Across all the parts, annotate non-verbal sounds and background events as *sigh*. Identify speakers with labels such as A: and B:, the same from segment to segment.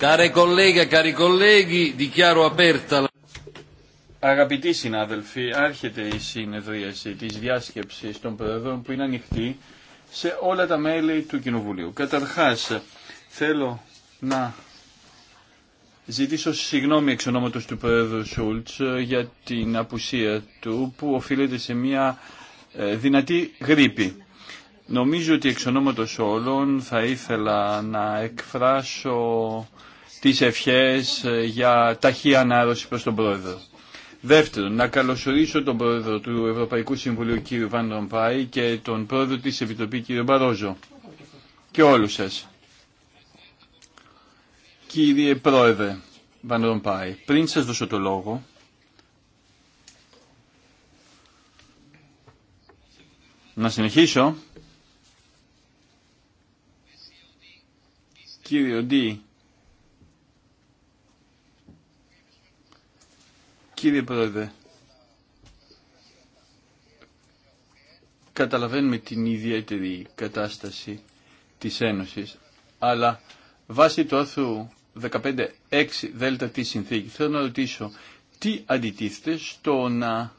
A: Care collega, cari colleghi, dichiaro aperta Αγαπητοί συνάδελφοι, άρχεται η συνεδρίαση της διάσκεψης των Προεδρών που είναι ανοιχτή σε όλα τα μέλη του Κοινοβουλίου. Καταρχάς, θέλω να ζητήσω συγγνώμη εξ ονόματος του Πρόεδρου Σούλτς για την απουσία του που οφείλεται σε μια ε, δυνατή γρήπη. Νομίζω ότι εξ ονόματος όλων θα ήθελα να εκφράσω τις ευχές ε, για ταχύ ανάρρωση προς τον Πρόεδρο. Δεύτερον, να καλωσορίσω τον Πρόεδρο του Ευρωπαϊκού Συμβουλίου κ. Βαν Ρομπάη και τον Πρόεδρο της Επιτροπή κ. Μπαρόζο και όλους σας. Κύριε Πρόεδρε Βαν Ρομπάη, πριν σας δώσω το λόγο, να συνεχίσω. Κύριε Ντί, Κύριε Πρόεδρε, καταλαβαίνουμε την ιδιαίτερη κατάσταση της Ένωσης, αλλά βάσει του άρθρου 15.6 δέλτα της συνθήκη θέλω να ρωτήσω τι αντιτίθεται στο να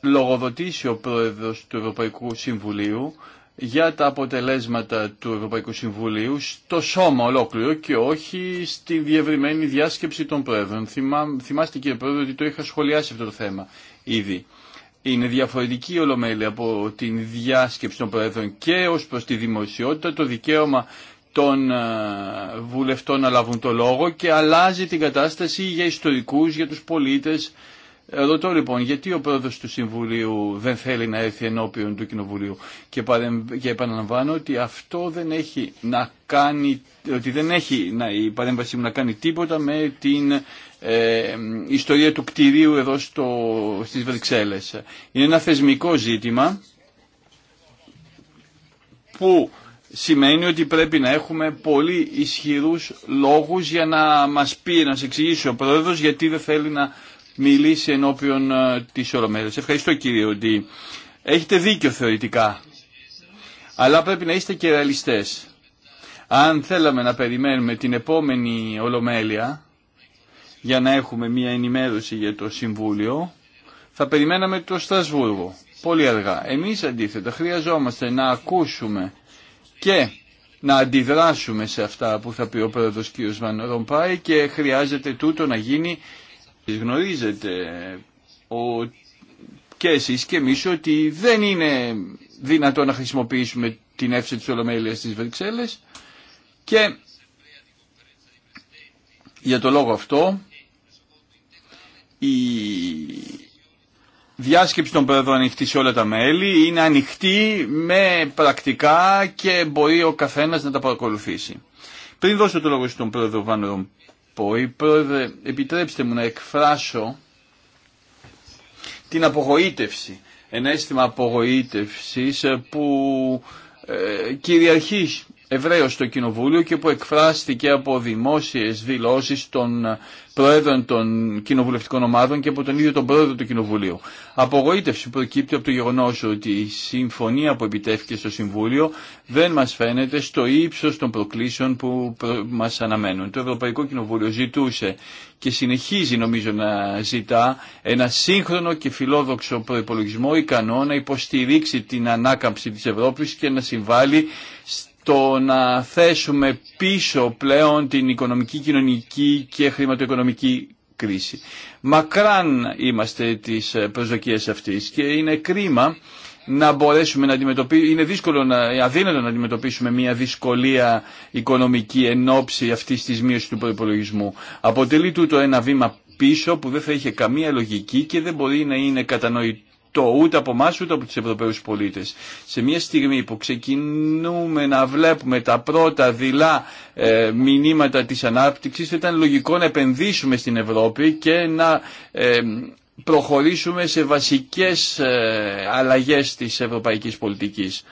A: λογοδοτήσει ο Πρόεδρος του Ευρωπαϊκού Συμβουλίου για τα αποτελέσματα του Ευρωπαϊκού Συμβουλίου στο σώμα ολόκληρο και όχι στη διευρυμένη διάσκεψη των Πρόεδρων. θυμάστε κύριε Πρόεδρε ότι το είχα σχολιάσει αυτό το θέμα ήδη. Είναι διαφορετική η Ολομέλεια από την διάσκεψη των Πρόεδρων και ως προς τη δημοσιότητα το δικαίωμα των ε, βουλευτών να λάβουν το λόγο και αλλάζει την κατάσταση για ιστορικούς, για τους πολίτες, Ρωτώ λοιπόν γιατί ο πρόεδρος του Συμβουλίου δεν θέλει να έρθει ενώπιον του Κοινοβουλίου και, και επαναλαμβάνω ότι αυτό δεν έχει να κάνει, ότι δεν έχει να, η παρέμβασή μου να κάνει τίποτα με την ε, ιστορία του κτηρίου εδώ στο, στις Βρυξέλλες. Είναι ένα θεσμικό ζήτημα που σημαίνει ότι πρέπει να έχουμε πολύ ισχυρούς λόγους για να μας πει, να σας εξηγήσει ο πρόεδρος γιατί δεν θέλει να μιλήσει ενώπιον ε, της ολομέλειας. Ευχαριστώ κύριε ότι Έχετε δίκιο θεωρητικά. Αλλά πρέπει να είστε και ρεαλιστέ. Αν θέλαμε να περιμένουμε την επόμενη ολομέλεια για να έχουμε μια ενημέρωση για το Συμβούλιο, θα περιμέναμε το Στρασβούργο. Πολύ αργά. Εμείς αντίθετα χρειαζόμαστε να ακούσουμε και να αντιδράσουμε σε αυτά που θα πει ο πρόεδρος κ. Βαν Ρομπάη και χρειάζεται τούτο να γίνει Γνωρίζετε ο... και εσείς και εμείς ότι δεν είναι δυνατό να χρησιμοποιήσουμε την έφυση της Ολομέλειας της Βρυξέλλες και για το λόγο αυτό η διάσκεψη των πρόεδρων ανοιχτή σε όλα τα μέλη είναι ανοιχτή με πρακτικά και μπορεί ο καθένας να τα παρακολουθήσει. Πριν δώσω το λόγο στον πρόεδρο Βαν επιτρέψτε μου να εκφράσω την απογοήτευση, ένα αίσθημα απογοήτευσης που ε, κυριαρχεί Εβραίος στο Κοινοβούλιο και που εκφράστηκε από δημόσιες δηλώσεις των πρόεδρων των κοινοβουλευτικών ομάδων και από τον ίδιο τον πρόεδρο του Κοινοβουλίου. Απογοήτευση προκύπτει από το γεγονός ότι η συμφωνία που επιτέθηκε στο Συμβούλιο δεν μας φαίνεται στο ύψος των προκλήσεων που μας αναμένουν. Το Ευρωπαϊκό Κοινοβούλιο ζητούσε και συνεχίζει νομίζω να ζητά ένα σύγχρονο και φιλόδοξο προπολογισμό ικανό να υποστηρίξει την ανάκαμψη της Ευρώπης και να συμβάλλει το να θέσουμε πίσω πλέον την οικονομική, κοινωνική και χρηματοοικονομική κρίση. Μακράν είμαστε τις προσδοκίες αυτής και είναι κρίμα να μπορέσουμε να αντιμετωπίσουμε, είναι δύσκολο να, αδύνατο να αντιμετωπίσουμε μια δυσκολία οικονομική εν ώψη αυτής της μείωσης του προπολογισμού. Αποτελεί τούτο ένα βήμα πίσω που δεν θα είχε καμία λογική και δεν μπορεί να είναι κατανοητό το ούτε από εμά ούτε από του Ευρωπαίου πολίτες. Σε μια στιγμή που ξεκινούμε να βλέπουμε τα πρώτα δειλά ε, μηνύματα της ανάπτυξης θα ήταν λογικό να επενδύσουμε στην Ευρώπη και να ε, προχωρήσουμε σε βασικές ε, αλλαγές της ευρωπαϊκής πολιτικής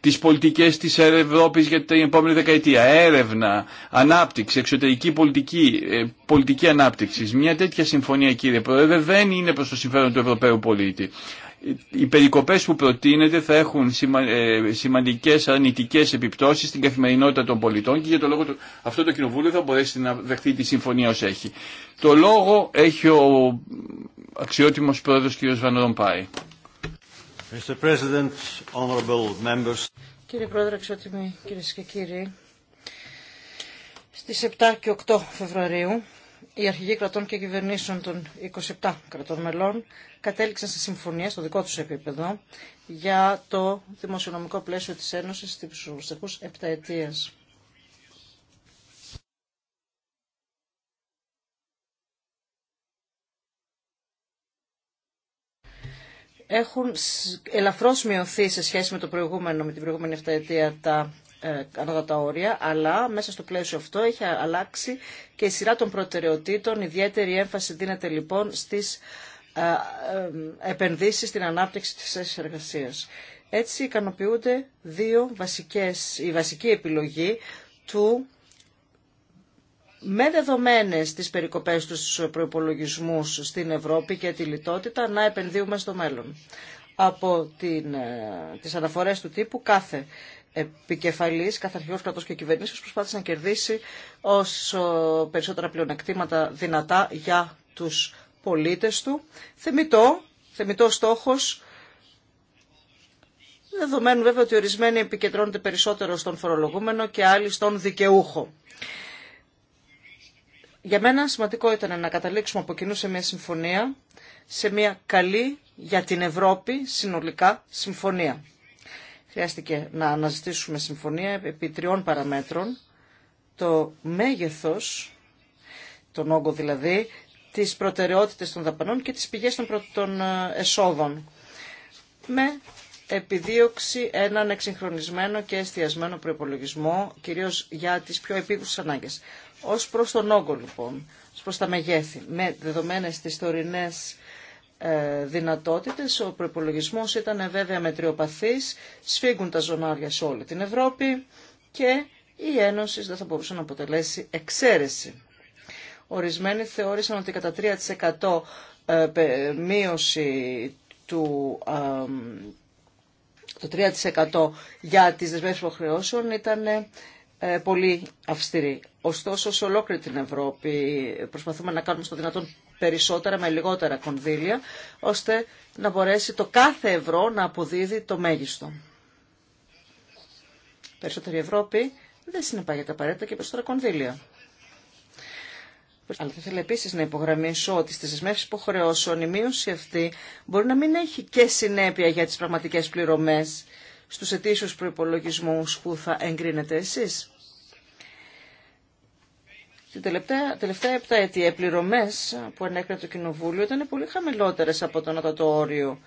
A: τις πολιτικές της Ευρώπης για την επόμενη δεκαετία. Έρευνα, ανάπτυξη, εξωτερική πολιτική, ε, πολιτική ανάπτυξη. Μια τέτοια συμφωνία κύριε Πρόεδρε δεν είναι προς το συμφέρον του Ευρωπαίου πολίτη. Οι περικοπές που προτείνεται θα έχουν ε, σημαντικές αρνητικές επιπτώσεις στην καθημερινότητα των πολιτών και για το λόγο του αυτό το κοινοβούλιο θα μπορέσει να δεχθεί τη συμφωνία ως έχει. Το λόγο έχει ο αξιότιμος πρόεδρος κ. Βαν Ρομπάη.
B: Κύριε Πρόεδρε, εξότιμοι κυρίε και κύριοι, στις 7 και 8 Φεβρουαρίου οι αρχηγοί κρατών και κυβερνήσεων των 27 κρατών μελών κατέληξαν σε συμφωνία στο δικό τους επίπεδο για το δημοσιονομικό πλαίσιο της Ένωσης στις προσεχούς 7 ετίας. έχουν ελαφρώς μειωθεί σε σχέση με, το προηγούμενο, με την προηγούμενη εφταετία τα ε, όρια, αλλά μέσα στο πλαίσιο αυτό έχει αλλάξει και η σειρά των προτεραιοτήτων. Ιδιαίτερη έμφαση δίνεται λοιπόν στις ε, ε επενδύσεις στην ανάπτυξη της εργασίας. Έτσι ικανοποιούνται δύο βασικές, η βασική επιλογή του με δεδομένες τις περικοπές τους προϋπολογισμούς στην Ευρώπη και τη λιτότητα να επενδύουμε στο μέλλον. Από την, ε, τις αναφορές του τύπου κάθε επικεφαλής, κάθε αρχηγός κρατός και κυβερνήσεως προσπάθησε να κερδίσει όσο περισσότερα πλεονεκτήματα δυνατά για τους πολίτες του. Θεμητό, θεμητό στόχος, δεδομένου βέβαια ότι ορισμένοι επικεντρώνονται περισσότερο στον φορολογούμενο και άλλοι στον δικαιούχο. Για μένα σημαντικό ήταν να καταλήξουμε από κοινού σε μια συμφωνία, σε μια καλή για την Ευρώπη συνολικά συμφωνία. Χρειάστηκε να αναζητήσουμε συμφωνία επί τριών παραμέτρων. Το μέγεθος, τον όγκο δηλαδή, τις προτεραιότητες των δαπανών και τις πηγές των ε, εσόδων. Με επιδίωξη έναν εξυγχρονισμένο και εστιασμένο προπολογισμό, κυρίως για τις πιο επίγουσες ανάγκες. Ως προς τον όγκο λοιπόν, ως προς τα μεγέθη, με δεδομένες τις τωρινές ε, δυνατότητες, ο προπολογισμό ήταν ε, βέβαια μετριοπαθής, σφίγγουν τα ζωνάρια σε όλη την Ευρώπη και η Ένωση δεν θα μπορούσε να αποτελέσει εξαίρεση. Ορισμένοι θεώρησαν ότι κατά 3% ε, μείωση του, το 3% για τις δεσμεύσεις υποχρεώσεων ήταν ε, πολύ αυστηρή. Ωστόσο, σε ολόκληρη την Ευρώπη προσπαθούμε να κάνουμε στο δυνατόν περισσότερα με λιγότερα κονδύλια, ώστε να μπορέσει το κάθε ευρώ να αποδίδει το μέγιστο. Περισσότερη Ευρώπη δεν συνεπάγεται απαραίτητα και περισσότερα κονδύλια. Αλλά θα ήθελα επίση να υπογραμμίσω ότι στι δεσμεύσει υποχρεώσεων η μείωση αυτή μπορεί να μην έχει και συνέπεια για τι πραγματικέ πληρωμέ στου ετήσιου προπολογισμού που θα εγκρίνετε εσεί. Στην τελευταία, τελευταία επτά αιτία οι πληρωμέ που ενέκρινε το Κοινοβούλιο ήταν πολύ χαμηλότερες από το το όριο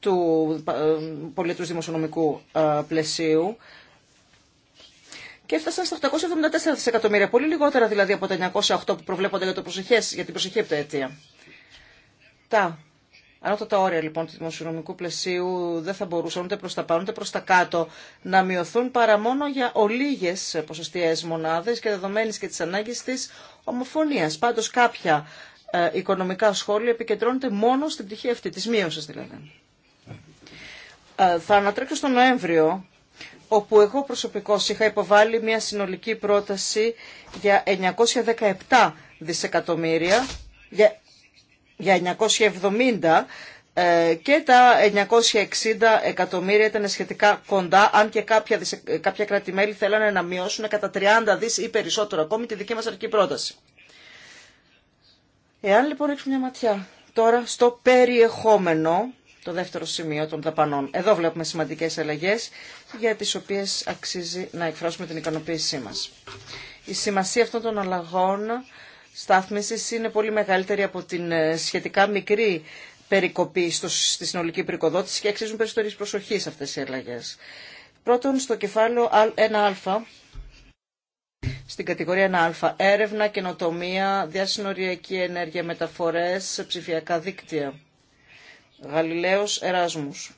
B: του ε, πολιτού δημοσιονομικού ε, πλαισίου και έφτασαν στα 874 δισεκατομμύρια, πολύ λιγότερα δηλαδή από τα 908 που προβλέπονται για, το προσεχές, για την προσεχή επταετία. Τα Ανώτατα όρια λοιπόν του δημοσιονομικού πλαισίου δεν θα μπορούσαν ούτε προ τα πάνω ούτε προ τα κάτω να μειωθούν παρά μόνο για ολίγε ποσοστιαίε μονάδε και δεδομένε και τη ανάγκη τη ομοφωνία. Πάντω κάποια ε, οικονομικά σχόλια επικεντρώνονται μόνο στην πτυχή αυτή, τη μείωση δηλαδή. Ε, θα ανατρέξω στο Νοέμβριο όπου εγώ προσωπικώ είχα υποβάλει μια συνολική πρόταση για 917 δισεκατομμύρια, για για 970 ε, και τα 960 εκατομμύρια ήταν σχετικά κοντά, αν και κάποια, ε, κάποια θέλανε να μειώσουν κατά 30 δις ή περισσότερο ακόμη τη δική μας αρχική πρόταση. Εάν λοιπόν ρίξουμε μια ματιά τώρα στο περιεχόμενο, το δεύτερο σημείο των δαπανών. Εδώ βλέπουμε σημαντικές αλλαγές για τις οποίες αξίζει να εκφράσουμε την ικανοποίησή μας. Η σημασία αυτών των αλλαγών στάθμισης είναι πολύ μεγαλύτερη από την ε, σχετικά μικρή περικοπή στο, στη συνολική περικοδότηση και αξίζουν περισσότερης προσοχής αυτές οι αλλαγές. Πρώτον, στο κεφάλαιο 1α, στην κατηγορία 1α, έρευνα, καινοτομία, διασυνοριακή ενέργεια, μεταφορές, ψηφιακά δίκτυα. Γαλιλαίος Εράσμους.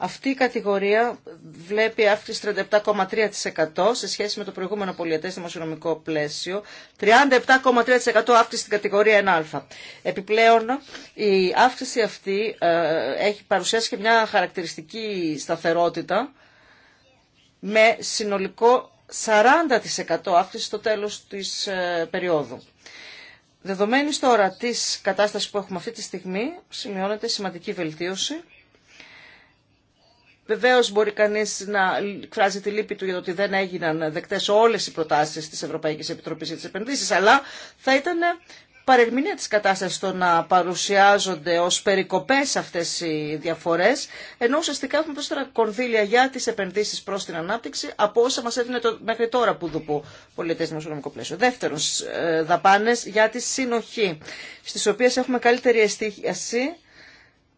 B: Αυτή η κατηγορία βλέπει αύξηση 37,3% σε σχέση με το προηγούμενο πολιετές δημοσιονομικό πλαίσιο, 37,3% αύξηση στην κατηγορία 1α. Επιπλέον, η αύξηση αυτή ε, έχει παρουσιάσει και μια χαρακτηριστική σταθερότητα με συνολικό 40% αύξηση στο τέλος της ε, περίοδου. Δεδομένης τώρα της κατάστασης που έχουμε αυτή τη στιγμή, σημειώνεται σημαντική βελτίωση Βεβαίω μπορεί κανεί να εκφράζει τη λύπη του για το ότι δεν έγιναν δεκτέ όλε οι προτάσει τη Ευρωπαϊκή Επιτροπή για τι επενδύσει, αλλά θα ήταν παρερμηνία της κατάστασης το να παρουσιάζονται ως περικοπές αυτές οι διαφορές, ενώ ουσιαστικά έχουμε περισσότερα κονδύλια για τις επενδύσεις προς την ανάπτυξη από όσα μας έδινε το, μέχρι τώρα που δουπού πολιτές δημοσιονομικό πλαίσιο. Δεύτερον, ε, δαπάνες για τη συνοχή, στι οποίες έχουμε καλύτερη αισθήση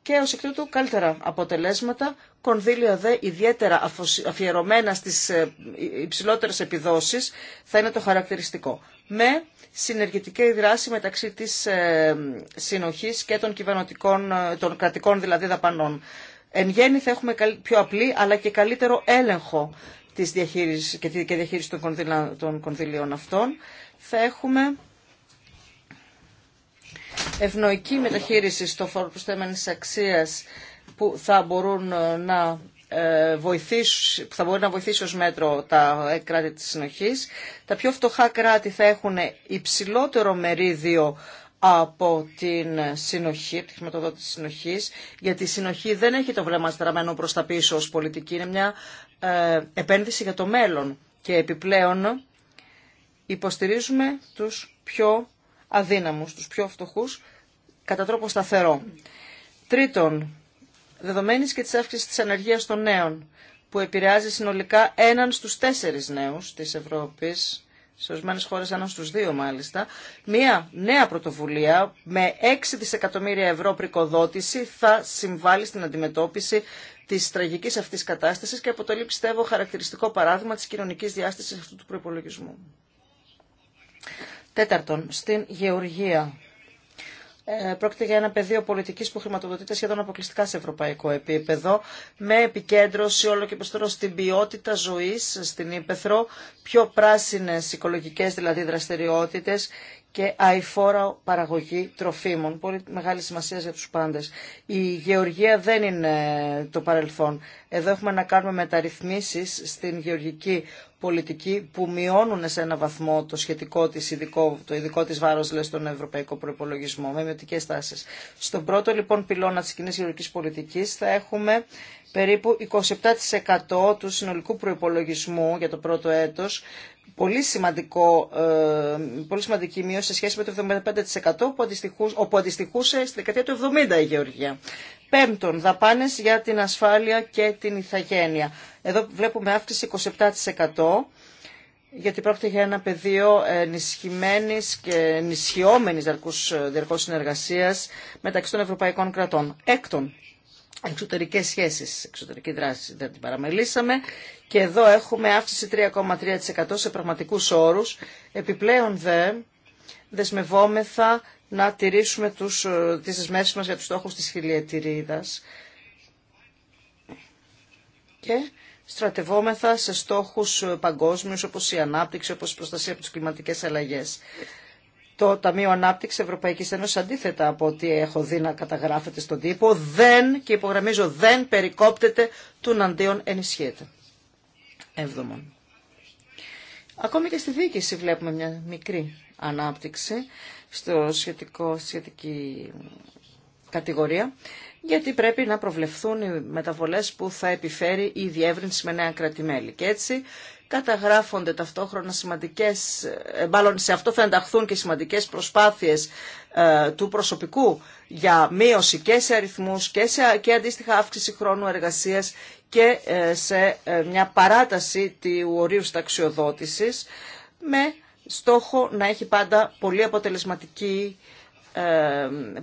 B: και ως εκ τούτου καλύτερα αποτελέσματα, κονδύλια δε ιδιαίτερα αφιερωμένα στις ε, υψηλότερες επιδόσεις θα είναι το χαρακτηριστικό. Με συνεργητική δράση μεταξύ της ε, συνοχής και των, κυβερνητικών, ε, των κρατικών δηλαδή δαπανών. Εν γέννη θα έχουμε πιο απλή αλλά και καλύτερο έλεγχο της διαχείρισης και διαχείριση των κονδυλίων αυτών. Θα ευνοϊκή μεταχείριση στο φόρο προσθέμενης αξίας που θα μπορούν ε, να ε, θα μπορεί να βοηθήσει ως μέτρο τα ε, κράτη της συνοχής. Τα πιο φτωχά κράτη θα έχουν υψηλότερο μερίδιο από την συνοχή, τη χρηματοδότηση της συνοχής, γιατί η συνοχή δεν έχει το βλέμμα στραμμένο προς τα πίσω ως πολιτική, είναι μια επένδυση για το μέλλον. Και επιπλέον υποστηρίζουμε τους πιο αδύναμους, τους πιο φτωχούς, κατά τρόπο σταθερό. Τρίτον, δεδομένη και της αύξησης της ανεργίας των νέων, που επηρεάζει συνολικά έναν στους τέσσερις νέους της Ευρώπης, σε ορισμένε χώρε έναν στου δύο μάλιστα, μια νέα πρωτοβουλία με 6 δισεκατομμύρια ευρώ πρικοδότηση θα συμβάλλει στην αντιμετώπιση τη τραγική αυτή κατάσταση και αποτελεί, πιστεύω, χαρακτηριστικό παράδειγμα τη κοινωνική διάσταση αυτού του προπολογισμού. Τέταρτον, στην γεωργία. Ε, πρόκειται για ένα πεδίο πολιτική που χρηματοδοτείται σχεδόν αποκλειστικά σε ευρωπαϊκό επίπεδο, με επικέντρωση όλο και περισσότερο στην ποιότητα ζωή στην ύπεθρο, πιο πράσινε οικολογικέ δηλαδή δραστηριότητε και αηφόρα παραγωγή τροφίμων. Πολύ μεγάλη σημασία για τους πάντες. Η γεωργία δεν είναι το παρελθόν. Εδώ έχουμε να κάνουμε μεταρρυθμίσεις στην γεωργική πολιτική που μειώνουν σε ένα βαθμό το σχετικό της ειδικό, το ειδικό της βάρος λες, στον ευρωπαϊκό προπολογισμό με μειωτικές τάσεις. Στον πρώτο λοιπόν πυλώνα της κοινή γεωργικής πολιτικής θα έχουμε περίπου 27% του συνολικού προϋπολογισμού για το πρώτο έτος, πολύ, σημαντικό, ε, πολύ σημαντική μείωση σε σχέση με το 75% που αντιστοιχούσε, όπου αντιστοιχούσε στη δεκαετία του 70 η Γεωργία. Πέμπτον, δαπάνες για την ασφάλεια και την ηθαγένεια. Εδώ βλέπουμε αύξηση 27% γιατί πρόκειται για ένα πεδίο ενισχυμένη και ενισχυόμενη διαρκώ συνεργασία μεταξύ των ευρωπαϊκών κρατών. Έκτον, εξωτερικές σχέσεις, εξωτερική δράση δεν την παραμελήσαμε και εδώ έχουμε αύξηση 3,3% σε πραγματικούς όρους. Επιπλέον δε δεσμευόμεθα να τηρήσουμε τους, ε, τις δεσμεύσεις μας για τους στόχους της χιλιετηρίδας και στρατευόμεθα σε στόχους ε, παγκόσμιους όπως η ανάπτυξη, όπως η προστασία από τις κλιματικές αλλαγές το Ταμείο Ανάπτυξη Ευρωπαϊκή Ένωση, αντίθετα από ό,τι έχω δει να καταγράφεται στον τύπο, δεν, και υπογραμμίζω, δεν περικόπτεται, του αντίον ενισχύεται. Έβδομον. Ακόμη και στη διοίκηση βλέπουμε μια μικρή ανάπτυξη στο σχετικό, σχετική κατηγορία, γιατί πρέπει να προβλεφθούν οι μεταβολές που θα επιφέρει η διεύρυνση με νέα κρατημέλη. έτσι καταγράφονται ταυτόχρονα σημαντικές, ε, μάλλον σε αυτό θα ενταχθούν και σημαντικές προσπάθειες ε, του προσωπικού για μείωση και σε αριθμούς και, σε, και αντίστοιχα αύξηση χρόνου εργασίας και ε, σε μια παράταση του ορίου σταξιοδότησης με στόχο να έχει πάντα πολύ αποτελεσματική ε, ε,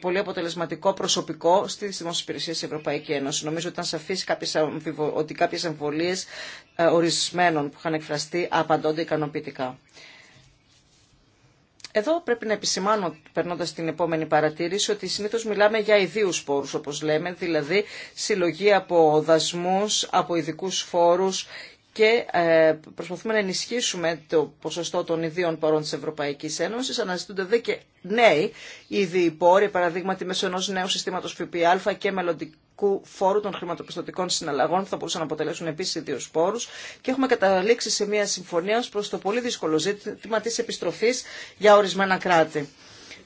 B: πολύ, αποτελεσματικό προσωπικό στη δημόσιε υπηρεσίε τη Ευρωπαϊκή Ένωση. Νομίζω ότι ήταν σαφή ότι κάποιε αμφιβολίε ε, ορισμένων που είχαν εκφραστεί απαντώνται ικανοποιητικά. Εδώ πρέπει να επισημάνω, περνώντα την επόμενη παρατήρηση, ότι συνήθω μιλάμε για ιδίου πόρου, όπω λέμε, δηλαδή συλλογή από δασμού, από ειδικού φόρου και ε, προσπαθούμε να ενισχύσουμε το ποσοστό των ιδίων πόρων της Ευρωπαϊκής Ένωσης. Αναζητούνται δε και νέοι ήδη πόροι, παραδείγματι μέσω ενός νέου συστήματος ΦΠΑ και μελλοντικού φόρου των χρηματοπιστωτικών συναλλαγών που θα μπορούσαν να αποτελέσουν επίσης ιδίου πόρου, και έχουμε καταλήξει σε μια συμφωνία ως προς το πολύ δύσκολο ζήτημα της επιστροφής για ορισμένα κράτη.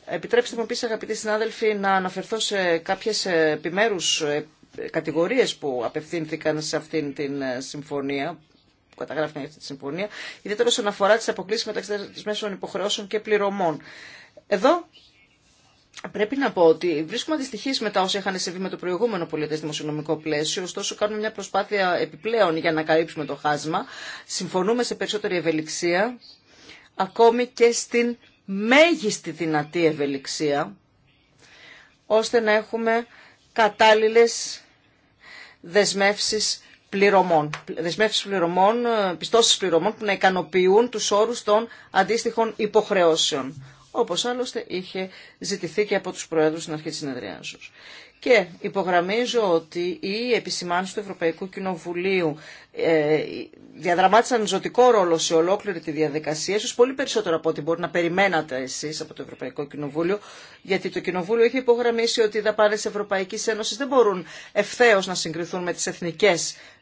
B: Επιτρέψτε μου επίσης αγαπητοί συνάδελφοι να αναφερθώ σε κάποιες επιμέρους ε, κατηγορίες που απευθύνθηκαν σε αυτήν την ε, συμφωνία καταγράφει αυτή τη συμφωνία, ιδιαίτερα όσον αφορά τι αποκλήσει μεταξύ τη μέσων υποχρεώσεων και πληρωμών. Εδώ Πρέπει να πω ότι βρίσκουμε αντιστοιχεί μετά όσα είχαν συμβεί με το προηγούμενο πολιτέ δημοσιονομικό πλαίσιο, ωστόσο κάνουμε μια προσπάθεια επιπλέον για να καλύψουμε το χάσμα. Συμφωνούμε σε περισσότερη ευελιξία, ακόμη και στην μέγιστη δυνατή ευελιξία, ώστε να έχουμε κατάλληλες δεσμεύσεις πληρωμών, δεσμεύσεις πληρωμών, ε, πιστώσεις πληρωμών που να ικανοποιούν τους όρους των αντίστοιχων υποχρεώσεων. Όπως άλλωστε είχε ζητηθεί και από τους Προέδρους στην αρχή της συνεδριάσεως. Και υπογραμμίζω ότι η επισημάνωση του Ευρωπαϊκού Κοινοβουλίου ε, διαδραμάτισαν ζωτικό ρόλο σε ολόκληρη τη διαδικασία, ίσω πολύ περισσότερο από ό,τι μπορεί να περιμένατε εσεί από το Ευρωπαϊκό Κοινοβούλιο, γιατί το Κοινοβούλιο έχει υπογραμμίσει ότι οι δαπάνε Ευρωπαϊκή Ένωση δεν μπορούν ευθέω να συγκριθούν με τι εθνικέ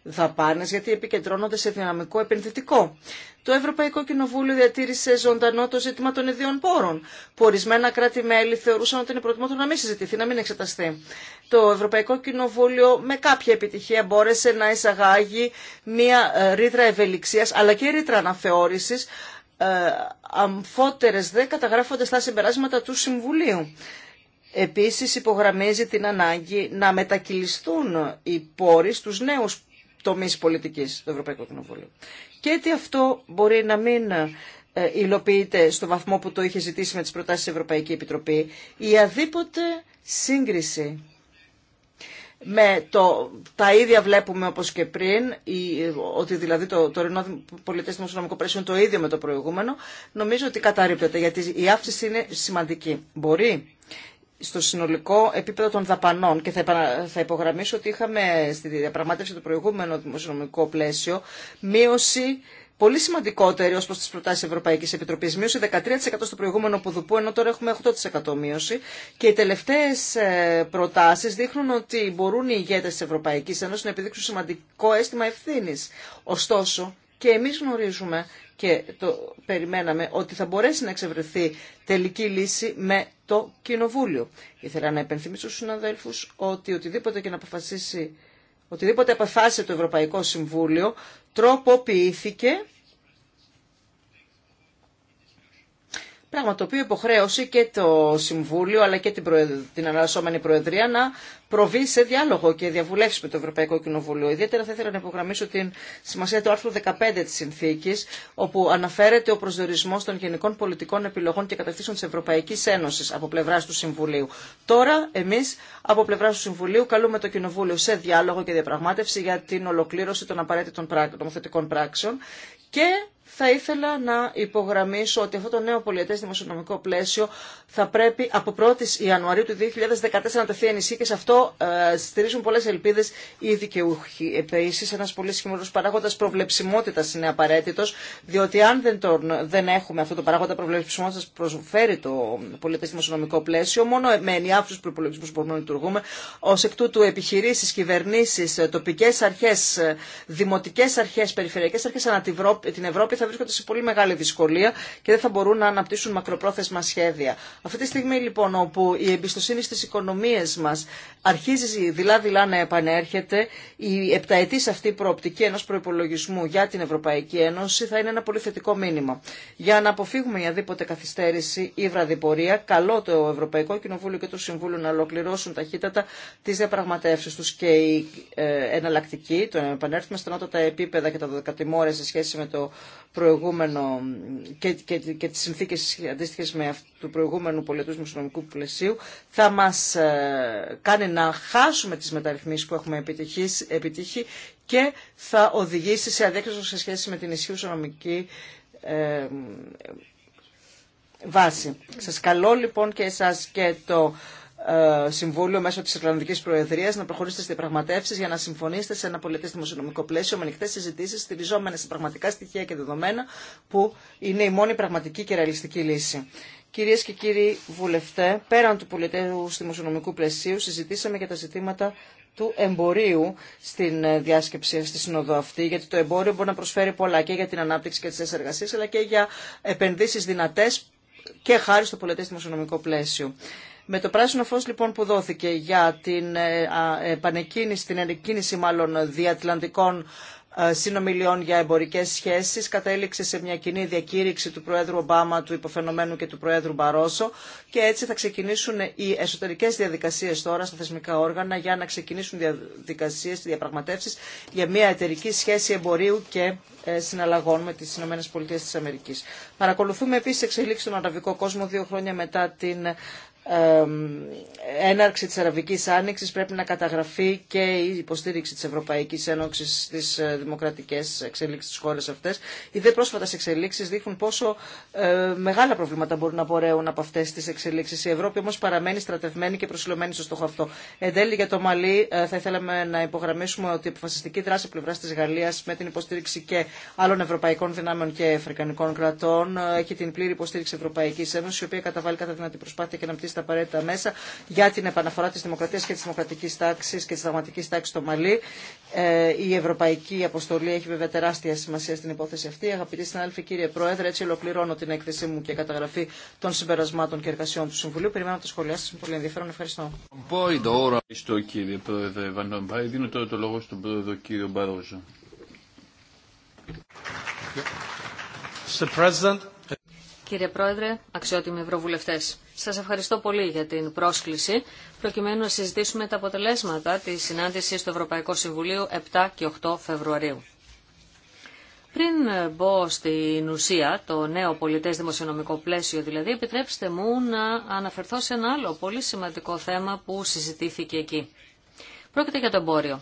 B: δαπάνε, γιατί επικεντρώνονται σε δυναμικό επενδυτικό. Το Ευρωπαϊκό Κοινοβούλιο διατήρησε ζωντανό το ζήτημα των ιδίων πόρων, που ορισμένα κράτη-μέλη θεωρούσαν ότι είναι προτιμότερο να μην συζητηθεί, να μην εξεταστεί. Το Ευρωπαϊκό Κοινοβούλιο με κάποια επιτυχία μπόρεσε να εισαγάγει μία ε, ρήτρα ευελιξίας αλλά και ρήτρα αναθεώρησης ε, αμφότερες δε καταγράφονται στα συμπεράσματα του Συμβουλίου. Επίσης υπογραμμίζει την ανάγκη να μετακυλιστούν οι πόροι στους νέους τομείς πολιτικής του Ευρωπαϊκού Κοινοβουλίου. Και ότι αυτό μπορεί να μην ε, υλοποιείται στο βαθμό που το είχε ζητήσει με τις προτάσεις της Ευρωπαϊκή Επιτροπή η αδίποτε σύγκριση με το, τα ίδια βλέπουμε όπως και πριν, η, ότι δηλαδή το τωρινό πολιτές δημοσιονομικό πλαίσιο είναι το ίδιο με το προηγούμενο, νομίζω ότι καταρρύπτεται γιατί η αύξηση είναι σημαντική. Μπορεί στο συνολικό επίπεδο των δαπανών και θα υπογραμμίσω ότι είχαμε στη διαπραγμάτευση του προηγούμενο δημοσιονομικό πλαίσιο μείωση πολύ σημαντικότερη ω προ τι προτάσει Ευρωπαϊκή Επιτροπή. Μείωση 13% στο προηγούμενο ποδοπού, ενώ τώρα έχουμε 8% μείωση. Και οι τελευταίε προτάσει δείχνουν ότι μπορούν οι ηγέτε τη Ευρωπαϊκή Ένωση να επιδείξουν σημαντικό αίσθημα ευθύνη. Ωστόσο, και εμεί γνωρίζουμε και το περιμέναμε ότι θα μπορέσει να εξευρεθεί τελική λύση με το Κοινοβούλιο. Ήθελα να επενθυμίσω στους συναδέλφους ότι οτιδήποτε και να αποφασίσει οτιδήποτε αποφάσισε το Ευρωπαϊκό Συμβούλιο τροποποιήθηκε Πράγμα το οποίο υποχρέωσε και το Συμβούλιο αλλά και την, την αναλασσόμενη Προεδρία να προβεί σε διάλογο και διαβουλεύσει με το Ευρωπαϊκό Κοινοβούλιο. Ιδιαίτερα θα ήθελα να υπογραμμίσω την σημασία του άρθρου 15 τη συνθήκη, όπου αναφέρεται ο προσδιορισμό των γενικών πολιτικών επιλογών και κατευθύνσεων τη Ευρωπαϊκή Ένωση από πλευρά του Συμβουλίου. Τώρα, εμεί από πλευρά του Συμβουλίου καλούμε το Κοινοβούλιο σε διάλογο και διαπραγμάτευση για την ολοκλήρωση των απαραίτητων νομοθετικών πράξεων και θα ήθελα να υπογραμμίσω ότι αυτό το νέο πολιτέ δημοσιονομικό πλαίσιο θα πρέπει από 1η Ιανουαρίου του 2014 να τεθεί ενισχύ και σε αυτό ε, στηρίζουν πολλέ ελπίδε οι δικαιούχοι. επίση, ένα πολύ σχημερός παράγοντα προβλέψιμότητα είναι απαραίτητο, διότι αν δεν, δεν έχουμε αυτό το παράγοντα προβλεψιμότητας που προσφέρει το πολιετές δημοσιονομικό πλαίσιο, μόνο με ενιάφου προπολογισμού μπορούμε να λειτουργούμε, ω εκ τούτου επιχειρήσει, κυβερνήσει, τοπικέ αρχέ, δημοτικέ αρχέ, περιφερειακέ αρχέ ανά την Ευρώπη βρίσκονται σε πολύ μεγάλη δυσκολία και δεν θα μπορούν να αναπτύσσουν μακροπρόθεσμα σχέδια. Αυτή τη στιγμή λοιπόν όπου η εμπιστοσύνη στις οικονομίες μας αρχίζει δειλά-δειλά να επανέρχεται, η επταετής αυτή προοπτική ενός προϋπολογισμού για την Ευρωπαϊκή Ένωση θα είναι ένα πολύ θετικό μήνυμα. Για να αποφύγουμε οποιαδήποτε καθυστέρηση ή βραδιπορία, καλό το Ευρωπαϊκό Κοινοβούλιο και το Συμβούλιο να ολοκληρώσουν ταχύτατα τι διαπραγματεύσει του και η ε, εναλλακτική, το να επανέλθουμε στενότατα επίπεδα και τα σε σχέση με το προηγούμενο και, και, και τις συνθήκες αντίστοιχες με αυτού του προηγούμενου πολιτού δημοσιονομικού πλαισίου θα μας ε, κάνει να χάσουμε τις μεταρρυθμίσεις που έχουμε επιτύχει και θα οδηγήσει σε αδέξοδο σε σχέση με την ισχύουσα νομική ε, βάση. Σας καλώ λοιπόν και εσάς και το ε, Συμβούλιο μέσω τη Ιρλανδική Προεδρία να προχωρήσετε στι διαπραγματεύσει για να συμφωνήσετε σε ένα πολιτέ δημοσιονομικό πλαίσιο με ανοιχτέ συζητήσει στηριζόμενε σε πραγματικά στοιχεία και δεδομένα που είναι η μόνη πραγματική και ρεαλιστική λύση. Κυρίε και κύριοι βουλευτέ, πέραν του πολιτικού δημοσιονομικού πλαισίου συζητήσαμε για τα ζητήματα του εμπορίου στην ε, διάσκεψη στη Σύνοδο αυτή, γιατί το εμπόριο μπορεί να προσφέρει πολλά και για την ανάπτυξη και τι εργασίε, αλλά και για επενδύσει δυνατέ και χάρη στο πολιτέ δημοσιονομικό πλαίσιο. Με το πράσινο φως λοιπόν που δόθηκε για την ε, επανεκκίνηση, την ανεκκίνηση μάλλον διατλαντικών ε, συνομιλιών για εμπορικέ σχέσει, κατέληξε σε μια κοινή διακήρυξη του Προέδρου Ομπάμα, του υποφαινομένου και του Προέδρου Μπαρόσο και έτσι θα ξεκινήσουν οι εσωτερικέ διαδικασίε τώρα στα θεσμικά όργανα για να ξεκινήσουν διαδικασίε, διαπραγματεύσει για μια εταιρική σχέση εμπορίου και ε, συναλλαγών με τι ΗΠΑ. Παρακολουθούμε επίση εξελίξει στον αραβικό κόσμο δύο χρόνια μετά την έναρξη της Αραβικής Άνοιξης πρέπει να καταγραφεί και η υποστήριξη της Ευρωπαϊκής Ένωξης στις ε, δημοκρατικές εξελίξεις της χώρες αυτές. Οι δε πρόσφατες εξελίξεις δείχνουν πόσο ε, μεγάλα προβλήματα μπορούν να πορεύουν από αυτές τις εξελίξεις. Η Ευρώπη όμως παραμένει στρατευμένη και προσιλωμένη στο στόχο αυτό. Εν τέλει για το Μαλί ε, θα ήθελαμε να υπογραμμίσουμε ότι η αποφασιστική δράση πλευρά της Γαλλίας με την υποστήριξη και άλλων ευρωπαϊκών δυνάμεων και αφρικανικών κρατών έχει την πλήρη υποστήριξη Ευρωπαϊκής Ένωσης η οποία καταβάλει κατά δυνατή προσπάθεια και να τα απαραίτητα μέσα για την επαναφορά τη δημοκρατία και τη δημοκρατική τάξη και τη δραματική τάξη στο Μαλί. Ε, η Ευρωπαϊκή Αποστολή έχει βέβαια τεράστια σημασία στην υπόθεση αυτή. Αγαπητοί συνάδελφοι, κύριε Πρόεδρε, έτσι ολοκληρώνω την έκθεσή μου και καταγραφή των συμπερασμάτων και εργασιών του Συμβουλίου. Περιμένω τα σχόλιά σα. Πολύ ενδιαφέρον. Ευχαριστώ.
A: κύριε Πρόεδρε Δίνω τώρα το λόγο στον Πρόεδρο κύριο Μπαρόζο. Mr. President,
C: Κύριε Πρόεδρε, αξιότιμοι ευρωβουλευτές. Σας ευχαριστώ πολύ για την πρόσκληση, προκειμένου να συζητήσουμε τα αποτελέσματα της συνάντησης του Ευρωπαϊκού Συμβουλίου 7 και 8 Φεβρουαρίου. Πριν μπω στην ουσία, το νέο πολιτέ δημοσιονομικό πλαίσιο δηλαδή, επιτρέψτε μου να αναφερθώ σε ένα άλλο πολύ σημαντικό θέμα που συζητήθηκε εκεί. Πρόκειται για το εμπόριο.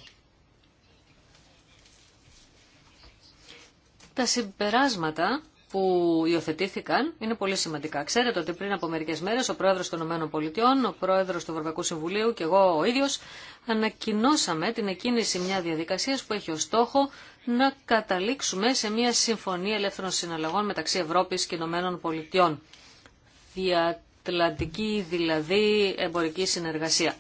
C: Τα συμπεράσματα που υιοθετήθηκαν είναι πολύ σημαντικά. Ξέρετε ότι πριν από μερικέ μέρε ο πρόεδρο των ΗΠΑ, ο πρόεδρο του Ευρωπαϊκού Συμβουλίου και εγώ ο ίδιο, ανακοινώσαμε την εκκίνηση μια διαδικασία που έχει ως στόχο να καταλήξουμε σε μια συμφωνία ελεύθερων συναλλαγών μεταξύ Ευρώπη και ΗΠΑ. Διατλαντική δηλαδή εμπορική συνεργασία.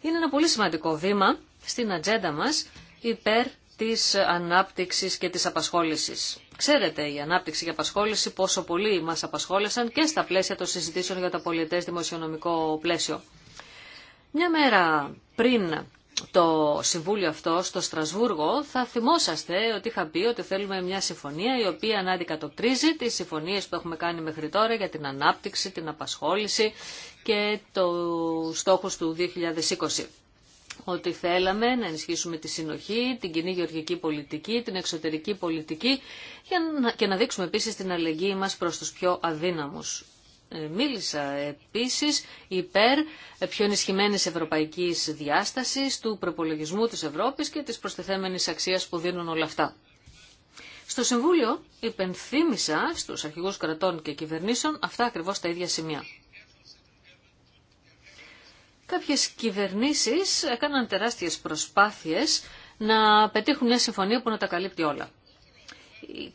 C: Είναι ένα πολύ σημαντικό βήμα στην ατζέντα μας υπέρ της ανάπτυξης και της απασχόλησης. Ξέρετε, η ανάπτυξη και απασχόληση πόσο πολύ μα απασχόλησαν και στα πλαίσια των συζητήσεων για το πολιτέ δημοσιονομικό πλαίσιο. Μια μέρα πριν το συμβούλιο αυτό στο Στρασβούργο θα θυμόσαστε ότι είχα πει ότι θέλουμε μια συμφωνία η οποία να αντικατοπτρίζει τις συμφωνίες που έχουμε κάνει μέχρι τώρα για την ανάπτυξη, την απασχόληση και του στόχου του 2020 ότι θέλαμε να ενισχύσουμε τη συνοχή, την κοινή γεωργική πολιτική, την εξωτερική πολιτική και να δείξουμε επίσης την αλληλεγγύη μας προς τους πιο αδύναμους. Ε, μίλησα επίσης υπέρ πιο ενισχυμένη ευρωπαϊκής διάστασης του προπολογισμού της Ευρώπης και της προστιθέμενης αξίας που δίνουν όλα αυτά. Στο Συμβούλιο υπενθύμησα στους αρχηγούς κρατών και κυβερνήσεων αυτά ακριβώς τα ίδια σημεία κάποιες κυβερνήσεις έκαναν τεράστιες προσπάθειες να πετύχουν μια συμφωνία που να τα καλύπτει όλα.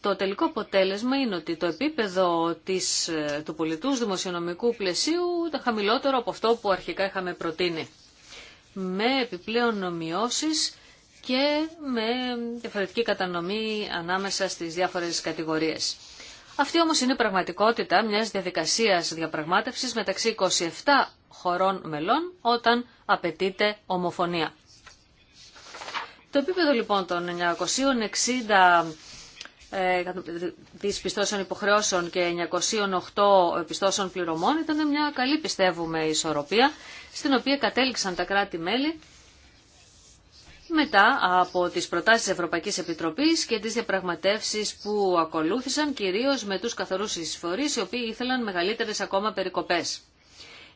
C: Το τελικό αποτέλεσμα είναι ότι το επίπεδο της, του πολιτού δημοσιονομικού πλαισίου ήταν χαμηλότερο από αυτό που αρχικά είχαμε προτείνει. Με επιπλέον μειώσεις και με διαφορετική κατανομή ανάμεσα στις διάφορες κατηγορίες. Αυτή όμως είναι η πραγματικότητα μιας διαδικασίας διαπραγμάτευσης μεταξύ 27 χωρών μελών όταν απαιτείται ομοφωνία. Το επίπεδο λοιπόν των 960 της ε, πιστώσεων υποχρεώσεων και 908 πιστώσεων πληρωμών ήταν μια καλή πιστεύουμε ισορροπία στην οποία κατέληξαν τα κράτη-μέλη μετά από τις προτάσεις Ευρωπαϊκής Επιτροπής και τις διαπραγματεύσεις που ακολούθησαν κυρίως με τους καθορούς εισφορείς οι οποίοι ήθελαν μεγαλύτερες ακόμα περικοπές.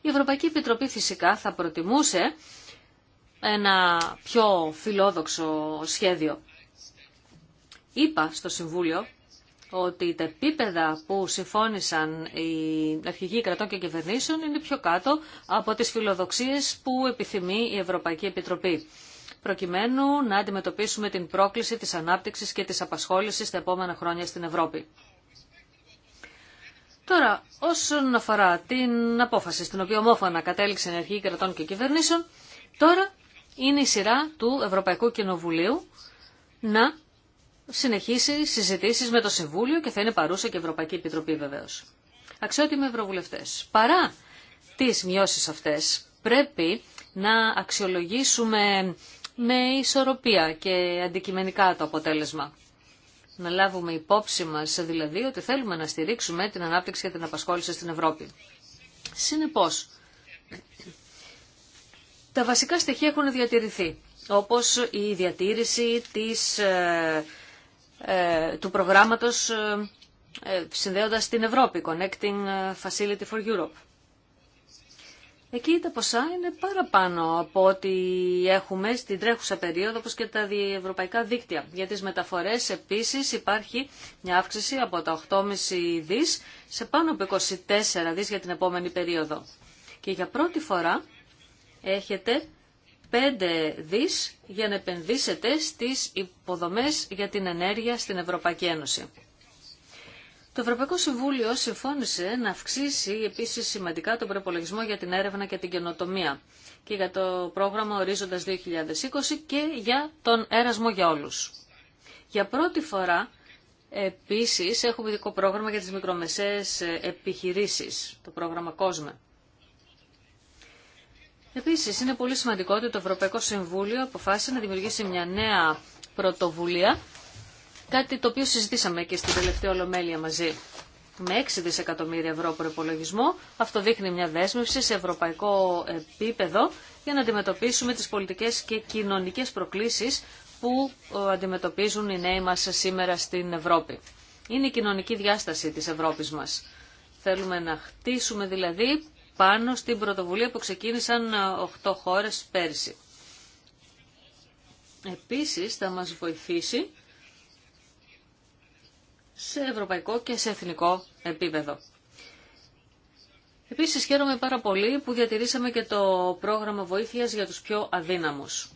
C: Η Ευρωπαϊκή Επιτροπή φυσικά θα προτιμούσε ένα πιο φιλόδοξο σχέδιο. Είπα στο Συμβούλιο ότι τα επίπεδα που συμφώνησαν οι αρχηγοί κρατών και κυβερνήσεων είναι πιο κάτω από τις φιλοδοξίες που επιθυμεί η Ευρωπαϊκή Επιτροπή προκειμένου να αντιμετωπίσουμε την πρόκληση της ανάπτυξης και της απασχόλησης τα επόμενα χρόνια στην Ευρώπη. Τώρα, όσον αφορά την απόφαση στην οποία ομόφωνα κατέληξε η ενεργή κρατών και κυβερνήσεων, τώρα είναι η σειρά του Ευρωπαϊκού Κοινοβουλίου να συνεχίσει συζητήσει με το Συμβούλιο και θα είναι παρούσα και η Ευρωπαϊκή Επιτροπή βεβαίως. Αξιότιμοι Ευρωβουλευτές, παρά τις μειώσει αυτές πρέπει να αξιολογήσουμε με ισορροπία και αντικειμενικά το αποτέλεσμα να λάβουμε υπόψη μας δηλαδή ότι θέλουμε να στηρίξουμε την ανάπτυξη και την απασχόληση στην Ευρώπη. Συνεπώς, τα βασικά στοιχεία έχουν διατηρηθεί, όπως η διατήρηση της, ε, ε του προγράμματος ε, ε, συνδέοντας την Ευρώπη, Connecting Facility for Europe. Εκεί τα ποσά είναι παραπάνω από ό,τι έχουμε στην τρέχουσα περίοδο, όπως και τα διευρωπαϊκά δίκτυα. Για τις μεταφορές επίσης υπάρχει μια αύξηση από τα 8,5 δις σε πάνω από 24 δις για την επόμενη περίοδο. Και για πρώτη φορά έχετε 5 δις για να επενδύσετε στις υποδομές για την ενέργεια στην Ευρωπαϊκή Ένωση. Το Ευρωπαϊκό Συμβούλιο συμφώνησε να αυξήσει επίσης σημαντικά τον προπολογισμό για την έρευνα και την καινοτομία και για το πρόγραμμα Ορίζοντας 2020 και για τον έρασμο για όλους. Για πρώτη φορά επίσης έχουμε ειδικό πρόγραμμα για τις μικρομεσαίες επιχειρήσεις, το πρόγραμμα COSME. Επίσης είναι πολύ σημαντικό ότι το Ευρωπαϊκό Συμβούλιο αποφάσισε να δημιουργήσει μια νέα πρωτοβουλία Κάτι το οποίο συζητήσαμε και στην τελευταία ολομέλεια μαζί. Με 6 δισεκατομμύρια ευρώ προπολογισμό, αυτό δείχνει μια δέσμευση σε ευρωπαϊκό επίπεδο για να αντιμετωπίσουμε τις πολιτικές και κοινωνικές προκλήσεις που ε, αντιμετωπίζουν οι νέοι μας σήμερα στην Ευρώπη. Είναι η κοινωνική διάσταση της Ευρώπης μας. Θέλουμε να χτίσουμε δηλαδή πάνω στην πρωτοβουλία που ξεκίνησαν 8 ε, χώρες πέρσι. Επίσης θα μας βοηθήσει σε ευρωπαϊκό και σε εθνικό επίπεδο. Επίσης χαίρομαι πάρα πολύ που διατηρήσαμε και το πρόγραμμα βοήθειας για τους πιο αδύναμους.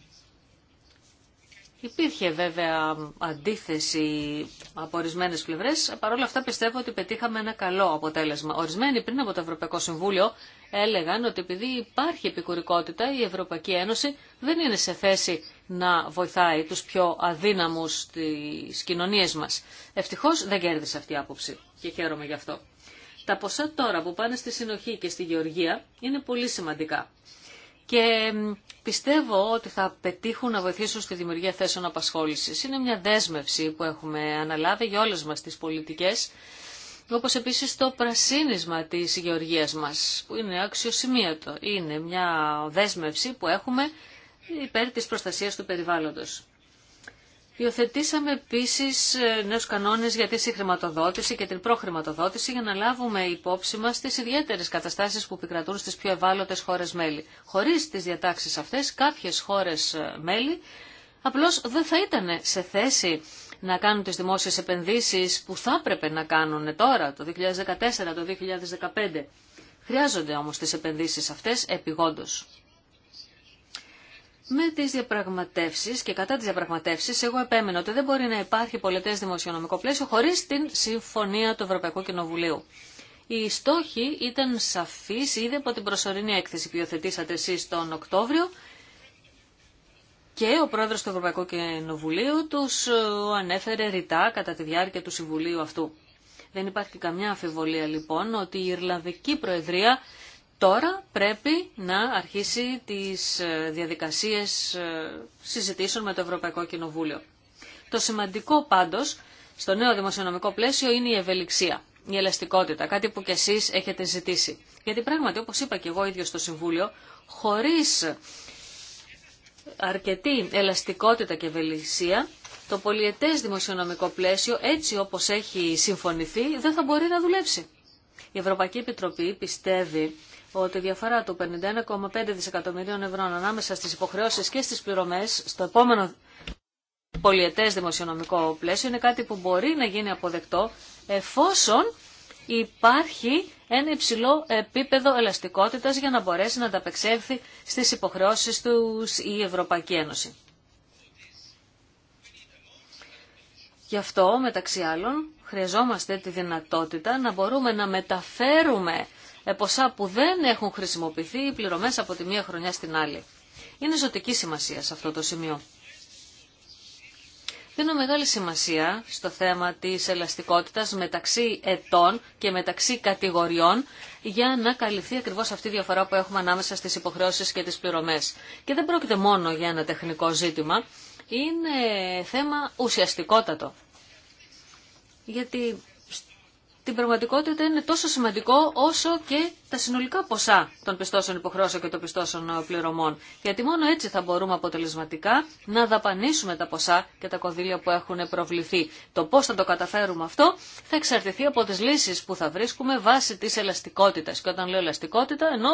C: Υπήρχε βέβαια αντίθεση από ορισμένε πλευρέ. Παρ' αυτά πιστεύω ότι πετύχαμε ένα καλό αποτέλεσμα. Ορισμένοι πριν από το Ευρωπαϊκό Συμβούλιο έλεγαν ότι επειδή υπάρχει επικουρικότητα η Ευρωπαϊκή Ένωση δεν είναι σε θέση να βοηθάει τους πιο αδύναμους στις κοινωνίες μας. Ευτυχώς δεν κέρδισε αυτή η άποψη και χαίρομαι γι' αυτό. Τα ποσά τώρα που πάνε στη συνοχή και στη γεωργία είναι πολύ σημαντικά. Και πιστεύω ότι θα πετύχουν να βοηθήσουν στη δημιουργία θέσεων απασχόλησης. Είναι μια δέσμευση που έχουμε αναλάβει για όλες μας τις πολιτικές, όπως επίσης το πρασίνισμα της γεωργίας μας, που είναι αξιοσημείωτο. Είναι μια δέσμευση που έχουμε υπέρ της προστασίας του περιβάλλοντος. Υιοθετήσαμε επίση ε, νέου κανόνε για τη συγχρηματοδότηση και την προχρηματοδότηση για να λάβουμε υπόψη μα τι ιδιαίτερε καταστάσει που επικρατούν στι πιο ευάλωτε χώρε μέλη. Χωρί τι διατάξει αυτέ, κάποιε χώρε ε, μέλη απλώ δεν θα ήταν σε θέση να κάνουν τι δημόσιε επενδύσει που θα έπρεπε να κάνουν τώρα, το 2014, το 2015. Χρειάζονται όμω τι επενδύσει αυτέ επιγόντω με τι διαπραγματεύσει και κατά τι διαπραγματεύσει εγώ επέμενα ότι δεν μπορεί να υπάρχει πολιτέ δημοσιονομικό πλαίσιο χωρί την συμφωνία του Ευρωπαϊκού Κοινοβουλίου. Οι στόχοι ήταν σαφεί ήδη από την προσωρινή έκθεση που υιοθετήσατε εσεί τον Οκτώβριο και ο πρόεδρο του Ευρωπαϊκού Κοινοβουλίου του ε, ανέφερε ρητά κατά τη διάρκεια του Συμβουλίου αυτού. Δεν υπάρχει καμιά αμφιβολία λοιπόν ότι η Ιρλανδική Προεδρία Τώρα πρέπει να αρχίσει τις ε, διαδικασίες ε, συζητήσεων με το Ευρωπαϊκό Κοινοβούλιο. Το σημαντικό πάντως στο νέο δημοσιονομικό πλαίσιο είναι η ευελιξία, η ελαστικότητα, κάτι που κι εσείς έχετε ζητήσει. Γιατί πράγματι, όπως είπα και εγώ ίδιο στο Συμβούλιο, χωρίς αρκετή ελαστικότητα και ευελιξία, το πολιετές δημοσιονομικό πλαίσιο, έτσι όπως έχει συμφωνηθεί, δεν θα μπορεί να δουλέψει. Η Ευρωπαϊκή Επιτροπή πιστεύει ότι η διαφορά του 51,5 δισεκατομμυρίων ευρώ ανάμεσα στις υποχρεώσεις και στις πληρωμές στο επόμενο πολιετές δημοσιονομικό πλαίσιο είναι κάτι που μπορεί να γίνει αποδεκτό εφόσον υπάρχει ένα υψηλό επίπεδο ελαστικότητας για να μπορέσει να ανταπεξέλθει στις υποχρεώσεις του η Ευρωπαϊκή Ένωση. Γι' αυτό, μεταξύ άλλων, χρειαζόμαστε τη δυνατότητα να μπορούμε να μεταφέρουμε ε, ποσά που δεν έχουν χρησιμοποιηθεί οι πληρωμές από τη μία χρονιά στην άλλη. Είναι ζωτική σημασία σε αυτό το σημείο. Δίνω μεγάλη σημασία στο θέμα της ελαστικότητας μεταξύ ετών και μεταξύ κατηγοριών για να καλυφθεί ακριβώς αυτή η διαφορά που έχουμε ανάμεσα στις υποχρεώσεις και τις πληρωμές. Και δεν πρόκειται μόνο για ένα τεχνικό ζήτημα, είναι θέμα ουσιαστικότατο. Γιατί την πραγματικότητα είναι τόσο σημαντικό όσο και τα συνολικά ποσά των πιστώσεων υποχρεώσεων και των πιστώσεων πληρωμών. Γιατί μόνο έτσι θα μπορούμε αποτελεσματικά να δαπανίσουμε τα ποσά και τα κονδύλια που έχουν προβληθεί. Το πώ θα το καταφέρουμε αυτό θα εξαρτηθεί από τι λύσει που θα βρίσκουμε βάσει τη ελαστικότητα. Και όταν λέω ελαστικότητα, εννοώ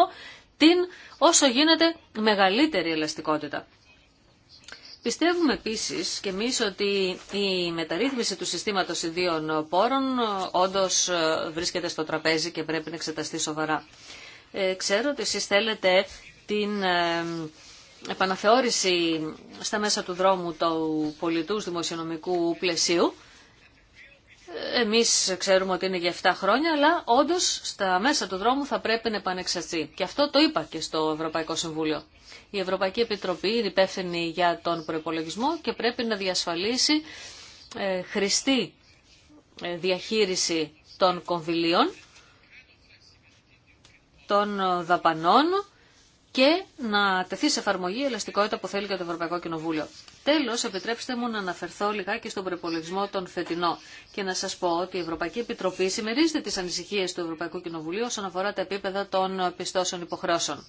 C: την όσο γίνεται μεγαλύτερη ελαστικότητα. Πιστεύουμε επίση και εμεί ότι η μεταρρύθμιση του συστήματος ιδίων πόρων ε, όντως ε, βρίσκεται στο τραπέζι και πρέπει να εξεταστεί σοβαρά. Ε, ξέρω ότι εσεί θέλετε την επαναθεώρηση στα μέσα του δρόμου του πολιτού δημοσιονομικού πλαισίου. Εμείς ξέρουμε ότι είναι για 7 χρόνια, αλλά όντως στα μέσα του δρόμου θα πρέπει να επανεξαρθεί. Και αυτό το είπα και στο Ευρωπαϊκό Συμβούλιο. Η Ευρωπαϊκή Επιτροπή είναι υπεύθυνη για τον προπολογισμό και πρέπει να διασφαλίσει ε, χρηστή ε, διαχείριση των κονδυλίων, των δαπανών και να τεθεί σε εφαρμογή η ελαστικότητα που θέλει για το Ευρωπαϊκό Κοινοβούλιο. Τέλο, επιτρέψτε μου να αναφερθώ λιγάκι στον προπολογισμό των φετινό και να σα πω ότι η Ευρωπαϊκή Επιτροπή συμμερίζεται τι ανησυχίε του Ευρωπαϊκού Κοινοβουλίου όσον αφορά τα επίπεδα των πιστώσεων υποχρεώσεων.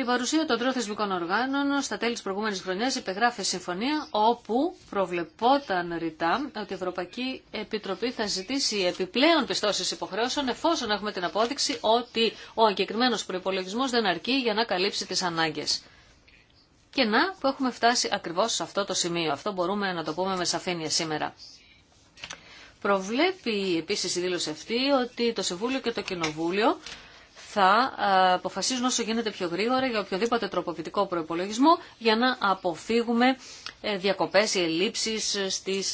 C: Η παρουσία των τριών θεσμικών οργάνων στα τέλη της προηγούμενης χρονιάς υπεγράφει συμφωνία όπου προβλεπόταν ρητά ότι η Ευρωπαϊκή Επιτροπή θα ζητήσει επιπλέον πιστώσεις υποχρεώσεων εφόσον έχουμε την απόδειξη ότι ο εγκεκριμένο προπολογισμό δεν αρκεί για να καλύψει τις ανάγκες. Και να που έχουμε φτάσει ακριβώς σε αυτό το σημείο. Αυτό μπορούμε να το πούμε με σαφήνεια σήμερα. Προβλέπει επίσης η δήλωση αυτή ότι το Συμβούλιο και το Κοινοβούλιο θα ε, αποφασίζουν όσο γίνεται πιο γρήγορα για οποιοδήποτε τροποποιητικό προπολογισμό για να αποφύγουμε ε, διακοπέ ή ελλείψεις ε, στι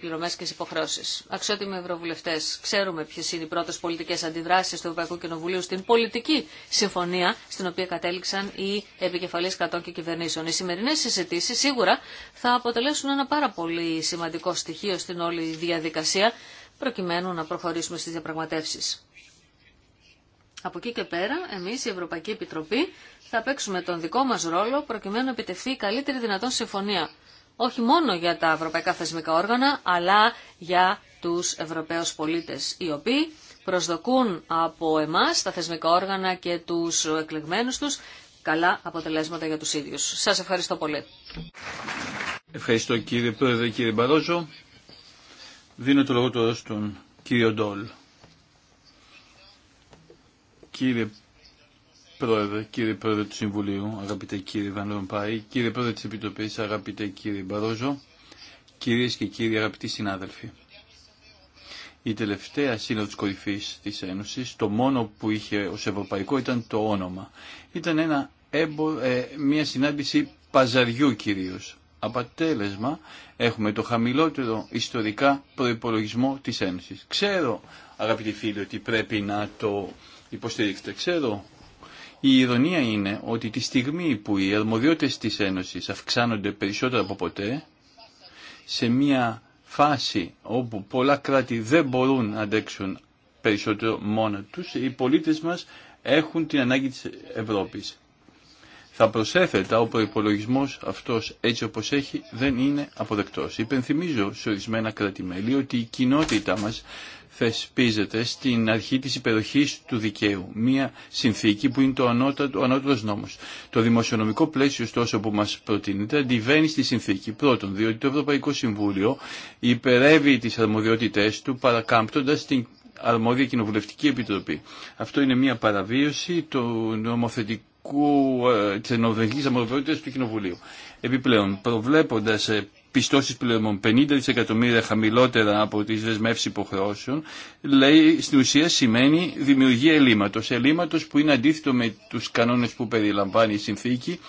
C: πληρωμέ και τι υποχρεώσεις. Αξιότιμοι ευρωβουλευτές, ξέρουμε ποιε είναι οι πρώτε πολιτικέ αντιδράσει του Ευρωπαϊκού Κοινοβουλίου στην πολιτική συμφωνία στην οποία κατέληξαν οι επικεφαλεί κρατών και κυβερνήσεων. Οι σημερινέ συζητήσει σίγουρα θα αποτελέσουν ένα πάρα πολύ σημαντικό στοιχείο στην όλη διαδικασία προκειμένου να προχωρήσουμε στις διαπραγματεύσεις. Από εκεί και πέρα, εμείς η Ευρωπαϊκή Επιτροπή θα παίξουμε τον δικό μας ρόλο προκειμένου να επιτευχθεί η καλύτερη δυνατόν συμφωνία. Όχι μόνο για τα ευρωπαϊκά θεσμικά όργανα, αλλά για τους Ευρωπαίους πολίτες, οι οποίοι προσδοκούν από εμάς τα θεσμικά όργανα και τους εκλεγμένους τους καλά αποτελέσματα για τους ίδιους. Σας ευχαριστώ πολύ.
A: Ευχαριστώ κύριε Πρόεδρε, κύριε Μπαρόζο. Δίνω το λόγο τώρα στον κύριο Ντόλ. Κύριε Πρόεδρε, κύριε Πρόεδρε του Συμβουλίου, αγαπητέ κύριε Βαν κύριε Πρόεδρε της Επιτροπής, αγαπητέ κύριε Μπαρόζο, κυρίες και κύριοι αγαπητοί συνάδελφοι. Η τελευταία σύνοδος κορυφής της Ένωσης, το μόνο που είχε ως ευρωπαϊκό ήταν το όνομα. Ήταν ένα ε, μια συνάντηση παζαριού κυρίως. Αποτέλεσμα έχουμε το χαμηλότερο ιστορικά προπολογισμό τη Ένωση. Ξέρω αγαπητοί φίλοι ότι πρέπει να το Υποστηρίξτε, Ξέρω, η ηρωνία είναι ότι τη στιγμή που οι αρμοδιότητες της Ένωσης αυξάνονται περισσότερο από ποτέ, σε μια φάση όπου πολλά κράτη δεν μπορούν να αντέξουν περισσότερο μόνα τους, οι πολίτες μας έχουν την ανάγκη της Ευρώπης θα προσέθετα ο υπολογισμό αυτό έτσι όπω έχει δεν είναι αποδεκτό. Υπενθυμίζω σε ορισμένα κράτη-μέλη ότι η κοινότητά μα θεσπίζεται στην αρχή της υπεροχής του δικαίου, μια συνθήκη που είναι το ανώτατο, ο νόμος. Το δημοσιονομικό πλαίσιο ωστόσο που μας προτείνεται αντιβαίνει στη συνθήκη. Πρώτον, διότι το Ευρωπαϊκό Συμβούλιο υπερεύει τις αρμοδιότητές του παρακάμπτοντας την αρμόδια κοινοβουλευτική επιτροπή. Αυτό είναι μια παραβίωση του νομοθετικού ε, της του Κοινοβουλίου. Επιπλέον, προβλέποντας πιστώσει πληρωμών 50 δισεκατομμύρια χαμηλότερα από τι δεσμεύσει υποχρεώσεων, λέει, στην ουσία σημαίνει δημιουργία ελλείμματο. Ελλείμματο που είναι αντίθετο με του κανόνε που περιλαμβάνει η συνθήκη,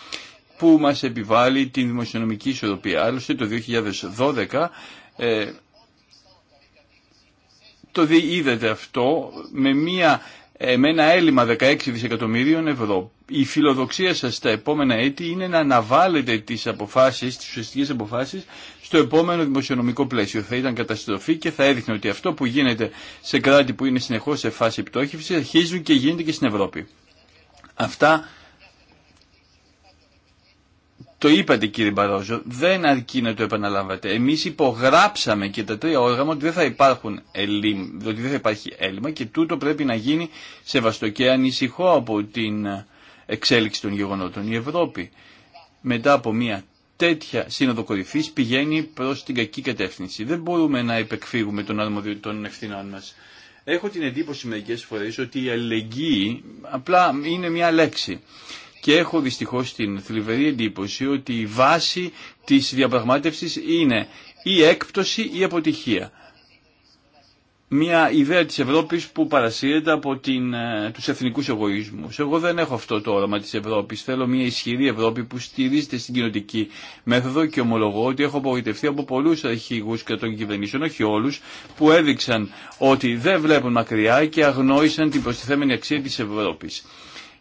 A: που μα επιβάλλει την δημοσιονομική ισορροπία. Άλλωστε το 2012 ε, το δι, είδατε αυτό με μια ε, με ένα έλλειμμα 16 δισεκατομμύριων ευρώ η φιλοδοξία σας στα επόμενα έτη είναι να αναβάλλετε τις αποφάσεις, τις ουσιαστικές αποφάσεις στο επόμενο δημοσιονομικό πλαίσιο. Θα ήταν καταστροφή και θα έδειχνε ότι αυτό που γίνεται σε κράτη που είναι συνεχώς σε φάση πτώχευση αρχίζουν και γίνεται και στην Ευρώπη. Αυτά το είπατε κύριε Μπαρόζο, δεν αρκεί να το επαναλάβατε. Εμείς υπογράψαμε και τα τρία όργανα ότι δεν θα, υπάρχουν δεν θα υπάρχει έλλειμμα και τούτο πρέπει να γίνει σεβαστό και ανησυχώ από την εξέλιξη των γεγονότων. Η Ευρώπη μετά από μια τέτοια σύνοδο κορυφή πηγαίνει προ την κακή κατεύθυνση. Δεν μπορούμε να υπεκφύγουμε τον αρμοδιο των ευθυνών μα. Έχω την εντύπωση μερικέ φορέ ότι η αλληλεγγύη απλά είναι μια λέξη. Και έχω δυστυχώ την θλιβερή εντύπωση ότι η βάση τη διαπραγμάτευση είναι η έκπτωση ή η αποτυχία μια ιδέα της Ευρώπης που παρασύρεται από την, ε, τους εθνικούς εγωισμούς. Εγώ δεν έχω αυτό το όραμα της Ευρώπης. Θέλω μια ισχυρή Ευρώπη που στηρίζεται στην κοινωτική μέθοδο και ομολογώ ότι έχω απογοητευτεί από πολλούς αρχηγούς κρατών κυβερνήσεων, όχι όλους, που έδειξαν ότι δεν βλέπουν μακριά και αγνόησαν την προστιθέμενη αξία της Ευρώπης.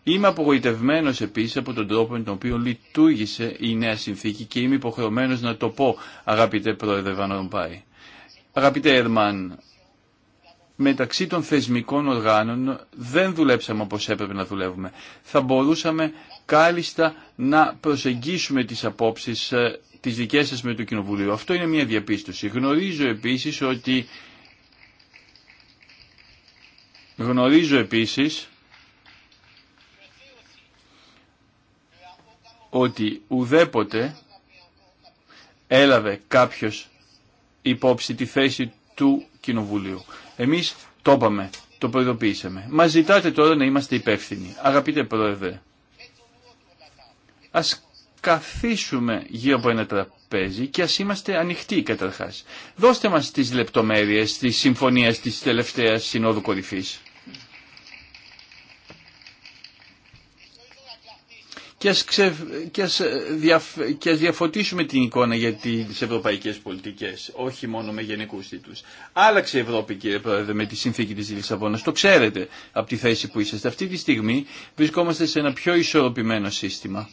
A: Είμαι απογοητευμένο επίση από τον τρόπο με τον οποίο λειτουργήσε η νέα συνθήκη και είμαι υποχρεωμένο να το πω, αγαπητέ Πρόεδρε Αγαπητέ Ερμαν, μεταξύ των θεσμικών οργάνων δεν δουλέψαμε όπως έπρεπε να δουλεύουμε. Θα μπορούσαμε κάλλιστα να προσεγγίσουμε τις απόψεις ε, τις δικές σας με το Κοινοβουλίο. Αυτό είναι μια διαπίστωση. Γνωρίζω επίσης ότι γνωρίζω επίσης ότι ουδέποτε έλαβε κάποιος υπόψη τη θέση του Κοινοβουλίου. Εμείς το είπαμε, το προειδοποίησαμε. Μα ζητάτε τώρα να είμαστε υπεύθυνοι. Αγαπητέ Πρόεδρε, ας καθίσουμε γύρω από ένα τραπέζι και ας είμαστε ανοιχτοί καταρχάς. Δώστε μας τις λεπτομέρειες της συμφωνίας της τελευταίας Συνόδου Κορυφής. και ας, ξε, ε, διαφωτίσουμε την εικόνα για τις ευρωπαϊκές πολιτικές, όχι μόνο με γενικούς τίτλους. Άλλαξε η Ευρώπη, κύριε Πρόεδρε, με τη συνθήκη της Λισαβόνας. Το ξέρετε από τη θέση που είσαστε. Αυτή τη στιγμή βρισκόμαστε σε ένα πιο ισορροπημένο σύστημα.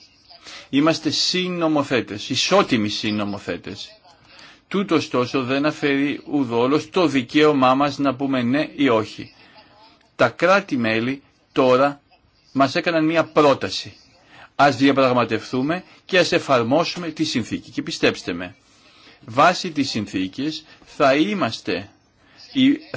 A: Είμαστε συνομοθέτες, ισότιμοι συνομοθέτες. Τούτο ωστόσο δεν αφαιρεί ουδόλως το δικαίωμά μας να πούμε ναι ή όχι. Τα κράτη-μέλη τώρα μα έκαναν μία πρόταση Ας διαπραγματευτούμε και ας εφαρμόσουμε τη συνθήκη. Και πιστέψτε με, βάσει της συνθήκης θα είμαστε,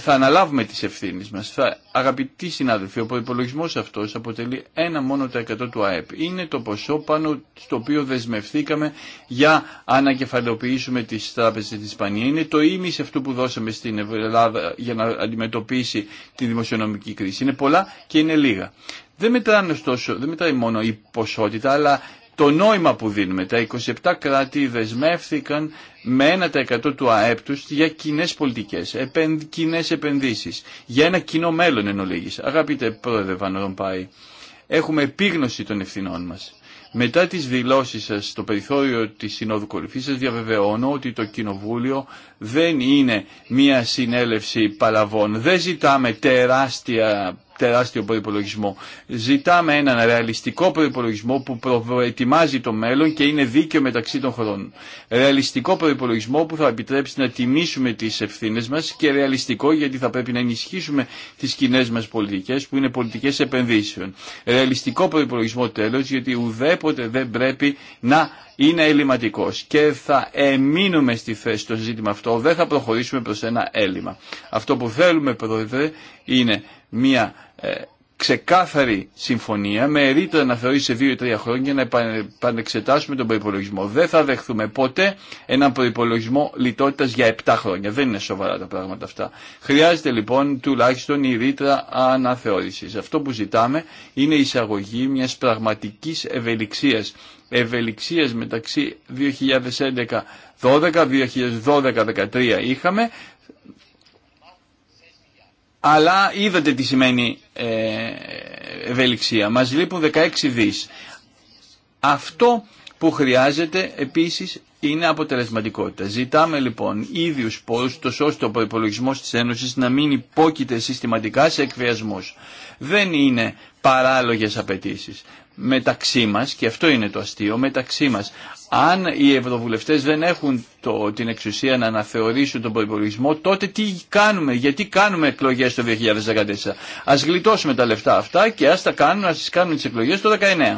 A: θα αναλάβουμε τις ευθύνες μας. Θα, αγαπητοί συνάδελφοι, ο προπολογισμό αυτός αποτελεί ένα μόνο το εκατό του ΑΕΠ. Είναι το ποσό πάνω στο οποίο δεσμευθήκαμε για ανακεφαλαιοποιήσουμε τις τράπεζες της Ισπανία. Είναι το ίμιση αυτού που δώσαμε στην Ελλάδα για να αντιμετωπίσει τη δημοσιονομική κρίση. Είναι πολλά και είναι λίγα δεν μετράνε ωστόσο, δεν μετράει μόνο η ποσότητα, αλλά το νόημα που δίνουμε. Τα 27 κράτη δεσμεύθηκαν με 1% του ΑΕΠ τους για κοινέ πολιτικές, επεν, κοινέ επενδύσεις, για ένα κοινό μέλλον εν ολίγη. Αγαπητέ πρόεδρε Ρομπάη, έχουμε επίγνωση των ευθυνών μας. Μετά τις δηλώσεις σας στο περιθώριο της Συνόδου Κορυφής σας διαβεβαιώνω ότι το Κοινοβούλιο δεν είναι μια συνέλευση παλαβών. Δεν ζητάμε τεράστια τεράστιο προπολογισμό. Ζητάμε έναν ρεαλιστικό προπολογισμό που προετοιμάζει το μέλλον και είναι δίκαιο μεταξύ των χρόνων. Ρεαλιστικό προπολογισμό που θα επιτρέψει να τιμήσουμε τι ευθύνε μα και ρεαλιστικό γιατί θα πρέπει να ενισχύσουμε τι κοινέ μα πολιτικέ που είναι πολιτικέ επενδύσεων. Ρεαλιστικό προπολογισμό τέλο γιατί ουδέποτε δεν πρέπει να είναι ελληματικό και θα εμείνουμε στη θέση στο ζήτημα αυτό, δεν θα προχωρήσουμε προ ένα έλλειμμα. Αυτό που θέλουμε, Πρόεδρε, είναι μια ε, ξεκάθαρη συμφωνία με ρήτρα να θεωρεί σε δύο ή τρία χρόνια να επανεξετάσουμε τον προπολογισμό. Δεν θα δεχθούμε ποτέ έναν προπολογισμό λιτότητα για 7 χρόνια. Δεν είναι σοβαρά τα πράγματα αυτά. Χρειάζεται λοιπόν τουλάχιστον η ρήτρα αναθεώρηση. Αυτό που ζητάμε είναι η εισαγωγή μια πραγματική ευελιξία. Ευελιξία μεταξύ 2011-12, 2012-2013 είχαμε αλλά είδατε τι σημαίνει ε, ευελιξία. Μας λείπουν 16 δις. Αυτό που χρειάζεται επίσης είναι αποτελεσματικότητα. Ζητάμε λοιπόν ίδιου πόρου, ώστε ο προπολογισμό της Ένωση να μην υπόκειται συστηματικά σε εκβιασμού. Δεν είναι παράλογε απαιτήσει μεταξύ μας, και αυτό είναι το αστείο, μεταξύ μας. Αν οι ευρωβουλευτές δεν έχουν το, την εξουσία να αναθεωρήσουν τον προπολογισμό τότε τι κάνουμε, γιατί κάνουμε εκλογές το 2014. Ας γλιτώσουμε τα λεφτά αυτά και ας τα κάνουμε, ας τις κάνουμε τις εκλογές το 2019.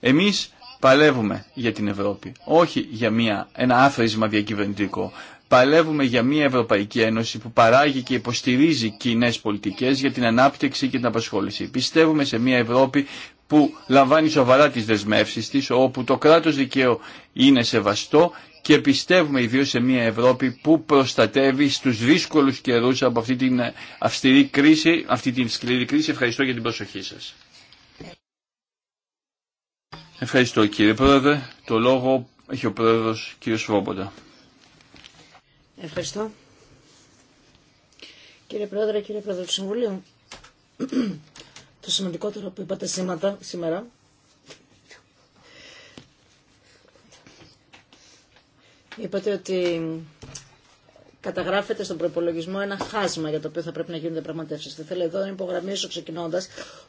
A: Εμείς παλεύουμε για την Ευρώπη, όχι για μια, ένα άθροισμα διακυβερνητικό. Παλεύουμε για μια Ευρωπαϊκή Ένωση που παράγει και υποστηρίζει κοινέ πολιτικέ για την ανάπτυξη και την απασχόληση. Πιστεύουμε σε μια Ευρώπη που λαμβάνει σοβαρά τις δεσμεύσεις της, όπου το κράτος δικαίου είναι σεβαστό και πιστεύουμε ιδίως σε μια Ευρώπη που προστατεύει στους δύσκολους καιρούς από αυτή την αυστηρή κρίση, αυτή την σκληρή κρίση. Ευχαριστώ για την προσοχή σας. Ευχαριστώ κύριε Πρόεδρε. Το λόγο έχει ο Πρόεδρος κύριος Σβόμποντα.
B: Ευχαριστώ. Κύριε Πρόεδρε, κύριε Πρόεδρε του Συμβουλίου, *clears throat* το σημαντικότερο που είπατε σήματα, σήμερα είπατε ότι καταγράφεται στον προπολογισμό ένα χάσμα για το οποίο θα πρέπει να γίνονται πραγματεύσει. Θα ήθελα εδώ να υπογραμμίσω ξεκινώντα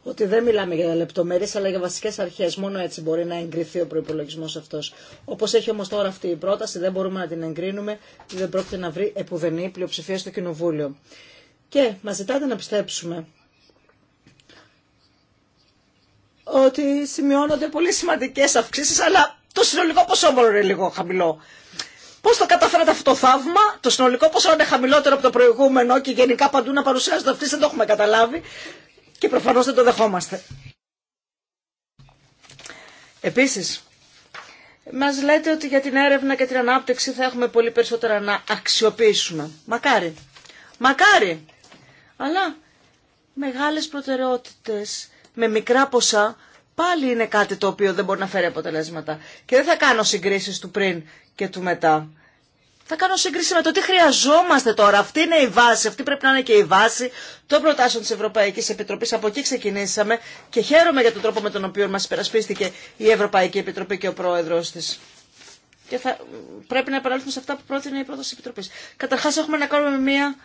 B: ότι δεν μιλάμε για λεπτομέρειε αλλά για βασικέ αρχέ. Μόνο έτσι μπορεί να εγκριθεί ο προπολογισμό αυτό. Όπω έχει όμω τώρα αυτή η πρόταση, δεν μπορούμε να την εγκρίνουμε και δεν πρόκειται να βρει επουδενή πλειοψηφία στο Κοινοβούλιο. Και μα ζητάτε να πιστέψουμε ότι σημειώνονται πολύ σημαντικέ αυξήσει, αλλά το συνολικό ποσό είναι λίγο χαμηλό. Πώς θα καταφέρατε αυτό το θαύμα, το συνολικό ποσό είναι χαμηλότερο από το προηγούμενο και γενικά παντού να παρουσιάζεται αυτή, δεν το έχουμε καταλάβει και προφανώς δεν το δεχόμαστε. Επίσης, μας λέτε ότι για την έρευνα και την ανάπτυξη θα έχουμε πολύ περισσότερα να αξιοποιήσουμε. Μακάρι. Μακάρι. Αλλά μεγάλες προτεραιότητες με μικρά ποσά πάλι είναι κάτι το οποίο δεν μπορεί να φέρει αποτελέσματα. Και δεν θα κάνω συγκρίσεις του πριν και του μετά θα κάνω σύγκριση με το τι χρειαζόμαστε τώρα. Αυτή είναι η βάση, αυτή πρέπει να είναι και η βάση των προτάσεων τη Ευρωπαϊκή Επιτροπή. Από εκεί ξεκινήσαμε και χαίρομαι για τον τρόπο με τον οποίο μα υπερασπίστηκε η Ευρωπαϊκή Επιτροπή και ο πρόεδρο τη. Και θα, πρέπει να επανέλθουμε σε αυτά που πρότεινε η πρόταση τη Επιτροπή. Καταρχά, έχουμε να κάνουμε μία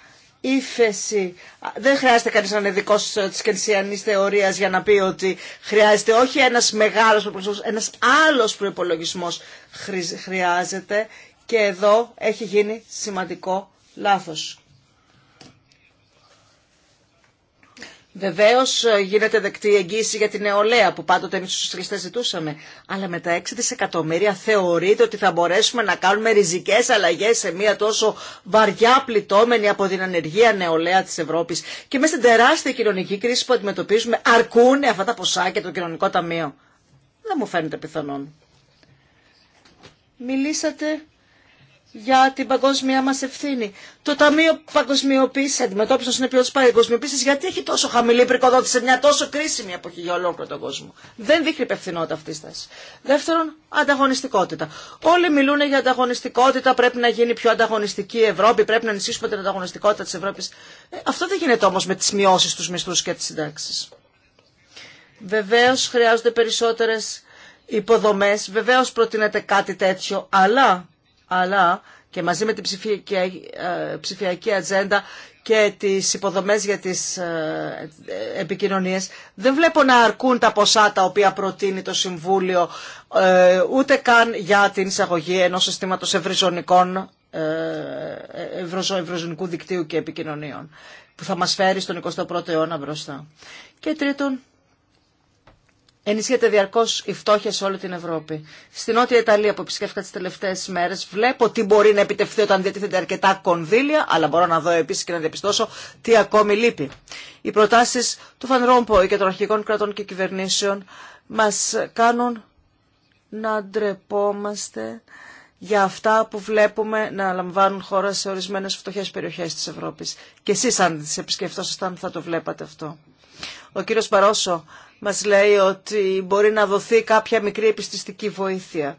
B: ύφεση. Δεν χρειάζεται κανεί να είναι δικό ε, τη κεντσιανή θεωρία για να πει ότι χρειάζεται όχι ένα μεγάλο προπολογισμό, ένα άλλο προπολογισμό χρειάζεται και εδώ έχει γίνει σημαντικό λάθος. Βεβαίω ε, γίνεται δεκτή η εγγύηση για την νεολαία που πάντοτε εμεί του σοσιαλιστέ ζητούσαμε. Αλλά με τα 6 δισεκατομμύρια θεωρείτε ότι θα μπορέσουμε να κάνουμε ριζικέ αλλαγέ σε μια τόσο βαριά πληττόμενη από την ανεργία νεολαία τη Ευρώπη. Και μέσα στην τεράστια κοινωνική κρίση που αντιμετωπίζουμε, αρκούν αυτά τα ποσά και το κοινωνικό ταμείο. Δεν μου φαίνεται πιθανόν. Μιλήσατε για την παγκόσμια μας ευθύνη. Το Ταμείο Παγκοσμιοποίηση, αντιμετώπιση των συνεπειών τη παγκοσμιοποίηση, γιατί έχει τόσο χαμηλή πρικοδότηση σε μια τόσο κρίσιμη εποχή για ολόκληρο τον κόσμο. Δεν δείχνει υπευθυνότητα αυτή τη Δεύτερον, ανταγωνιστικότητα. Όλοι μιλούν για ανταγωνιστικότητα, πρέπει να γίνει πιο ανταγωνιστική η Ευρώπη, πρέπει να ενισχύσουμε την ανταγωνιστικότητα τη Ευρώπη. Ε, αυτό δεν γίνεται όμω με τι μειώσει του μισθού και τι συντάξει. Βεβαίω χρειάζονται περισσότερε υποδομέ, βεβαίω προτείνεται κάτι τέτοιο, αλλά αλλά και μαζί με την ψηφιακή, ε, ψηφιακή ατζέντα και τις υποδομές για τις ε, ε, επικοινωνίες. Δεν βλέπω να αρκούν τα ποσά τα οποία προτείνει το Συμβούλιο ούτε καν για την εισαγωγή ενός συστήματος ευρυζωνικών ευρωζωνικού δικτύου και επικοινωνίων που θα μας φέρει στον 21ο αιώνα μπροστά. Και τρίτον, Ενισχύεται διαρκώ η φτώχεια σε όλη την Ευρώπη. Στην Νότια Ιταλία που επισκέφθηκα τι τελευταίε μέρε, βλέπω τι μπορεί να επιτευχθεί όταν διατίθενται αρκετά κονδύλια, αλλά μπορώ να δω επίση και να διαπιστώσω τι ακόμη λείπει. Οι προτάσει του Φαν και των αρχικών κρατών και κυβερνήσεων μα κάνουν να ντρεπόμαστε για αυτά που βλέπουμε να λαμβάνουν χώρα σε ορισμένε φτωχές περιοχέ τη Ευρώπη. Και εσεί, αν τι επισκεφτόσασταν, θα το βλέπατε αυτό. Ο κύριος Παρόσο μας λέει ότι μπορεί να δοθεί κάποια μικρή επιστηστική βοήθεια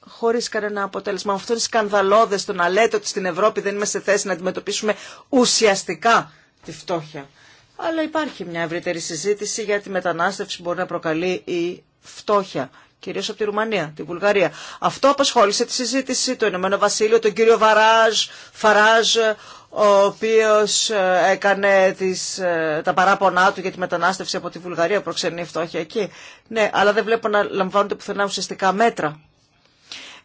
B: χωρί κανένα αποτέλεσμα. Αυτό είναι σκανδαλώδε το να λέτε ότι στην Ευρώπη δεν είμαστε σε θέση να αντιμετωπίσουμε ουσιαστικά τη φτώχεια. Αλλά υπάρχει μια ευρύτερη συζήτηση για τη μετανάστευση που μπορεί να προκαλεί η φτώχεια. Κυρίω από τη Ρουμανία, τη Βουλγαρία. Αυτό απασχόλησε τη συζήτηση του Ηνωμένου Βασίλειου, τον κύριο Βαράζ, Φαράζ, ο οποίος ε, έκανε ε, τα παράπονά του για τη μετανάστευση από τη Βουλγαρία, προξενεί φτώχεια εκεί. Ναι, αλλά δεν βλέπω να λαμβάνονται πουθενά ουσιαστικά μέτρα.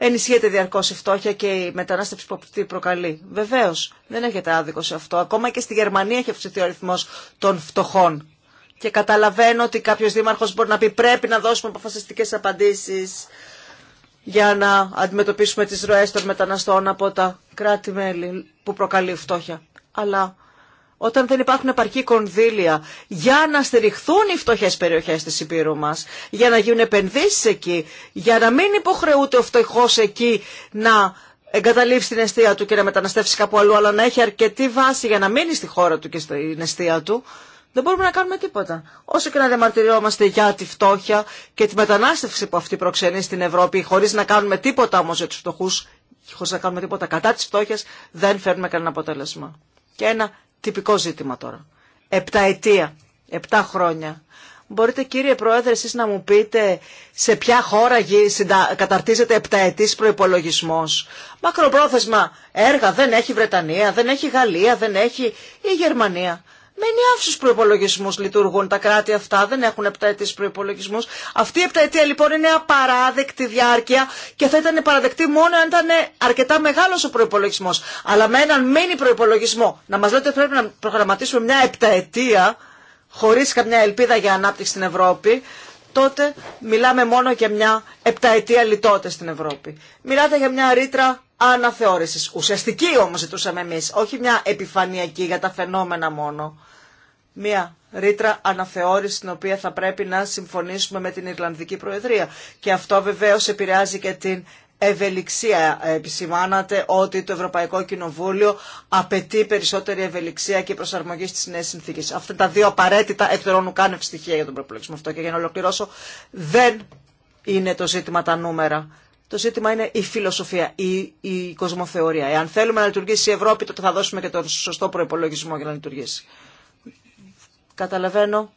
B: Ενισχύεται διαρκώ η φτώχεια και η μετανάστευση που αυτή προκαλεί. Βεβαίω, δεν έχετε άδικο σε αυτό. Ακόμα και στη Γερμανία έχει αυξηθεί ο αριθμό των φτωχών. Και καταλαβαίνω ότι κάποιο δήμαρχο μπορεί να πει πρέπει να δώσουμε αποφασιστικέ απαντήσει για να αντιμετωπίσουμε τις ροές των μεταναστών από τα κράτη-μέλη που προκαλεί φτώχεια. Αλλά όταν δεν υπάρχουν επαρκή κονδύλια για να στηριχθούν οι φτωχές περιοχές της Υπήρου μας, για να γίνουν επενδύσεις εκεί, για να μην υποχρεούται ο φτωχό εκεί να εγκαταλείψει την αιστεία του και να μεταναστεύσει κάπου αλλού, αλλά να έχει αρκετή βάση για να μείνει στη χώρα του και στην αιστεία του, δεν μπορούμε να κάνουμε τίποτα. Όσο και να διαμαρτυριόμαστε για τη φτώχεια και τη μετανάστευση που αυτή προξενεί στην Ευρώπη, χωρί να κάνουμε τίποτα όμω για του φτωχού, χωρί να κάνουμε τίποτα κατά τη φτώχεια, δεν φέρνουμε κανένα αποτέλεσμα. Και ένα τυπικό ζήτημα τώρα. Επτά ετία, επτά χρόνια. Μπορείτε κύριε Πρόεδρε εσείς να μου πείτε σε ποια χώρα καταρτίζεται επταετής προϋπολογισμός. Μακροπρόθεσμα έργα δεν έχει Βρετανία, δεν έχει Γαλλία, δεν έχει η Γερμανία με ενιαύσου προπολογισμού λειτουργούν τα κράτη αυτά, δεν έχουν επταετή προπολογισμού. Αυτή η επταετία λοιπόν είναι απαράδεκτη διάρκεια και θα ήταν παραδεκτή μόνο αν ήταν αρκετά μεγάλο ο προπολογισμό. Αλλά με έναν μήνυ προπολογισμό να μα λέτε ότι πρέπει να προγραμματίσουμε μια επταετία χωρί καμιά ελπίδα για ανάπτυξη στην Ευρώπη, τότε μιλάμε μόνο για μια επταετία λιτότητα στην Ευρώπη. Μιλάτε για μια ρήτρα αναθεώρησης. Ουσιαστική όμως ζητούσαμε εμείς, όχι μια επιφανειακή για τα φαινόμενα μόνο. Μια ρήτρα αναθεώρηση την οποία θα πρέπει να συμφωνήσουμε με την Ιρλανδική Προεδρία. Και αυτό βεβαίως επηρεάζει και την ευελιξία. Επισημάνατε ότι το Ευρωπαϊκό Κοινοβούλιο απαιτεί περισσότερη ευελιξία και προσαρμογή στι νέε συνθήκε. Αυτά τα δύο απαραίτητα εκ των στοιχεία για τον προπολογισμό αυτό. Και για να ολοκληρώσω, δεν είναι το ζήτημα τα νούμερα. Το ζήτημα είναι η φιλοσοφία, η, η κοσμοθεωρία. Εάν θέλουμε να λειτουργήσει η Ευρώπη, τότε θα δώσουμε και τον σωστό προπολογισμό για να λειτουργήσει. Καταλαβαίνω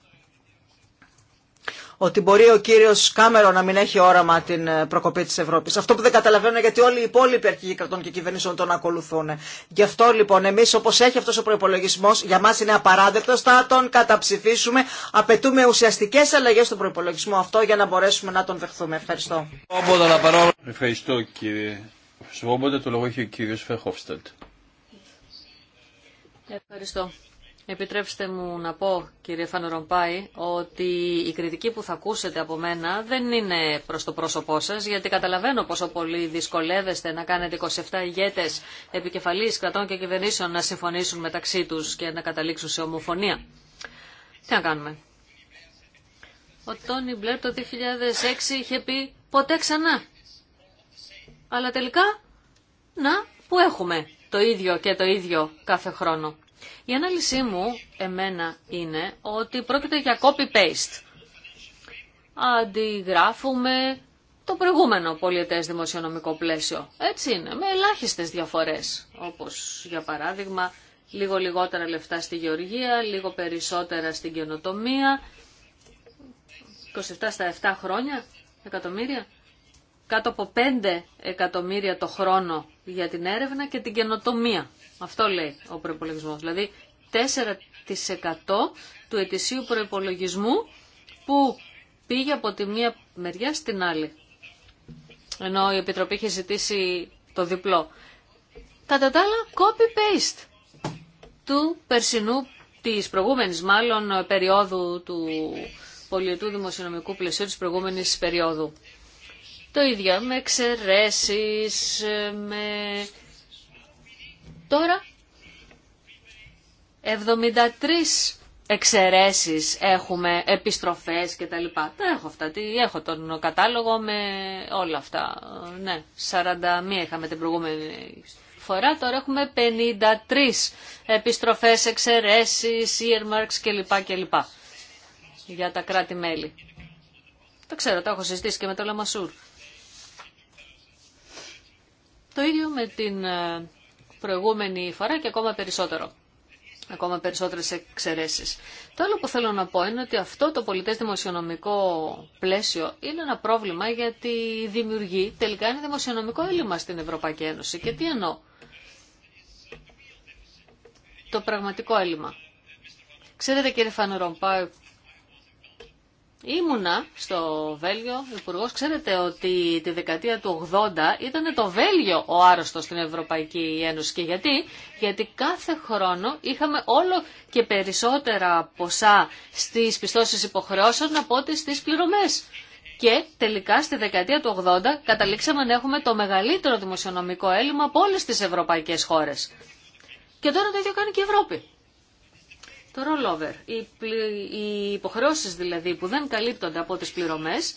B: ότι μπορεί ο κύριο Κάμερο να μην έχει όραμα την ε, προκοπή τη Ευρώπη. Αυτό που δεν καταλαβαίνω γιατί όλοι οι υπόλοιποι αρχηγοί κρατών και κυβερνήσεων τον ακολουθούν. Γι' αυτό λοιπόν εμεί όπω έχει αυτό ο προπολογισμό, για μα είναι απαράδεκτος, θα τον καταψηφίσουμε. Απαιτούμε ουσιαστικέ αλλαγέ στον προπολογισμό αυτό για να μπορέσουμε να τον δεχθούμε. Ευχαριστώ.
A: Ευχαριστώ κύριε Σβόμποντα. το λόγο έχει ο κύριο Φεχόφστατ.
C: Ευχαριστώ. Επιτρέψτε μου να πω, κύριε Φανερομπάη, ότι η κριτική που θα ακούσετε από μένα δεν είναι προς το πρόσωπό σας, γιατί καταλαβαίνω πόσο πολύ δυσκολεύεστε να κάνετε 27 ηγέτες επικεφαλής κρατών και κυβερνήσεων να συμφωνήσουν μεταξύ τους και να καταλήξουν σε ομοφωνία. Τι να κάνουμε. Ο Τόνι Μπλερ το 2006 είχε πει ποτέ ξανά. Αλλά τελικά, να, που έχουμε το ίδιο και το ίδιο κάθε χρόνο. Η ανάλυση μου εμένα είναι ότι πρόκειται για copy-paste. Αντιγράφουμε το προηγούμενο πολιετές δημοσιονομικό πλαίσιο. Έτσι είναι, με ελάχιστες διαφορές, όπως για παράδειγμα λίγο λιγότερα λεφτά στη γεωργία, λίγο περισσότερα στην καινοτομία, 27 στα 7 χρόνια, εκατομμύρια, κάτω από 5 εκατομμύρια το χρόνο για την έρευνα και την καινοτομία. Αυτό λέει ο προπολογισμό. Δηλαδή 4% του ετησίου προπολογισμού που πήγε από τη μία μεριά στην άλλη. Ενώ η Επιτροπή είχε ζητήσει το διπλό. Κατά τα άλλα, copy-paste του περσινού, της προηγούμενης μάλλον περίοδου του πολιετού δημοσιονομικού πλαισίου της προηγούμενης περίοδου. Το ίδιο με εξαιρέσει, με Τώρα 73 εξαιρέσει έχουμε, επιστροφές και τα έχω αυτά, έχω τον κατάλογο με όλα αυτά. Ναι, 41 είχαμε την προηγούμενη φορά, τώρα έχουμε 53 επιστροφές, εξαιρέσεις, earmarks κλπ. κλπ. Για τα κράτη-μέλη. Το ξέρω, το έχω συζητήσει και με το Λαμασούρ. Το ίδιο με την ε, προηγούμενη φορά και ακόμα περισσότερο. Ακόμα περισσότερες εξαιρέσεις. Το άλλο που θέλω να πω είναι ότι αυτό το πολιτές δημοσιονομικό πλαίσιο είναι ένα πρόβλημα γιατί δημιουργεί τελικά ένα δημοσιονομικό έλλειμμα στην Ευρωπαϊκή Ένωση. Και τι εννοώ. Το πραγματικό έλλειμμα. Ξέρετε κύριε Φανερομπάου Ήμουνα στο Βέλγιο υπουργό. Ξέρετε ότι τη δεκαετία του 80 ήταν το Βέλγιο ο άρρωστο στην Ευρωπαϊκή Ένωση. Και γιατί? Γιατί κάθε χρόνο είχαμε όλο και περισσότερα ποσά στις πιστώσεις υποχρεώσεων από ό,τι στις πληρωμές. Και τελικά στη δεκαετία του 80 καταλήξαμε να έχουμε το μεγαλύτερο δημοσιονομικό έλλειμμα από όλε τι ευρωπαϊκέ χώρε. Και τώρα το ίδιο κάνει και η Ευρώπη. Το rollover, οι, πλη... οι υποχρεώσεις δηλαδή που δεν καλύπτονται από τις πληρωμές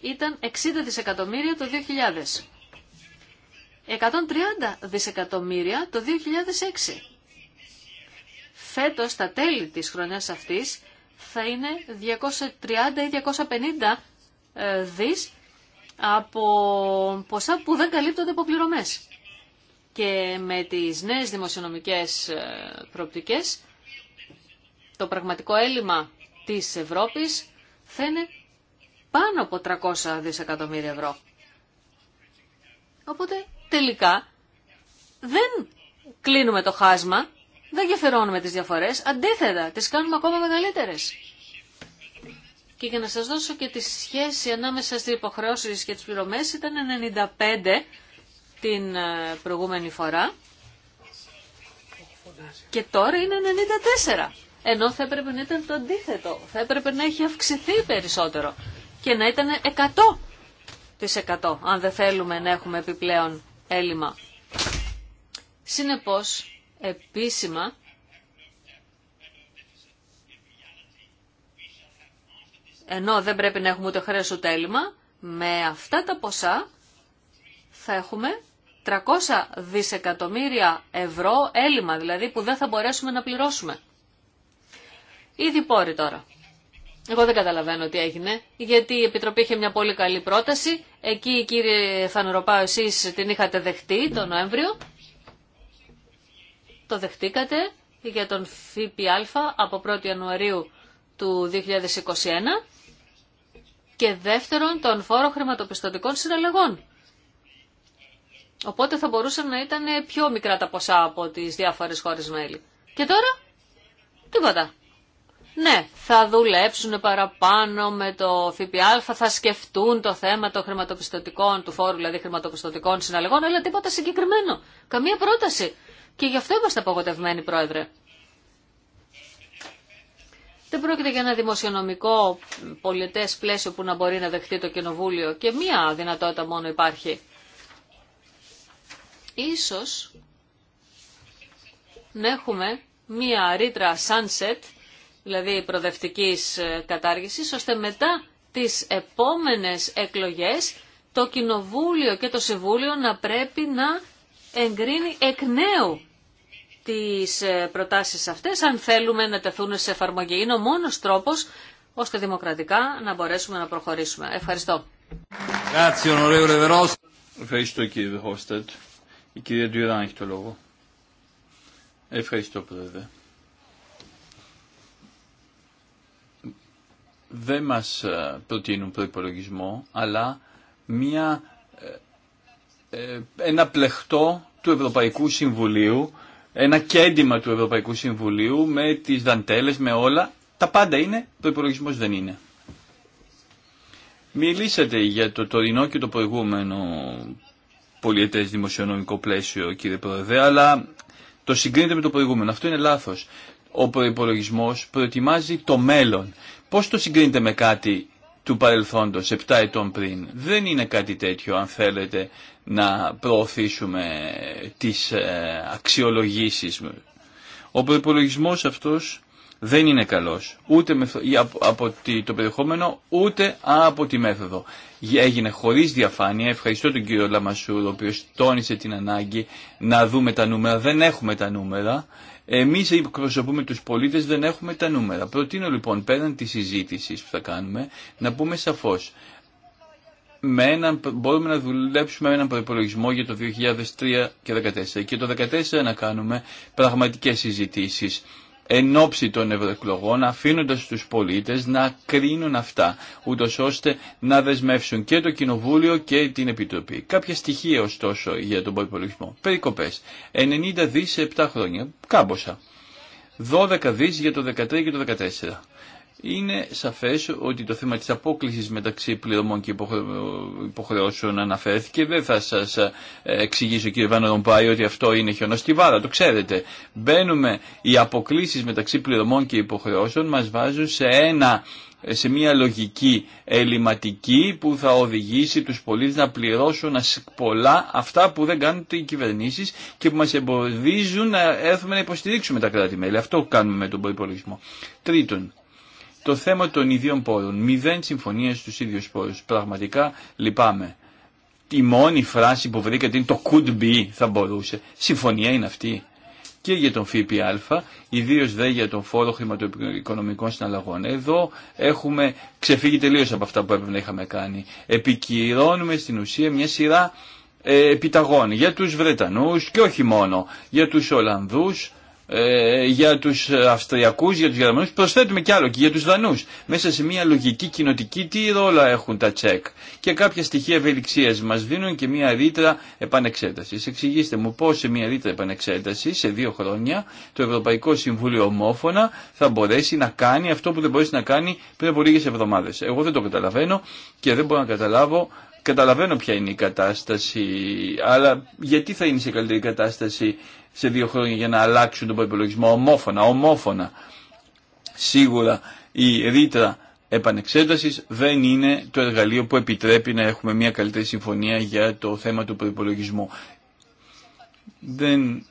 C: ήταν 60 δισεκατομμύρια το 2000. 130 δισεκατομμύρια το 2006. Φέτος, τα τέλη της χρονιάς αυτής, θα είναι 230 ή 250 ε, δις από ποσά που δεν καλύπτονται από πληρωμές και με τις νέες δημοσιονομικές ε, προοπτικές το πραγματικό έλλειμμα της Ευρώπης θα είναι πάνω από 300 δισεκατομμύρια ευρώ. Οπότε τελικά δεν κλείνουμε το χάσμα, δεν γεφυρώνουμε τις διαφορές, αντίθετα τις κάνουμε ακόμα μεγαλύτερες. Και για να σας δώσω και τη σχέση ανάμεσα στις υποχρεώσεις και τις πληρωμές ήταν 95 την ε, προηγούμενη φορά και τώρα είναι 94. Ενώ θα έπρεπε να ήταν το αντίθετο. Θα έπρεπε να έχει αυξηθεί περισσότερο και να ήταν 100% αν δεν θέλουμε να έχουμε επιπλέον έλλειμμα. Συνεπώς, επίσημα, ενώ δεν πρέπει να έχουμε ούτε χρέος ούτε έλλειμμα, με αυτά τα ποσά θα έχουμε 300 δισεκατομμύρια ευρώ έλλειμμα δηλαδή που δεν θα μπορέσουμε να πληρώσουμε. Ήδη πόρη τώρα. Εγώ δεν καταλαβαίνω τι έγινε, γιατί η Επιτροπή είχε μια πολύ καλή πρόταση. Εκεί, κύριε Φανουροπά, εσείς την είχατε δεχτεί το Νοέμβριο. Το δεχτήκατε για τον ΦΠΑ από 1η Ιανουαρίου του 2021 και δεύτερον τον φόρο χρηματοπιστωτικών συναλλαγών. Οπότε θα μπορούσαν να ήταν πιο μικρά τα ποσά από τις διάφορες χώρες μέλη. Και τώρα, τίποτα. Ναι, θα δουλέψουν παραπάνω με το ΦΠΑ, θα σκεφτούν το θέμα των χρηματοπιστωτικών, του φόρου δηλαδή χρηματοπιστωτικών συναλλαγών, αλλά τίποτα συγκεκριμένο. Καμία πρόταση. Και γι' αυτό είμαστε απογοτευμένοι, Πρόεδρε. Δεν πρόκειται για ένα δημοσιονομικό πολιτές πλαίσιο που να μπορεί να δεχτεί το Κοινοβούλιο και μία δυνατότητα μόνο υπάρχει ίσως να έχουμε μία ρήτρα sunset, δηλαδή προδευτικής ε, κατάργησης, ώστε μετά τις επόμενες εκλογές το Κοινοβούλιο και το Συμβούλιο να πρέπει να εγκρίνει εκ νέου τις ε, προτάσεις αυτές, αν θέλουμε να τεθούν σε εφαρμογή. Είναι ο μόνος τρόπος ώστε δημοκρατικά να μπορέσουμε να προχωρήσουμε. Ευχαριστώ.
A: Ευχαριστώ κύριε η κυρία Ντουιράν έχει το λόγο. Ευχαριστώ πρόεδρε. Δεν μας ε, προτείνουν προϋπολογισμό, αλλά μια, ε, ε, ένα πλεχτό του Ευρωπαϊκού Συμβουλίου, ένα κέντημα του Ευρωπαϊκού Συμβουλίου με τις δαντέλες, με όλα. Τα πάντα είναι, προϋπολογισμός δεν είναι. Μιλήσατε για το τωρινό και το προηγούμενο πολιετές δημοσιονομικό πλαίσιο κύριε Πρόεδρε, αλλά το συγκρίνεται με το προηγούμενο. Αυτό είναι λάθος. Ο προπολογισμό προετοιμάζει το μέλλον. Πώς το συγκρίνεται με κάτι του παρελθόντος 7 ετών πριν. Δεν είναι κάτι τέτοιο αν θέλετε να προωθήσουμε τις ε, αξιολογήσεις. Ο προπολογισμό αυτός δεν είναι καλός ούτε από το περιεχόμενο ούτε από τη μέθοδο. Έγινε χωρίς διαφάνεια. Ευχαριστώ τον κύριο Λαμασούρ ο οποίος τόνισε την ανάγκη να δούμε τα νούμερα. Δεν έχουμε τα νούμερα. Εμείς εκπροσωπούμε τους πολίτες, δεν έχουμε τα νούμερα. Προτείνω λοιπόν πέραν τη συζήτηση που θα κάνουμε να πούμε σαφώς με έναν, μπορούμε να δουλέψουμε με έναν προπολογισμό για το 2003 και 2014 και το 2014 να κάνουμε πραγματικές συζητήσεις εν ώψη των ευρωεκλογών, αφήνοντας τους πολίτες να κρίνουν αυτά, ούτως ώστε να δεσμεύσουν και το Κοινοβούλιο και την Επιτροπή. Κάποια στοιχεία ωστόσο για τον προϋπολογισμό. Περικοπές. 90 δις σε 7 χρόνια. Κάμποσα. 12 δις για το 2013 και το 14 είναι σαφές ότι το θέμα της απόκλησης μεταξύ πληρωμών και υποχρεώσεων αναφέρθηκε. Δεν θα σας ε, εξηγήσω κύριε Βάνο Ρομπάη ότι αυτό είναι χιονοστιβάρα, το ξέρετε. Μπαίνουμε, οι αποκλήσεις μεταξύ πληρωμών και υποχρεώσεων μας βάζουν σε ένα σε μια λογική ελληματική που θα οδηγήσει τους πολίτες να πληρώσουν πολλά αυτά που δεν κάνουν οι κυβερνήσεις και που μας εμποδίζουν να έρθουμε να υποστηρίξουμε τα κράτη-μέλη. Αυτό κάνουμε με τον προϋπολογισμό. Τρίτον, το θέμα των ιδίων πόρων. Μηδέν συμφωνία στου ίδιου πόρου. Πραγματικά λυπάμαι. Η μόνη φράση που βρήκατε είναι το could be θα μπορούσε. Συμφωνία είναι αυτή. Και για τον ΦΠΑ, ιδίω δε για τον φόρο χρηματοοικονομικών συναλλαγών. Εδώ έχουμε ξεφύγει τελείω από αυτά που έπρεπε να είχαμε κάνει. Επικυρώνουμε στην ουσία μια σειρά ε, επιταγών για τους Βρετανούς και όχι μόνο για τους Ολλανδούς ε, για τους Αυστριακούς, για τους Γερμανούς, προσθέτουμε κι άλλο και για τους Δανού. Μέσα σε μια λογική κοινοτική τι ρόλα έχουν τα τσεκ και κάποια στοιχεία ευελιξία μας δίνουν και μια ρήτρα επανεξέταση Εξηγήστε μου πώς σε μια ρήτρα επανεξέταση σε δύο χρόνια το Ευρωπαϊκό Συμβούλιο ομόφωνα θα μπορέσει να κάνει αυτό που δεν μπορέσει να κάνει πριν από λίγε εβδομάδε. Εγώ δεν το καταλαβαίνω και δεν μπορώ να καταλάβω Καταλαβαίνω ποια είναι η κατάσταση, αλλά γιατί θα είναι σε καλύτερη κατάσταση σε δύο χρόνια για να αλλάξουν τον προπολογισμό ομόφωνα, ομόφωνα. Σίγουρα η ρήτρα επανεξέταση δεν είναι το εργαλείο που επιτρέπει να έχουμε μια καλύτερη συμφωνία για το θέμα του προπολογισμού. Δεν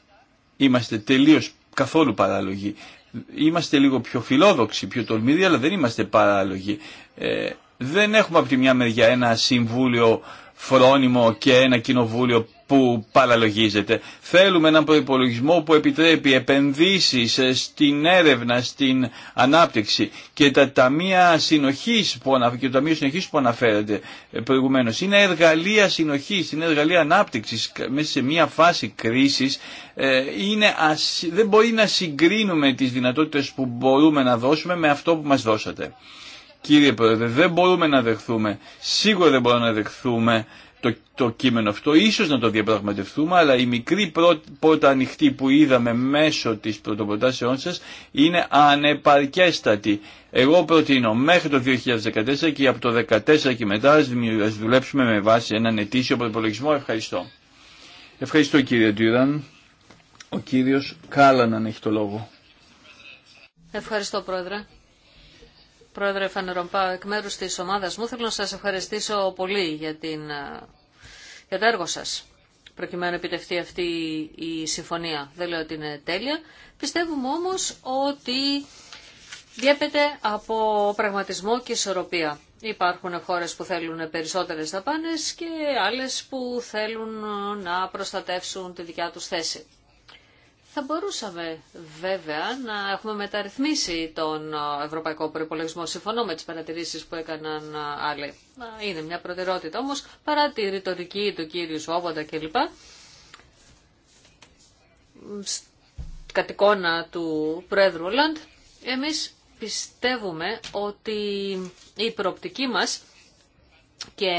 A: είμαστε τελείω καθόλου παράλογοι. Είμαστε λίγο πιο φιλόδοξοι, πιο τολμηροί, αλλά δεν είμαστε παράλογοι. Ε, δεν έχουμε από τη μια μεριά ένα συμβούλιο φρόνιμο και ένα κοινοβούλιο που παραλογίζεται. Θέλουμε έναν προπολογισμό που επιτρέπει επενδύσεις στην έρευνα, στην ανάπτυξη και τα ταμεία συνοχής που, και το ταμείο συνοχής που αναφέρεται προηγουμένως. Είναι εργαλεία συνοχής, είναι εργαλεία ανάπτυξης μέσα σε μια φάση κρίσης. Ε, είναι δεν μπορεί να συγκρίνουμε τις δυνατότητες που μπορούμε να δώσουμε με αυτό που μας δώσατε. Κύριε Πρόεδρε, δεν μπορούμε να δεχθούμε, σίγουρα δεν μπορούμε να δεχθούμε το, το κείμενο αυτό, ίσως να το διαπραγματευτούμε, αλλά η μικρή πόρτα ανοιχτή που είδαμε μέσω της πρωτοπροτάσεών σας είναι ανεπαρκέστατη. Εγώ προτείνω μέχρι το 2014 και από το 2014 και μετά ας δουλέψουμε με βάση έναν ετήσιο προπολογισμό. Ευχαριστώ. Ευχαριστώ κύριε Τύραν. Ο κύριος αν έχει το λόγο.
C: Ευχαριστώ πρόεδρε. Πρόεδρε Φανερομπά, εκ μέρου τη ομάδα μου θέλω να σα ευχαριστήσω πολύ για, την, ε, για το έργο σα προκειμένου να επιτευχθεί αυτή η συμφωνία. Δεν λέω ότι είναι τέλεια. Πιστεύουμε όμως ότι διέπεται από πραγματισμό και ισορροπία. Υπάρχουν χώρες που θέλουν περισσότερες δαπάνες και άλλες που θέλουν να προστατεύσουν τη δικιά τους θέση. Θα μπορούσαμε βέβαια να έχουμε μεταρρυθμίσει τον ε, ευρωπαϊκό προπολογισμό. Συμφωνώ με τι παρατηρήσει που έκαναν ε, άλλοι. Είναι μια προτεραιότητα όμω παρά τη ρητορική του κύριου Σόβοντα κλπ. Κατ' εικόνα του Πρόεδρου Ολάντ, εμείς πιστεύουμε ότι η προοπτική μας και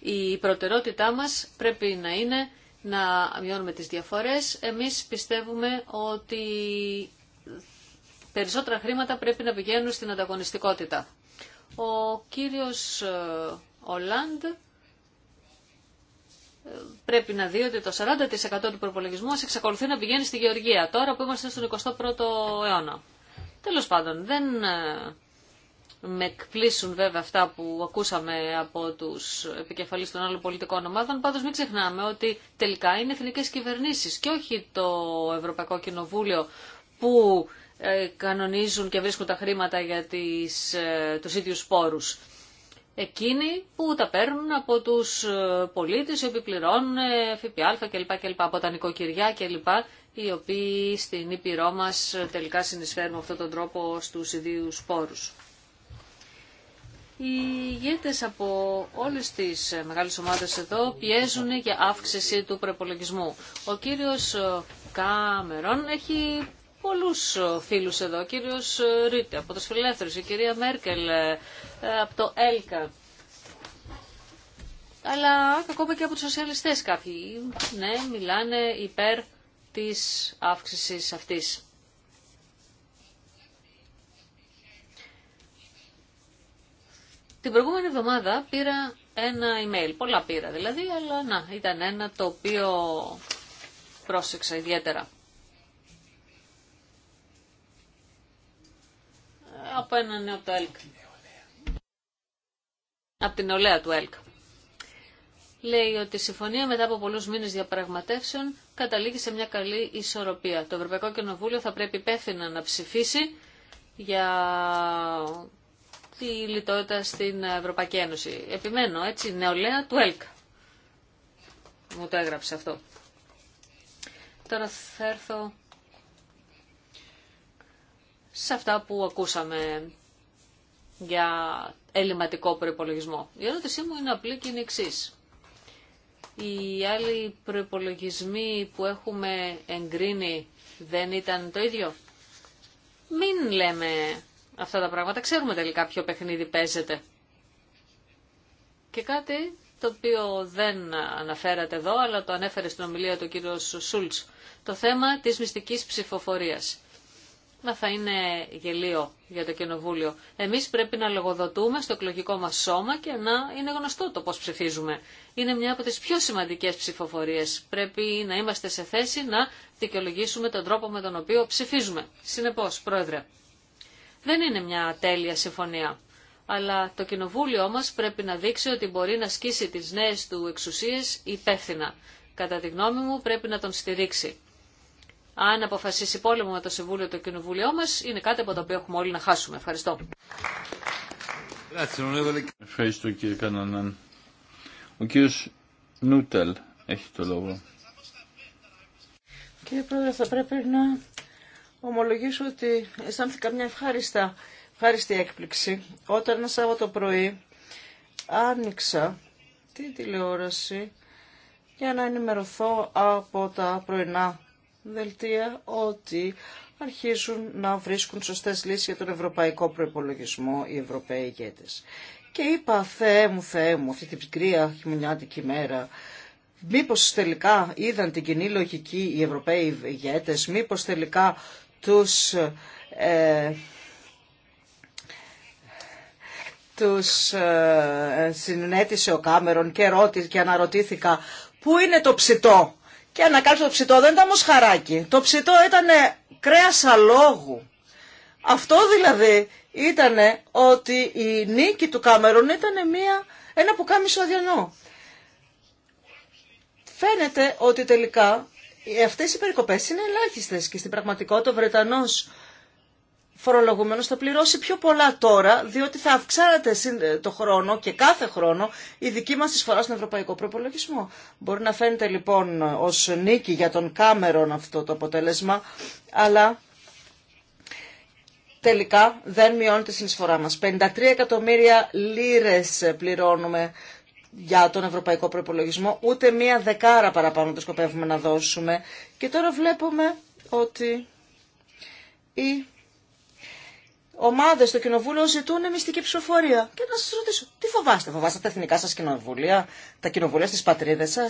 C: η προτεραιότητά μας πρέπει να είναι να μειώνουμε τις διαφορές. Εμείς πιστεύουμε ότι περισσότερα χρήματα πρέπει να πηγαίνουν στην ανταγωνιστικότητα. Ο κύριος Ολάντ ε, ε, πρέπει να δει ότι το 40% του προπολογισμού μας εξακολουθεί να πηγαίνει στη Γεωργία, τώρα που είμαστε στον 21ο αιώνα. Τέλος πάντων, δεν ε, με εκπλήσουν βέβαια αυτά που ακούσαμε από τους επικεφαλεί των άλλων πολιτικών ομάδων, πάντως μην ξεχνάμε ότι τελικά είναι εθνικέ κυβερνήσεις και όχι το Ευρωπαϊκό Κοινοβούλιο που ε, κανονίζουν και βρίσκουν τα χρήματα για τις, ε, τους ίδιους πόρους. Εκείνοι που τα παίρνουν από τους ε, πολίτε, οι οποίοι πληρώνουν ΦΠΑ κλπ. από τα νοικοκυριά κλπ. οι οποίοι στην Ήπειρό μας τελικά συνεισφέρουν αυτόν τον τρόπο στους ιδίους πόρους. Οι ηγέτες από όλες τις μεγάλες ομάδες εδώ πιέζουν για αύξηση του προπολογισμού. Ο κύριος Κάμερον έχει πολλούς φίλους εδώ. Ο κύριος Ρίτε από τους Φιλελεύθερους, η κυρία Μέρκελ ε, από το ΕΛΚΑ. Αλλά ακόμα και από τους σοσιαλιστές κάποιοι, ναι, μιλάνε υπέρ της αύξησης αυτής. Την προηγούμενη εβδομάδα πήρα ένα email, πολλά πήρα δηλαδή, αλλά να, ήταν ένα το οποίο πρόσεξα ιδιαίτερα. Από ένα νέο από το ΕΛΚ. Από την νεολαία του ΕΛΚ. Λέει ότι η συμφωνία μετά από πολλούς μήνες διαπραγματεύσεων καταλήγει σε μια καλή ισορροπία. Το Ευρωπαϊκό Κοινοβούλιο θα πρέπει υπεύθυνα να ψηφίσει για τη λιτότητα στην Ευρωπαϊκή Ένωση. Επιμένω, έτσι, νεολαία του ΕΛΚ. Μου το έγραψε αυτό. Τώρα θα έρθω σε αυτά που ακούσαμε για ελληματικό προϋπολογισμό. Η ερώτησή μου είναι απλή και είναι εξή. Οι άλλοι προπολογισμοί που έχουμε εγκρίνει δεν ήταν το ίδιο. Μην λέμε αυτά τα πράγματα. Ξέρουμε τελικά ποιο παιχνίδι παίζεται. Και κάτι το οποίο δεν αναφέρατε εδώ, αλλά το ανέφερε στην ομιλία του κύριο Σούλτς. Το θέμα της μυστικής ψηφοφορίας. Να θα είναι γελίο για το Κοινοβούλιο. Εμείς πρέπει να λογοδοτούμε στο εκλογικό μας σώμα και να είναι γνωστό το πώς ψηφίζουμε. Είναι μια από τις πιο σημαντικές ψηφοφορίες. Πρέπει να είμαστε σε θέση να δικαιολογήσουμε τον τρόπο με τον οποίο ψηφίζουμε. Συνεπώς, Πρόεδρε, δεν είναι μια τέλεια συμφωνία. Αλλά το κοινοβούλιο μας πρέπει να δείξει ότι μπορεί να σκίσει τις νέες του εξουσίες υπεύθυνα. Κατά τη γνώμη μου πρέπει να τον στηρίξει. Αν αποφασίσει πόλεμο με το Συμβούλιο το κοινοβούλιο μας, είναι κάτι από το οποίο έχουμε όλοι να χάσουμε. Ευχαριστώ.
A: Ευχαριστώ κύριε Κανανάν. Ο Νούτελ έχει το λόγο.
B: Κύριε Πρόεδρε, θα πρέπει να ομολογήσω ότι αισθάνθηκα μια ευχάριστα, ευχάριστη έκπληξη όταν ένα Σάββατο πρωί άνοιξα τη τηλεόραση για να ενημερωθώ από τα πρωινά δελτία ότι αρχίζουν να βρίσκουν σωστές λύσεις για τον ευρωπαϊκό προϋπολογισμό οι Ευρωπαίοι ηγέτες. Και είπα, Θεέ μου, Θεέ μου, αυτή την πικρία χειμωνιάτικη μέρα, μήπως τελικά είδαν την κοινή λογική οι Ευρωπαίοι ηγέτες, μήπως τελικά τους, ε, τους ε, συνέτησε ο Κάμερον και, ρώτη, και αναρωτήθηκα πού είναι το ψητό. Και ανακάλυψε το ψητό δεν ήταν μοσχαράκι. Το ψητό ήταν κρέας αλόγου. Αυτό δηλαδή ήταν ότι η νίκη του Κάμερον ήταν μια, ένα πουκάμισο αδιανό. Φαίνεται ότι τελικά ε, αυτές οι περικοπές είναι ελάχιστες και στην πραγματικότητα ο Βρετανός φορολογούμενος θα πληρώσει πιο πολλά τώρα, διότι θα αυξάνεται ε, το χρόνο και κάθε χρόνο η δική μας εισφορά στον ευρωπαϊκό προπολογισμό. Μπορεί να φαίνεται λοιπόν ως νίκη για τον Κάμερον αυτό το αποτέλεσμα, αλλά τελικά δεν μειώνεται η συνεισφορά μας. 53 εκατομμύρια λίρες πληρώνουμε για τον ευρωπαϊκό προπολογισμό, ούτε μία δεκάρα παραπάνω το σκοπεύουμε να δώσουμε. Και τώρα βλέπουμε ότι η ομάδε στο κοινοβούλιο ζητούν μυστική ψηφοφορία. Και να σα ρωτήσω, τι φοβάστε, φοβάστε τα εθνικά σα κοινοβούλια, τα κοινοβούλια στι πατρίδε σα,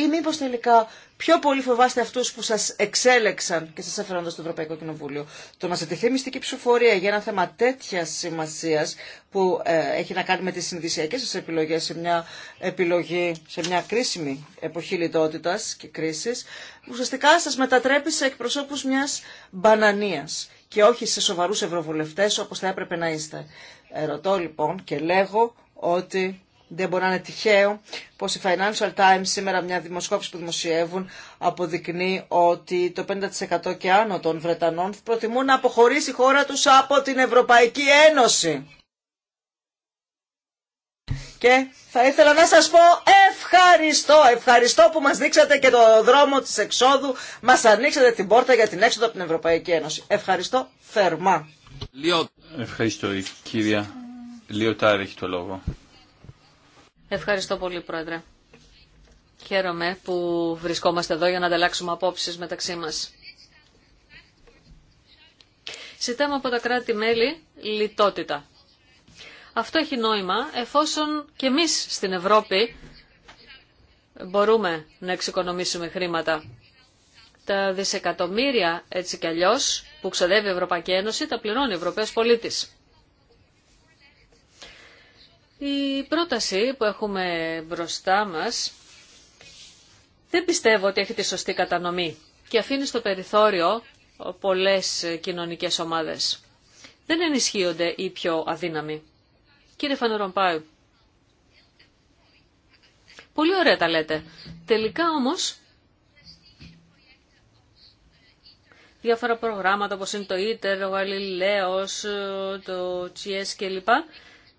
B: ή μήπω τελικά πιο πολύ φοβάστε αυτού που σα εξέλεξαν και σα έφεραν στο Ευρωπαϊκό Κοινοβούλιο. Το να ζητηθεί μυστική ψηφοφορία για ένα θέμα τέτοια σημασία που ε, έχει να κάνει με τι συνδυσιακέ σα επιλογέ σε μια επιλογή, σε μια κρίσιμη εποχή λιτότητα και κρίση, ουσιαστικά σα μετατρέπει σε εκπροσώπου μια μπανανία και όχι σε σοβαρούς ευρωβουλευτές όπως θα έπρεπε να είστε. Ερωτώ λοιπόν και λέγω ότι δεν μπορεί να είναι τυχαίο πως η Financial Times σήμερα μια δημοσκόπηση που δημοσιεύουν αποδεικνύει ότι το 50% και άνω των Βρετανών προτιμούν να αποχωρήσει η χώρα τους από την Ευρωπαϊκή Ένωση. Και θα ήθελα να σας πω ευχαριστώ, ευχαριστώ που μας δείξατε και το δρόμο της εξόδου, μας ανοίξατε την πόρτα για την έξοδο από την Ευρωπαϊκή Ένωση. Ευχαριστώ θερμά.
A: Ευχαριστώ η κυρία Λιωτάρη έχει το λόγο.
B: Ευχαριστώ πολύ Πρόεδρε.
C: Χαίρομαι που βρισκόμαστε εδώ για να ανταλλάξουμε απόψεις μεταξύ μας. Ζητάμε από τα κράτη-μέλη λιτότητα αυτό έχει νόημα εφόσον και εμείς στην Ευρώπη μπορούμε να εξοικονομήσουμε χρήματα. Τα δισεκατομμύρια έτσι κι αλλιώς που ξοδεύει η Ευρωπαϊκή Ένωση τα πληρώνει ο Ευρωπαίος πολίτης. Η πρόταση που έχουμε μπροστά μας δεν πιστεύω ότι έχει τη σωστή κατανομή και αφήνει στο περιθώριο πολλές κοινωνικές ομάδες. Δεν ενισχύονται οι πιο αδύναμοι. Κύριε Φανερομπάου, πολύ ωραία τα λέτε. Τελικά όμως, διάφορα προγράμματα όπως είναι το ΙΤΕΡ, ο Γαλιλαίος, το ΤΣΙΕΣ κλπ.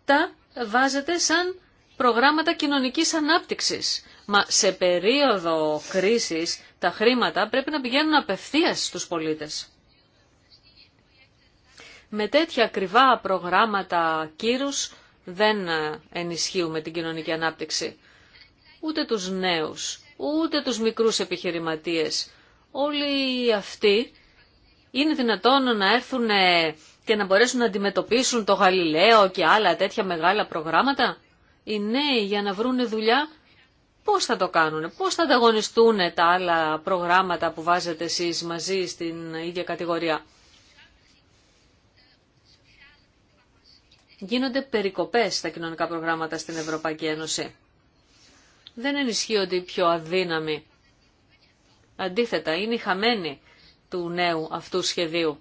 C: Τα βάζετε σαν προγράμματα κοινωνικής ανάπτυξης. Μα σε περίοδο κρίσης τα χρήματα πρέπει να πηγαίνουν απευθείας στους πολίτες. Με τέτοια ακριβά προγράμματα κύρους δεν ε, ενισχύουμε την κοινωνική ανάπτυξη. Ούτε τους νέους, ούτε τους μικρούς επιχειρηματίες. Όλοι αυτοί είναι δυνατόν να έρθουν ε, και να μπορέσουν να αντιμετωπίσουν το Γαλιλαίο και άλλα τέτοια μεγάλα προγράμματα. Οι νέοι για να βρούνε δουλειά πώς θα το κάνουν, πώς θα ανταγωνιστούν τα άλλα προγράμματα που βάζετε εσείς μαζί στην ίδια κατηγορία. γίνονται περικοπές στα κοινωνικά προγράμματα στην Ευρωπαϊκή Ένωση. Δεν ενισχύονται οι πιο αδύναμοι. Αντίθετα, είναι οι χαμένοι του νέου αυτού σχεδίου.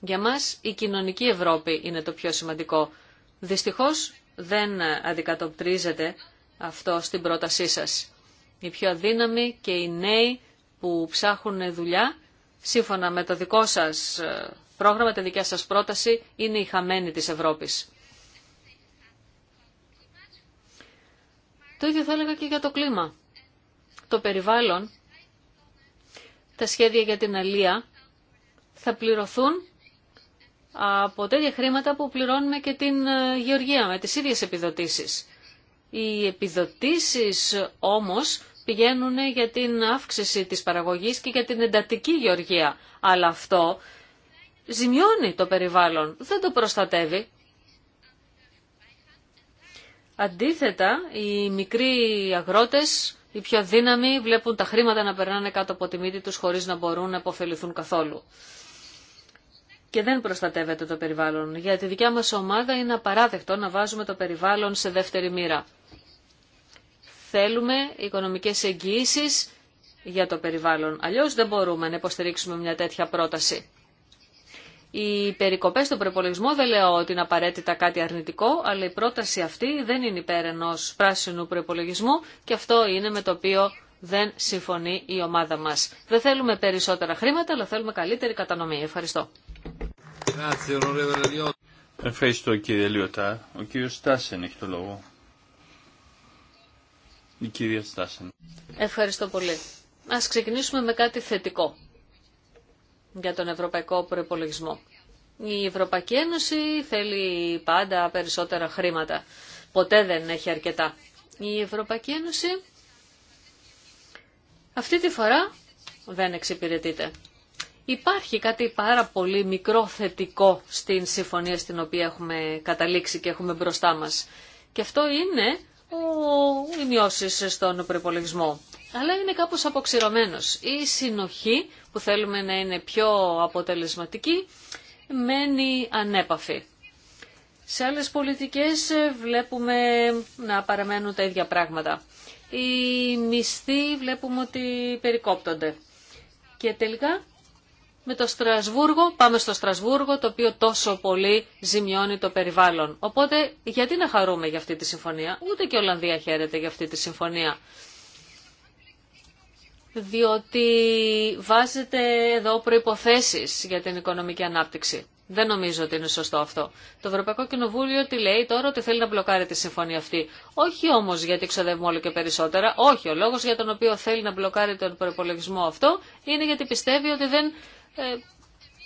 C: Για μας η κοινωνική Ευρώπη είναι το πιο σημαντικό. Δυστυχώς δεν αντικατοπτρίζεται αυτό στην πρότασή σας. Οι πιο αδύναμοι και οι νέοι που ψάχνουν δουλειά, σύμφωνα με το δικό σας ε, πρόγραμμα, τη δικιά σας πρόταση, είναι οι χαμένοι της Ευρώπης. Το ίδιο θα έλεγα και για το κλίμα. Το περιβάλλον, τα σχέδια για την αλία θα πληρωθούν από τέτοια χρήματα που πληρώνουμε και την ε, γεωργία με τις ίδιες επιδοτήσεις. Οι επιδοτήσεις όμως πηγαίνουν για την αύξηση της παραγωγής και για την εντατική γεωργία. Αλλά αυτό ζημιώνει το περιβάλλον, δεν το προστατεύει. Αντίθετα, οι μικροί αγρότες, οι πιο δύναμοι, βλέπουν τα χρήματα να περνάνε κάτω από τη μύτη τους χωρίς να μπορούν να υποφεληθούν καθόλου. Και δεν προστατεύεται το περιβάλλον. Για τη δικιά μας ομάδα είναι απαράδεκτο να βάζουμε το περιβάλλον σε δεύτερη μοίρα. Θέλουμε οικονομικές εγγυήσεις για το περιβάλλον. Αλλιώς δεν μπορούμε να υποστηρίξουμε μια τέτοια πρόταση. Οι περικοπές στον προπολογισμό δεν λέω ότι είναι απαραίτητα κάτι αρνητικό, αλλά η πρόταση αυτή δεν είναι υπέρ ενό πράσινου προπολογισμού και αυτό είναι με το οποίο δεν συμφωνεί η ομάδα μας. Δεν θέλουμε περισσότερα χρήματα, αλλά θέλουμε καλύτερη κατανομή. Ευχαριστώ.
A: Ευχαριστώ κύριε Λιωτά. Ο Στάσεν έχει το λόγο. Η κυρία Στάσεν.
C: Ευχαριστώ πολύ. Ας ξεκινήσουμε με κάτι θετικό για τον ευρωπαϊκό προπολογισμό. Η Ευρωπαϊκή Ένωση θέλει πάντα περισσότερα χρήματα. Ποτέ δεν έχει αρκετά. Η Ευρωπαϊκή Ένωση αυτή τη φορά δεν εξυπηρετείται. Υπάρχει κάτι πάρα πολύ μικρό θετικό στην συμφωνία στην οποία έχουμε καταλήξει και έχουμε μπροστά μας. Και αυτό είναι ο, οι μειώσεις στον προπολογισμό αλλά είναι κάπως αποξηρωμένος. Η συνοχή που θέλουμε να είναι πιο αποτελεσματική μένει ανέπαφη. Σε άλλες πολιτικές ε, βλέπουμε να παραμένουν τα ίδια πράγματα. Οι μισθοί βλέπουμε ότι περικόπτονται. Και τελικά με το Στρασβούργο, πάμε στο Στρασβούργο το οποίο τόσο πολύ ζημιώνει το περιβάλλον. Οπότε γιατί να χαρούμε για αυτή τη συμφωνία. Ούτε και η Ολλανδία χαίρεται για αυτή τη συμφωνία διότι βάζετε εδώ προϋποθέσεις για την οικονομική ανάπτυξη. Δεν νομίζω ότι είναι σωστό αυτό. Το Ευρωπαϊκό Κοινοβούλιο τι λέει τώρα ότι θέλει να μπλοκάρει τη συμφωνία αυτή. Όχι όμω γιατί ξοδεύουμε όλο και περισσότερα. Όχι. Ο λόγο για τον οποίο θέλει να μπλοκάρει τον προπολογισμό αυτό είναι γιατί πιστεύει ότι δεν ε,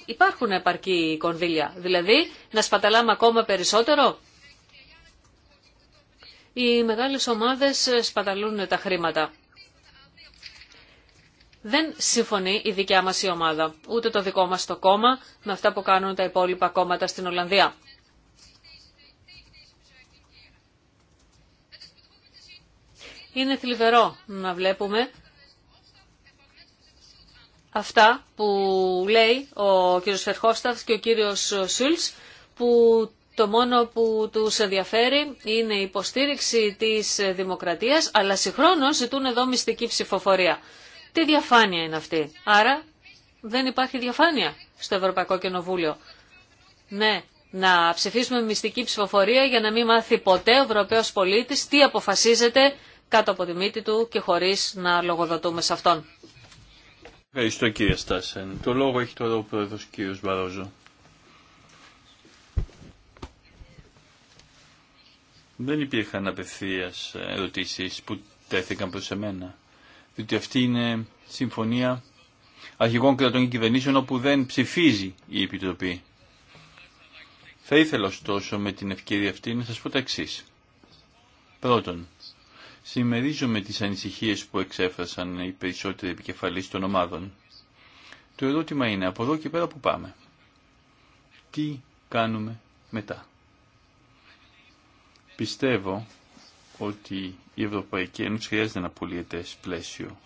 C: υπάρχουν επαρκή κονδύλια. Δηλαδή να σπαταλάμε ακόμα περισσότερο. Οι μεγάλες ομάδες σπαταλούν τα χρήματα. Δεν συμφωνεί η δικιά μας η ομάδα, ούτε το δικό μας το κόμμα, με αυτά που κάνουν τα υπόλοιπα κόμματα στην Ολλανδία. Είναι θλιβερό να βλέπουμε αυτά που λέει ο κ. Φερχόσταθ και ο κύριος Σούλτς, που το μόνο που τους ενδιαφέρει είναι η υποστήριξη της δημοκρατίας, αλλά συγχρόνως ζητούν εδώ μυστική ψηφοφορία. Τι διαφάνεια είναι αυτή. Άρα δεν υπάρχει διαφάνεια στο Ευρωπαϊκό Κοινοβούλιο. Ναι, να ψηφίσουμε μυστική ψηφοφορία για να μην μάθει ποτέ ο Ευρωπαίος πολίτης τι αποφασίζεται κάτω από τη μύτη του και χωρίς να λογοδοτούμε σε αυτόν.
A: Ευχαριστώ κύριε Στάσεν. Το λόγο έχει τώρα ο πρόεδρος κύριος Μπαρόζο. Δεν υπήρχαν απευθείας ερωτήσεις που τέθηκαν προς εμένα διότι αυτή είναι συμφωνία αρχηγών κρατών και κυβερνήσεων όπου δεν ψηφίζει η Επιτροπή. Θα ήθελα ωστόσο με την ευκαιρία αυτή να σας πω τα εξή. Πρώτον, συμμερίζομαι τις ανησυχίες που εξέφρασαν οι περισσότεροι επικεφαλείς των ομάδων. Το ερώτημα είναι από εδώ και πέρα που πάμε. Τι κάνουμε μετά. Πιστεύω ότι η Ευρωπαϊκή Ένωση χρειάζεται ένα πολιετέ πλαίσιο.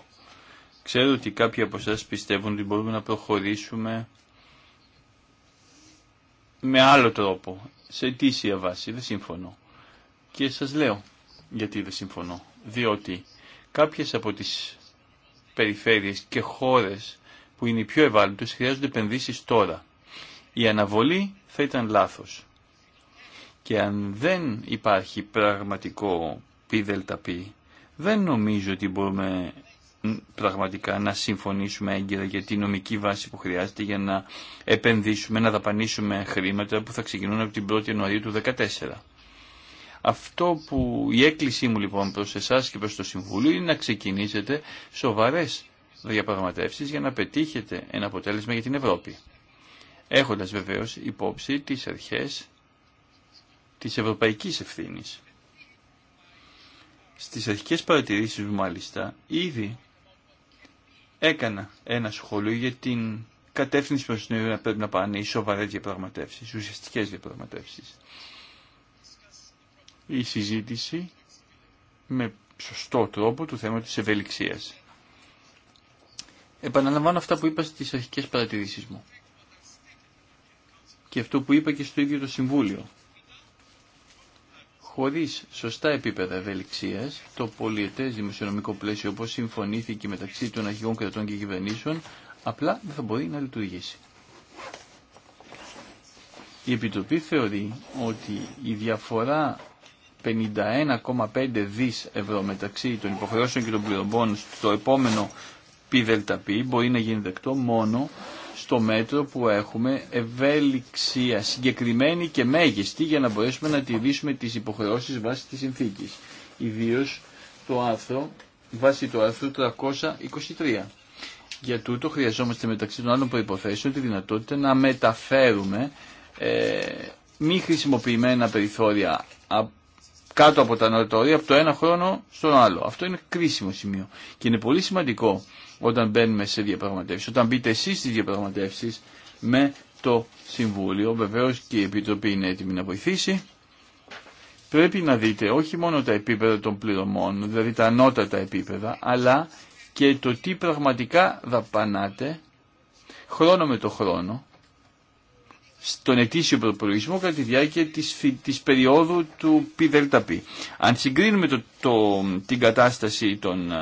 A: Ξέρω ότι κάποιοι από εσά πιστεύουν ότι μπορούμε να προχωρήσουμε με άλλο τρόπο, σε αιτήσια βάση. Δεν συμφωνώ. Και σας λέω γιατί δεν συμφωνώ. Διότι κάποιες από τις περιφέρειες και χώρες που είναι οι πιο ευάλωτες χρειάζονται επενδύσεις τώρα. Η αναβολή θα ήταν λάθος. Και αν δεν υπάρχει πραγματικό ΠΔΠ. Δεν νομίζω ότι μπορούμε πραγματικά να συμφωνήσουμε έγκαιρα για τη νομική βάση που χρειάζεται για να επενδύσουμε, να δαπανίσουμε χρήματα που θα ξεκινούν από την 1η Ιανουαρίου του 2014. Αυτό που η έκκλησή μου λοιπόν προς εσάς και προς το Συμβούλιο είναι να ξεκινήσετε σοβαρές διαπραγματεύσεις για να πετύχετε ένα αποτέλεσμα για την Ευρώπη. Έχοντας βεβαίως υπόψη τις αρχές της ευρωπαϊκής ευθύνης. Στις αρχικές παρατηρήσεις μου μάλιστα ήδη έκανα ένα σχόλιο για την κατεύθυνση προς την να πρέπει να πάνε οι σοβαρές διαπραγματεύσεις, ουσιαστικές διαπραγματεύσεις. Η συζήτηση με σωστό τρόπο του θέμα της ευελιξίας. Επαναλαμβάνω αυτά που είπα στις αρχικές παρατηρήσεις μου. Και αυτό που είπα και στο ίδιο το Συμβούλιο χωρίς σωστά επίπεδα ευελιξία, το πολιετές δημοσιονομικό πλαίσιο όπως συμφωνήθηκε μεταξύ των αρχηγών κρατών και κυβερνήσεων, απλά δεν θα μπορεί να λειτουργήσει. Η Επιτροπή θεωρεί ότι η διαφορά 51,5 δις ευρώ μεταξύ των υποχρεώσεων και των πληρωμών στο επόμενο ΠΔΠ μπορεί να γίνει δεκτό μόνο στο μέτρο που έχουμε ευέλιξία συγκεκριμένη και μέγιστη για να μπορέσουμε να τηρήσουμε τις υποχρεώσεις βάσει της συνθήκης. Ιδίως το άρθρο, βάσει του άρθρου 323. Για τούτο χρειαζόμαστε μεταξύ των άλλων προϋποθέσεων τη δυνατότητα να μεταφέρουμε ε, μη χρησιμοποιημένα περιθώρια κάτω από τα νοτορία από το ένα χρόνο στον άλλο. Αυτό είναι κρίσιμο σημείο. Και είναι πολύ σημαντικό όταν μπαίνουμε σε διαπραγματεύσει, όταν μπείτε εσεί στι διαπραγματεύσει με το Συμβούλιο, Βεβαίω και η Επιτροπή είναι έτοιμη να βοηθήσει, πρέπει να δείτε όχι μόνο τα επίπεδα των πληρωμών, δηλαδή τα ανώτατα επίπεδα, αλλά και το τι πραγματικά δαπανάτε χρόνο με το χρόνο στον ετήσιο προπολογισμό κατά τη διάρκεια της, της περίοδου του ΠΔΠ. Αν συγκρίνουμε το, την κατάσταση των,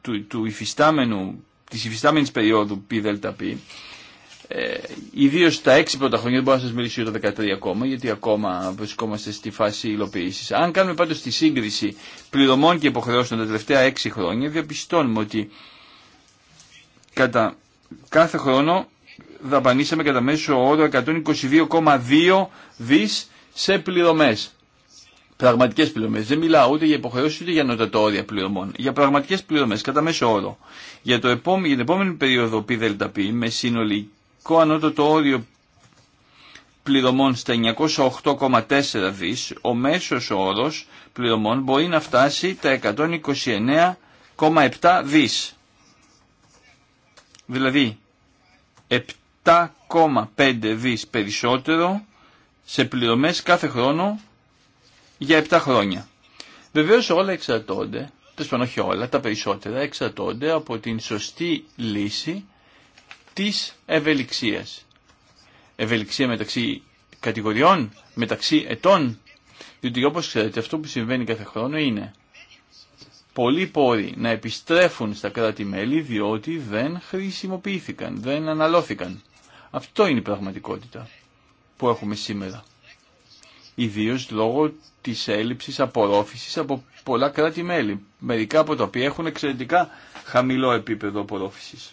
A: του, του υφιστάμενου, της υφιστάμενης περίοδου ΠΔΠ, ε, Ιδίω τα έξι πρώτα χρόνια, δεν μπορώ να σα μιλήσω για το 13 ακόμα, γιατί ακόμα βρισκόμαστε στη φάση υλοποίηση. Αν κάνουμε πάντω τη σύγκριση πληρωμών και υποχρεώσεων τα τελευταία έξι χρόνια, διαπιστώνουμε ότι κατά κάθε χρόνο δαπανίσαμε κατά μέσο όρο 122,2 δις σε πληρωμές. Πραγματικές πληρωμές. Δεν μιλάω ούτε για υποχρεώσεις ούτε για νοτατόρια πληρωμών. Για πραγματικές πληρωμές κατά μέσο όρο. Για, το επόμενο, για την επόμενη περίοδο ΠΔΠ με συνολικό ανώτατο όριο πληρωμών στα 908,4 δις, ο μέσος όρος πληρωμών μπορεί να φτάσει τα 129,7 δις. Δηλαδή, 7,5 δις περισσότερο σε πληρωμές κάθε χρόνο για 7 χρόνια. Βεβαίως όλα εξαρτώνται, τέλος όχι όλα, τα περισσότερα εξαρτώνται από την σωστή λύση της ευελιξίας. Ευελιξία μεταξύ κατηγοριών, μεταξύ ετών, διότι όπως ξέρετε αυτό που συμβαίνει κάθε χρόνο είναι πολλοί πόροι να επιστρέφουν στα κράτη-μέλη διότι δεν χρησιμοποιήθηκαν, δεν αναλώθηκαν. Αυτό είναι η πραγματικότητα που έχουμε σήμερα. Ιδίω λόγω της έλλειψης απορρόφησης από πολλά κράτη-μέλη, μερικά από τα οποία έχουν εξαιρετικά χαμηλό επίπεδο απορρόφησης.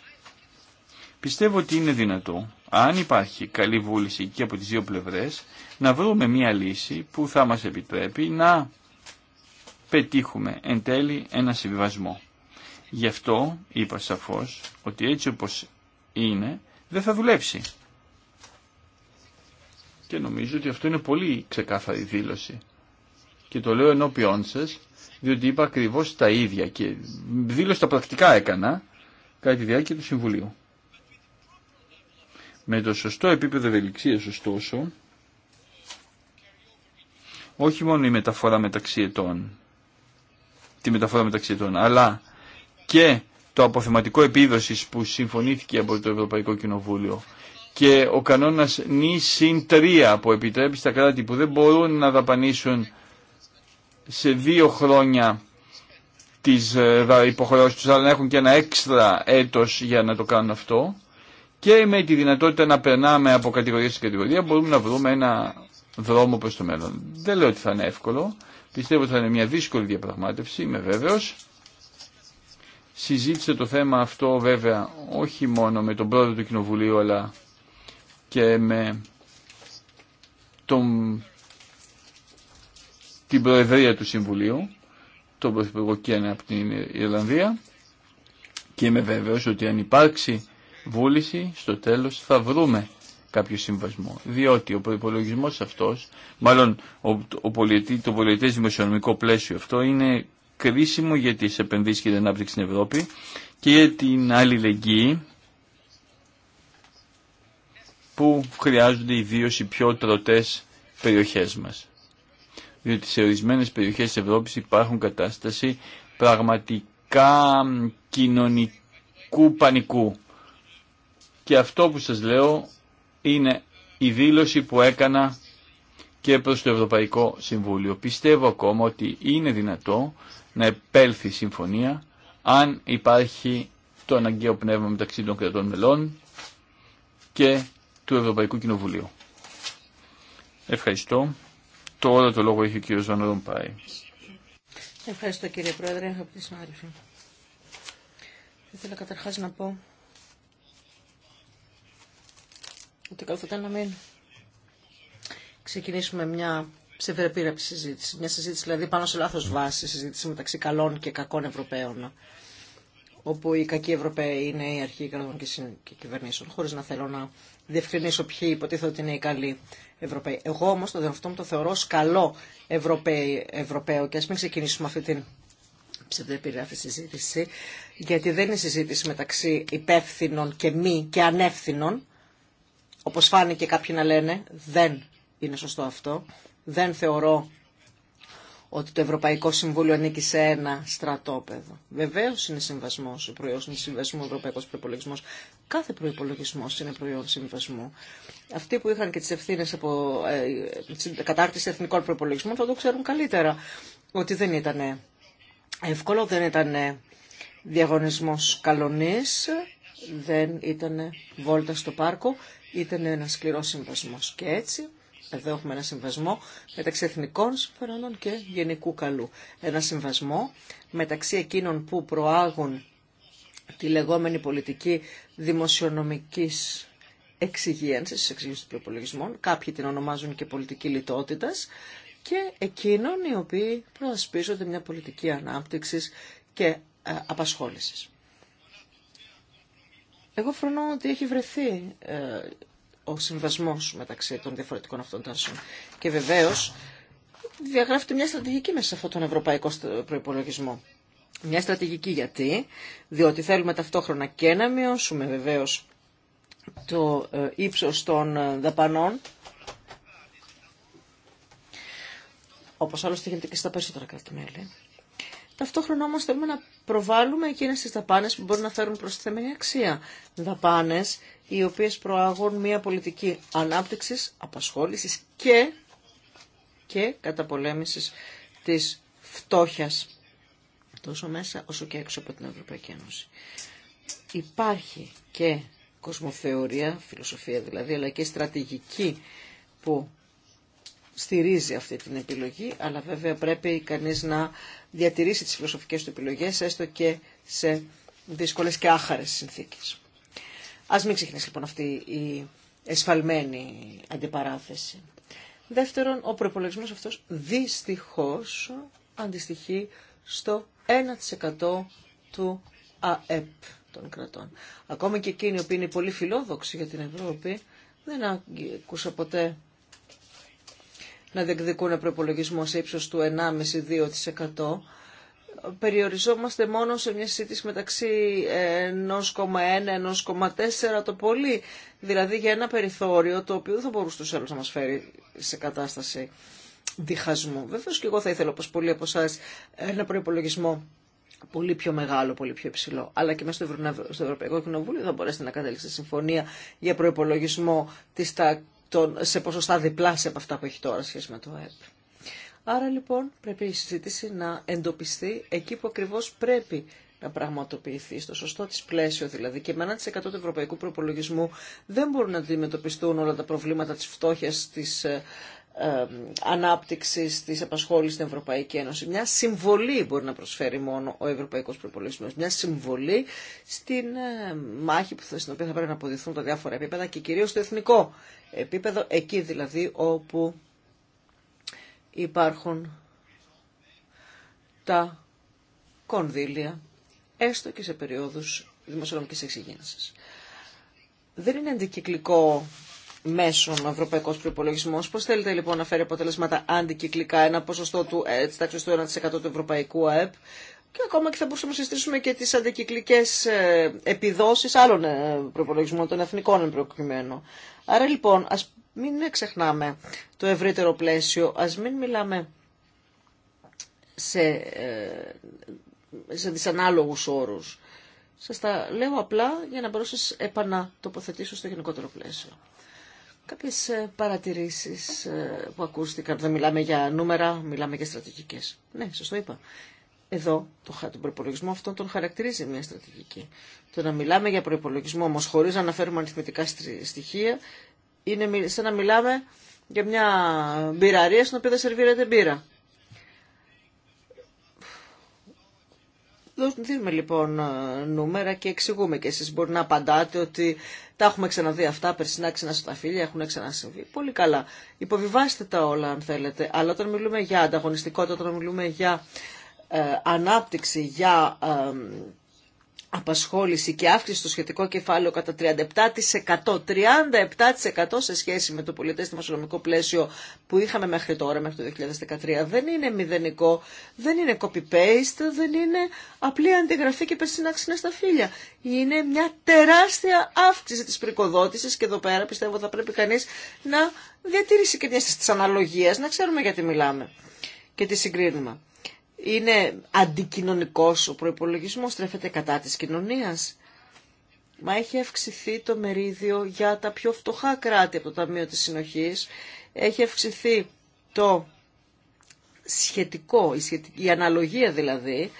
A: Πιστεύω ότι είναι δυνατό, αν υπάρχει καλή βούληση και από τις δύο πλευρές, να βρούμε μια λύση που θα μας επιτρέπει να πετύχουμε εν τέλει ένα συμβιβασμό. Γι' αυτό είπα σαφώς ότι έτσι όπως είναι δεν θα δουλέψει. Και νομίζω ότι αυτό είναι πολύ ξεκάθαρη δήλωση. Και το λέω ενώπιόν σα, διότι είπα ακριβώ τα ίδια και δήλωση τα πρακτικά έκανα κατά τη διάρκεια του Συμβουλίου. Με το σωστό επίπεδο ευελιξία, ωστόσο, όχι μόνο η μεταφορά μεταξύ ετών, τη μεταφορά μεταξύ ετών, αλλά και το αποθεματικό επίδοσης που συμφωνήθηκε από το Ευρωπαϊκό Κοινοβούλιο και ο κανόνας νη συν τρία που επιτρέπει στα κράτη που δεν μπορούν να δαπανίσουν σε δύο χρόνια τις ε, υποχρεώσεις τους αλλά να έχουν και ένα έξτρα έτος για να το κάνουν αυτό και με τη δυνατότητα να περνάμε από κατηγορία σε κατηγορία μπορούμε να βρούμε ένα δρόμο προς το μέλλον. Δεν λέω ότι θα είναι εύκολο, πιστεύω ότι θα είναι μια δύσκολη διαπραγμάτευση, είμαι βέβαιος συζήτησε το θέμα αυτό βέβαια όχι μόνο με τον πρόεδρο του Κοινοβουλίου αλλά και με τον, την Προεδρία του Συμβουλίου, τον Πρωθυπουργό Κένα από την Ιρλανδία και είμαι βέβαιος ότι αν υπάρξει βούληση στο τέλος θα βρούμε κάποιο συμβασμό. Διότι ο προπολογισμό αυτός, μάλλον ο, ο το πολιτές δημοσιονομικό πλαίσιο αυτό είναι κρίσιμο για τις επενδύσεις και την ανάπτυξη στην Ευρώπη και για την αλληλεγγύη που χρειάζονται ιδίω οι πιο τρωτέ περιοχές μας. Διότι σε ορισμένε περιοχές της Ευρώπης υπάρχουν κατάσταση πραγματικά κοινωνικού πανικού. Και αυτό που σας λέω είναι η δήλωση που έκανα και προς το Ευρωπαϊκό Συμβούλιο. Πιστεύω ακόμα ότι είναι δυνατό να επέλθει η συμφωνία αν υπάρχει το αναγκαίο πνεύμα μεταξύ των κρατών μελών και του Ευρωπαϊκού Κοινοβουλίου. Ευχαριστώ. Τώρα το λόγο έχει ο κύριος Βαν
B: Ευχαριστώ κύριε Πρόεδρε, αγαπητοί συνάδελφοι. Θα ήθελα καταρχάς να πω ότι καλό θα ήταν να μην ξεκινήσουμε μια ψευδεπίραπτη συζήτηση. Μια συζήτηση δηλαδή πάνω σε λάθο βάση, συζήτηση μεταξύ καλών και κακών Ευρωπαίων όπου οι κακοί Ευρωπαίοι είναι οι αρχή κρατών και κυβερνήσεων, χωρί να θέλω να διευκρινίσω ποιοι υποτίθεται ότι είναι οι καλοί Ευρωπαίοι. Εγώ όμω το αυτό μου το θεωρώ σκαλό καλό Ευρωπαίοι, Ευρωπαίο και α μην ξεκινήσουμε αυτή την ψευδεπηρεάτη συζήτηση, γιατί δεν είναι συζήτηση μεταξύ υπεύθυνων και μη και ανεύθυνων, όπως φάνηκε κάποιοι να λένε, δεν είναι σωστό αυτό δεν θεωρώ ότι το Ευρωπαϊκό Συμβούλιο ανήκει σε ένα στρατόπεδο. Βεβαίω είναι συμβασμό, ο προϊόν είναι συμβασμό, ο Ευρωπαϊκό Προπολογισμό. Κάθε προπολογισμό είναι προϊόν συμβασμού. Αυτοί που είχαν και τι ευθύνε από ε, κατάρτιση εθνικών προπολογισμών θα το ξέρουν καλύτερα ότι δεν ήταν εύκολο, δεν ήταν διαγωνισμό καλονή, δεν ήταν βόλτα στο πάρκο, ήταν ένα σκληρό συμβασμό. Και έτσι εδώ έχουμε ένα συμβασμό μεταξύ εθνικών συμφερόντων και γενικού καλού. Ένα συμβασμό μεταξύ εκείνων που προάγουν τη λεγόμενη πολιτική δημοσιονομικής εξυγίανσης, εξυγίανσης του προπολογισμών, κάποιοι την ονομάζουν και πολιτική λιτότητας, και εκείνων οι οποίοι προασπίζονται μια πολιτική ανάπτυξης και ε, απασχόλησης. Εγώ φρονώ ότι έχει βρεθεί ε, ο συμβασμός μεταξύ των διαφορετικών αυτών τάσεων. Και βεβαίως διαγράφεται μια στρατηγική μέσα σε αυτόν τον ευρωπαϊκό προϋπολογισμό. Μια στρατηγική γιατί, διότι θέλουμε ταυτόχρονα και να μειώσουμε βεβαίως το ε, ύψος των ε, δαπανών, όπως άλλωστε γίνεται και στα περισσότερα κράτη-μέλη. Ταυτόχρονα όμως θέλουμε να προβάλλουμε εκείνες τις δαπάνες που μπορούν να φέρουν προσθέμενη αξία. Δαπάνες οι οποίες προάγουν μια πολιτική ανάπτυξης, απασχόλησης και, και καταπολέμησης της φτώχειας τόσο μέσα όσο και έξω από την Ευρωπαϊκή Ένωση. Υπάρχει και κοσμοθεωρία, φιλοσοφία δηλαδή, αλλά και στρατηγική που στηρίζει αυτή την επιλογή, αλλά βέβαια πρέπει κανείς να διατηρήσει τις φιλοσοφικές του επιλογές, έστω και σε δύσκολες και άχαρες συνθήκες. Ας μην ξεχνάς λοιπόν αυτή η εσφαλμένη αντιπαράθεση. Δεύτερον, ο προπολογισμό αυτός δυστυχώς αντιστοιχεί στο 1% του ΑΕΠ των κρατών. Ακόμα και εκείνοι που είναι πολύ φιλόδοξοι για την Ευρώπη, δεν άκουσα ποτέ να διεκδικούν προπολογισμό σε ύψος του 1,5-2% περιοριζόμαστε μόνο σε μια συντηση μεταξύ 1,1, 1,4 το πολύ. Δηλαδή για ένα περιθώριο το οποίο δεν θα μπορούσε το άλλους να μας φέρει σε κατάσταση διχασμού. Βεβαίως και εγώ θα ήθελα όπως πολλοί από εσά ένα προπολογισμό πολύ πιο μεγάλο, πολύ πιο υψηλό. Αλλά και μέσα στο Ευρωπαϊκό Κοινοβούλιο θα μπορέσετε να καταλήξετε συμφωνία για προπολογισμό σε ποσοστά διπλάσια από αυτά που έχει τώρα σχέση με το ΕΠ. Άρα λοιπόν πρέπει η συζήτηση να εντοπιστεί εκεί που ακριβώς πρέπει να πραγματοποιηθεί, στο σωστό τη πλαίσιο δηλαδή. Και με 1% του ευρωπαϊκού προπολογισμού δεν μπορούν να αντιμετωπιστούν όλα τα προβλήματα τη φτώχεια, τη ε, ανάπτυξη τη απασχόληση στην Ευρωπαϊκή Ένωση. Μια συμβολή μπορεί να προσφέρει μόνο ο Ευρωπαϊκό Προπολογισμό. Μια συμβολή στην ε, μάχη στην οποία θα πρέπει να αποδειθούν τα διάφορα επίπεδα και κυρίω στο εθνικό επίπεδο, εκεί δηλαδή όπου υπάρχουν τα κονδύλια, έστω και σε περίοδους δημοσιονομικής εξυγίνησης. Δεν είναι αντικυκλικό μέσον ο ευρωπαϊκός προπολογισμό. Πώ θέλετε λοιπόν να φέρει αποτελέσματα αντικυκλικά, ένα ποσοστό του ε, του 1% του ευρωπαϊκού ΑΕΠ, και ακόμα και θα μπορούσαμε να συστήσουμε και τις αντικυκλικές ε, επιδόσεις άλλων ε, προπολογισμών, των εθνικών Άρα λοιπόν, μην ε, ξεχνάμε το ευρύτερο πλαίσιο. Ας μην μιλάμε σε, ε, σε δυσανάλογους όρους. Σας τα λέω απλά για να μπορώ σας επανατοποθετήσω στο γενικότερο πλαίσιο. Κάποιες ε, παρατηρήσεις που ακούστηκαν, δεν μιλάμε για νούμερα, μιλάμε για στρατηγικές. Ναι, σας το είπα. Εδώ το, τον προπολογισμό αυτόν τον χαρακτηρίζει μια στρατηγική. Το να μιλάμε για προπολογισμό όμω χωρί να αναφέρουμε αριθμητικά στοιχεία είναι σαν να μιλάμε για μια μπειραρία στην οποία δεν σερβίρεται μπύρα. Δίνουμε λοιπόν ε, νούμερα και εξηγούμε και εσείς μπορεί να απαντάτε ότι τα έχουμε ξαναδεί αυτά, περσινά ξανά στα φίλια, έχουν ξανασυμβεί. Πολύ καλά. Υποβιβάστε τα όλα αν θέλετε. Αλλά όταν μιλούμε για ανταγωνιστικότητα, όταν μιλούμε για ε, ανάπτυξη, για ε, απασχόληση και αύξηση στο σχετικό κεφάλαιο κατά 37%, 37% σε σχέση με το πολιτές δημοσιονομικό πλαίσιο που είχαμε μέχρι τώρα, μέχρι το 2013. Δεν είναι μηδενικό, δεν είναι copy-paste, δεν είναι απλή αντιγραφή και περσινάξινα στα φίλια. Είναι μια τεράστια αύξηση της πρικοδότησης και εδώ πέρα πιστεύω θα πρέπει κανείς να διατηρήσει και μια στις αναλογίες, να ξέρουμε γιατί μιλάμε και τι συγκρίνουμε. Είναι αντικοινωνικός ο προϋπολογισμός, στρέφεται κατά της κοινωνίας. Μα έχει αυξηθεί το μερίδιο για τα πιο φτωχά κράτη από το Ταμείο της Συνοχής. Έχει αυξηθεί το σχετικό, η, η αναλογία δηλαδή,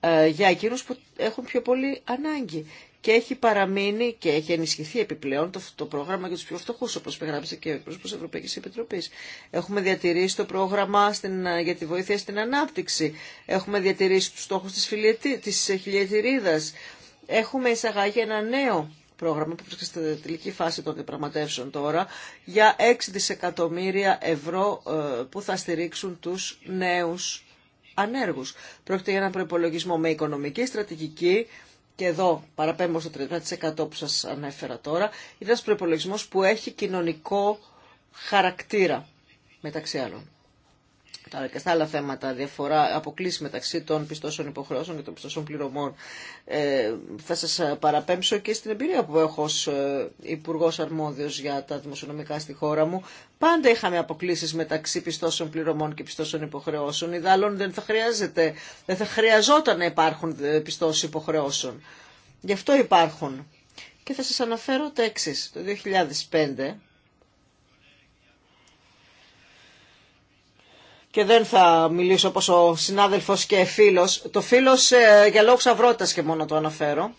B: ε, για εκείνους που έχουν πιο πολύ ανάγκη και έχει παραμείνει και έχει ενισχυθεί επιπλέον το, το πρόγραμμα για του πιο φτωχού, όπω περιγράψε και ο εκπρόσωπο τη Ευρωπαϊκή Επιτροπή. Έχουμε διατηρήσει το πρόγραμμα στην, για τη βοήθεια στην ανάπτυξη. Έχουμε διατηρήσει του στόχου τη χιλιετηρίδα. Έχουμε εισαγάγει ένα νέο πρόγραμμα που βρίσκεται στην τελική φάση των διαπραγματεύσεων τώρα για 6 δισεκατομμύρια ευρώ ε, που θα στηρίξουν τους νέους ανέργους. Πρόκειται για ένα προπολογισμό με οικονομική στρατηγική και εδώ παραπέμπω στο 30% που σας ανέφερα τώρα, είναι ένας προπολογισμό που έχει κοινωνικό χαρακτήρα, μεταξύ άλλων. Τώρα και στα άλλα θέματα, διαφορά, αποκλήσει μεταξύ των πιστώσεων υποχρεώσεων και των πιστώσεων πληρωμών. Ε, θα σας ε, παραπέμψω και στην εμπειρία που έχω ως ε, υπουργό Αρμόδιος για τα δημοσιονομικά στη χώρα μου. Πάντα είχαμε αποκλήσεις μεταξύ πιστώσεων πληρωμών και πιστώσεων υποχρεώσεων. Ιδάλλον δεν θα, χρειάζεται, δεν θα χρειαζόταν να υπάρχουν ε, πιστώσεις υποχρεώσεων. Γι' αυτό υπάρχουν. Και θα σας αναφέρω τα Το 2005 και δεν θα μιλήσω όπως ο συνάδελφος και φίλος. Το φίλος ε, για λόγους αυρότητας και μόνο το αναφέρω.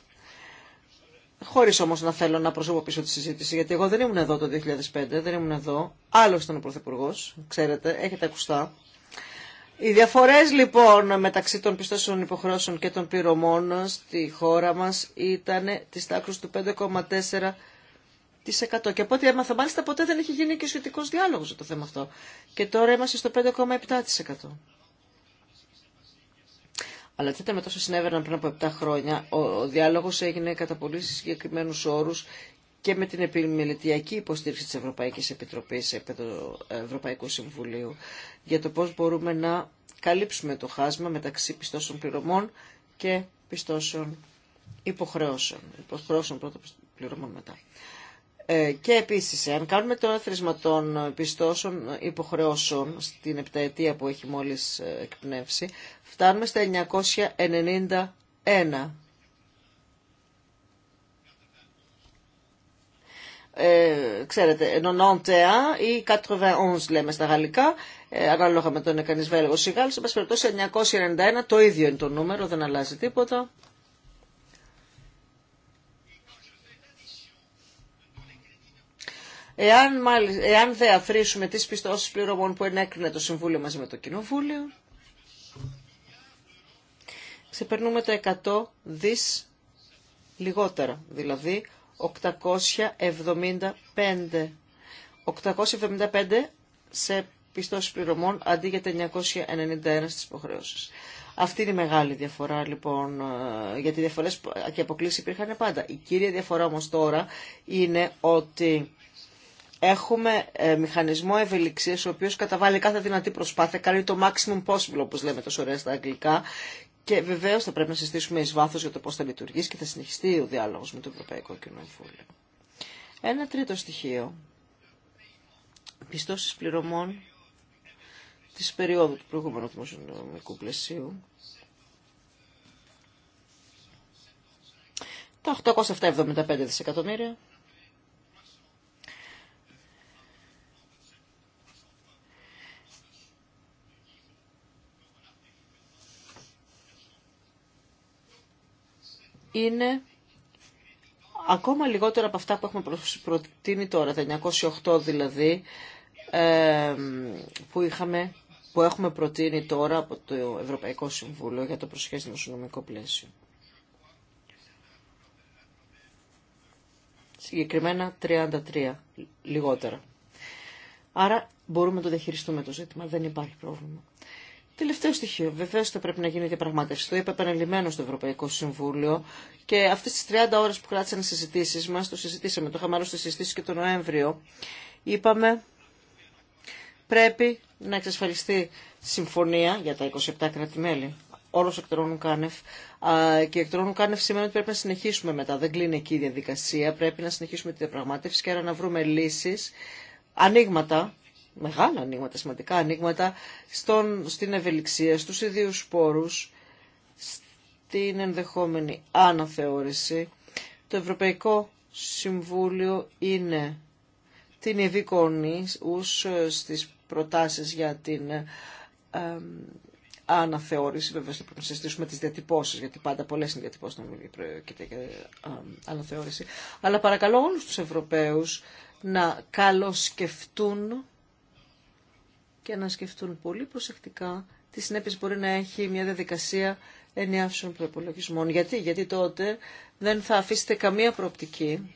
B: Χωρίς όμως να θέλω να προσωποποιήσω τη συζήτηση, γιατί εγώ δεν ήμουν εδώ το 2005, δεν ήμουν εδώ. Άλλο ήταν ο Πρωθυπουργό, ξέρετε, έχετε ακουστά. Οι διαφορές λοιπόν μεταξύ των πιστώσεων υποχρεώσεων και των πληρωμών στη χώρα μας ήταν της τάξης του 5,4% και από ό,τι έμαθα, μάλιστα ποτέ δεν έχει γίνει και σχετικό διάλογο για το θέμα αυτό. Και τώρα είμαστε στο 5,7%. Αλλά τι με τόσο συνέβαιναν πριν από 7 χρόνια. Ο, ο διάλογο έγινε κατά πολύ συγκεκριμένου όρου και με την επιμελητιακή υποστήριξη της Ευρωπαϊκής Επιτροπής επί του Ευρωπαϊκού Συμβουλίου για το πώς μπορούμε να καλύψουμε το χάσμα μεταξύ πιστώσεων πληρωμών και πιστώσεων υποχρεώσεων. Υποχρεώσεων πρώτα πληρωμών μετά. Ε, και επίσης, αν κάνουμε το έθρισμα των πιστώσεων υποχρεώσεων στην επταετία που έχει μόλις ε, εκπνεύσει, φτάνουμε στα 991. Ε, ξέρετε, 91 ή 91 λέμε στα γαλλικά, ε, ανάλογα με τον είναι κανείς Βέλγος ή Γάλλος, σε περιπτώσει 991 το ίδιο είναι το νούμερο, δεν αλλάζει τίποτα. Εάν, μάλιστα, εάν δε αφρίσουμε τις πιστώσεις πληρωμών που ενέκρινε το Συμβούλιο μαζί με το Κοινοβούλιο, ξεπερνούμε το 100 δις λιγότερα, δηλαδή 875. 875 σε πιστώσεις πληρωμών αντί για τα 991 στις υποχρεώσεις. Αυτή είναι η μεγάλη διαφορά λοιπόν, ε, γιατί διαφορές και αποκλήσεις υπήρχαν πάντα. Η κύρια διαφορά όμως τώρα είναι ότι έχουμε ε, μηχανισμό ευελιξία, ο οποίο καταβάλει κάθε δυνατή προσπάθεια, κάνει το maximum possible όπω λέμε τόσο ωραία στα αγγλικά και βεβαίω θα πρέπει να συστήσουμε ει βάθος για το πώ θα λειτουργήσει και θα συνεχιστεί ο διάλογο με το Ευρωπαϊκό Κοινοβούλιο. Ένα τρίτο στοιχείο. Πιστώσει πληρωμών τη περίοδου του προηγούμενου δημοσιονομικού πλαισίου. Τα 875 δισεκατομμύρια είναι ακόμα λιγότερα από αυτά που έχουμε προτείνει τώρα, τα 908 δηλαδή, που, είχαμε, που έχουμε προτείνει τώρα από το Ευρωπαϊκό Συμβούλιο για το προσχέσιο δημοσιονομικό πλαίσιο. Συγκεκριμένα 33 λιγότερα. Άρα μπορούμε να το διαχειριστούμε το ζήτημα, δεν υπάρχει πρόβλημα. Τελευταίο στοιχείο. Βεβαίω θα πρέπει να γίνει διαπραγμάτευση. Το είπα επανελειμμένο στο Ευρωπαϊκό Συμβούλιο και αυτέ τι 30 ώρε που κράτησαν οι συζητήσει μα, το συζητήσαμε, το είχαμε άλλωστε συζητήσει και τον Νοέμβριο. Είπαμε πρέπει να εξασφαλιστεί συμφωνία για τα 27 κράτη-μέλη. εκ εκτρώνουν κάνευ. Και εκτρώνουν κάνευ σημαίνει ότι πρέπει να συνεχίσουμε μετά. Δεν κλείνει εκεί η διαδικασία. Πρέπει να συνεχίσουμε τη διαπραγμάτευση και άρα να βρούμε λύσει, ανοίγματα μεγάλα ανοίγματα, σημαντικά ανοίγματα στον, στην ευελιξία, στους ιδίους σπόρους στην ενδεχόμενη αναθεώρηση. Το Ευρωπαϊκό Συμβούλιο είναι την ειδικόνη ως ε, στις προτάσεις για την ε, αναθεώρηση. Βέβαια, θα πρέπει να συζητήσουμε τις διατυπώσεις, γιατί πάντα πολλές είναι διατυπώσεις να μην ε, αναθεώρηση. Αλλά παρακαλώ όλους τους Ευρωπαίους να καλοσκεφτούν και να σκεφτούν πολύ προσεκτικά τι συνέπειε μπορεί να έχει μια διαδικασία ενιαύσεων προπολογισμών. Γιατί? Γιατί τότε δεν θα αφήσετε καμία προοπτική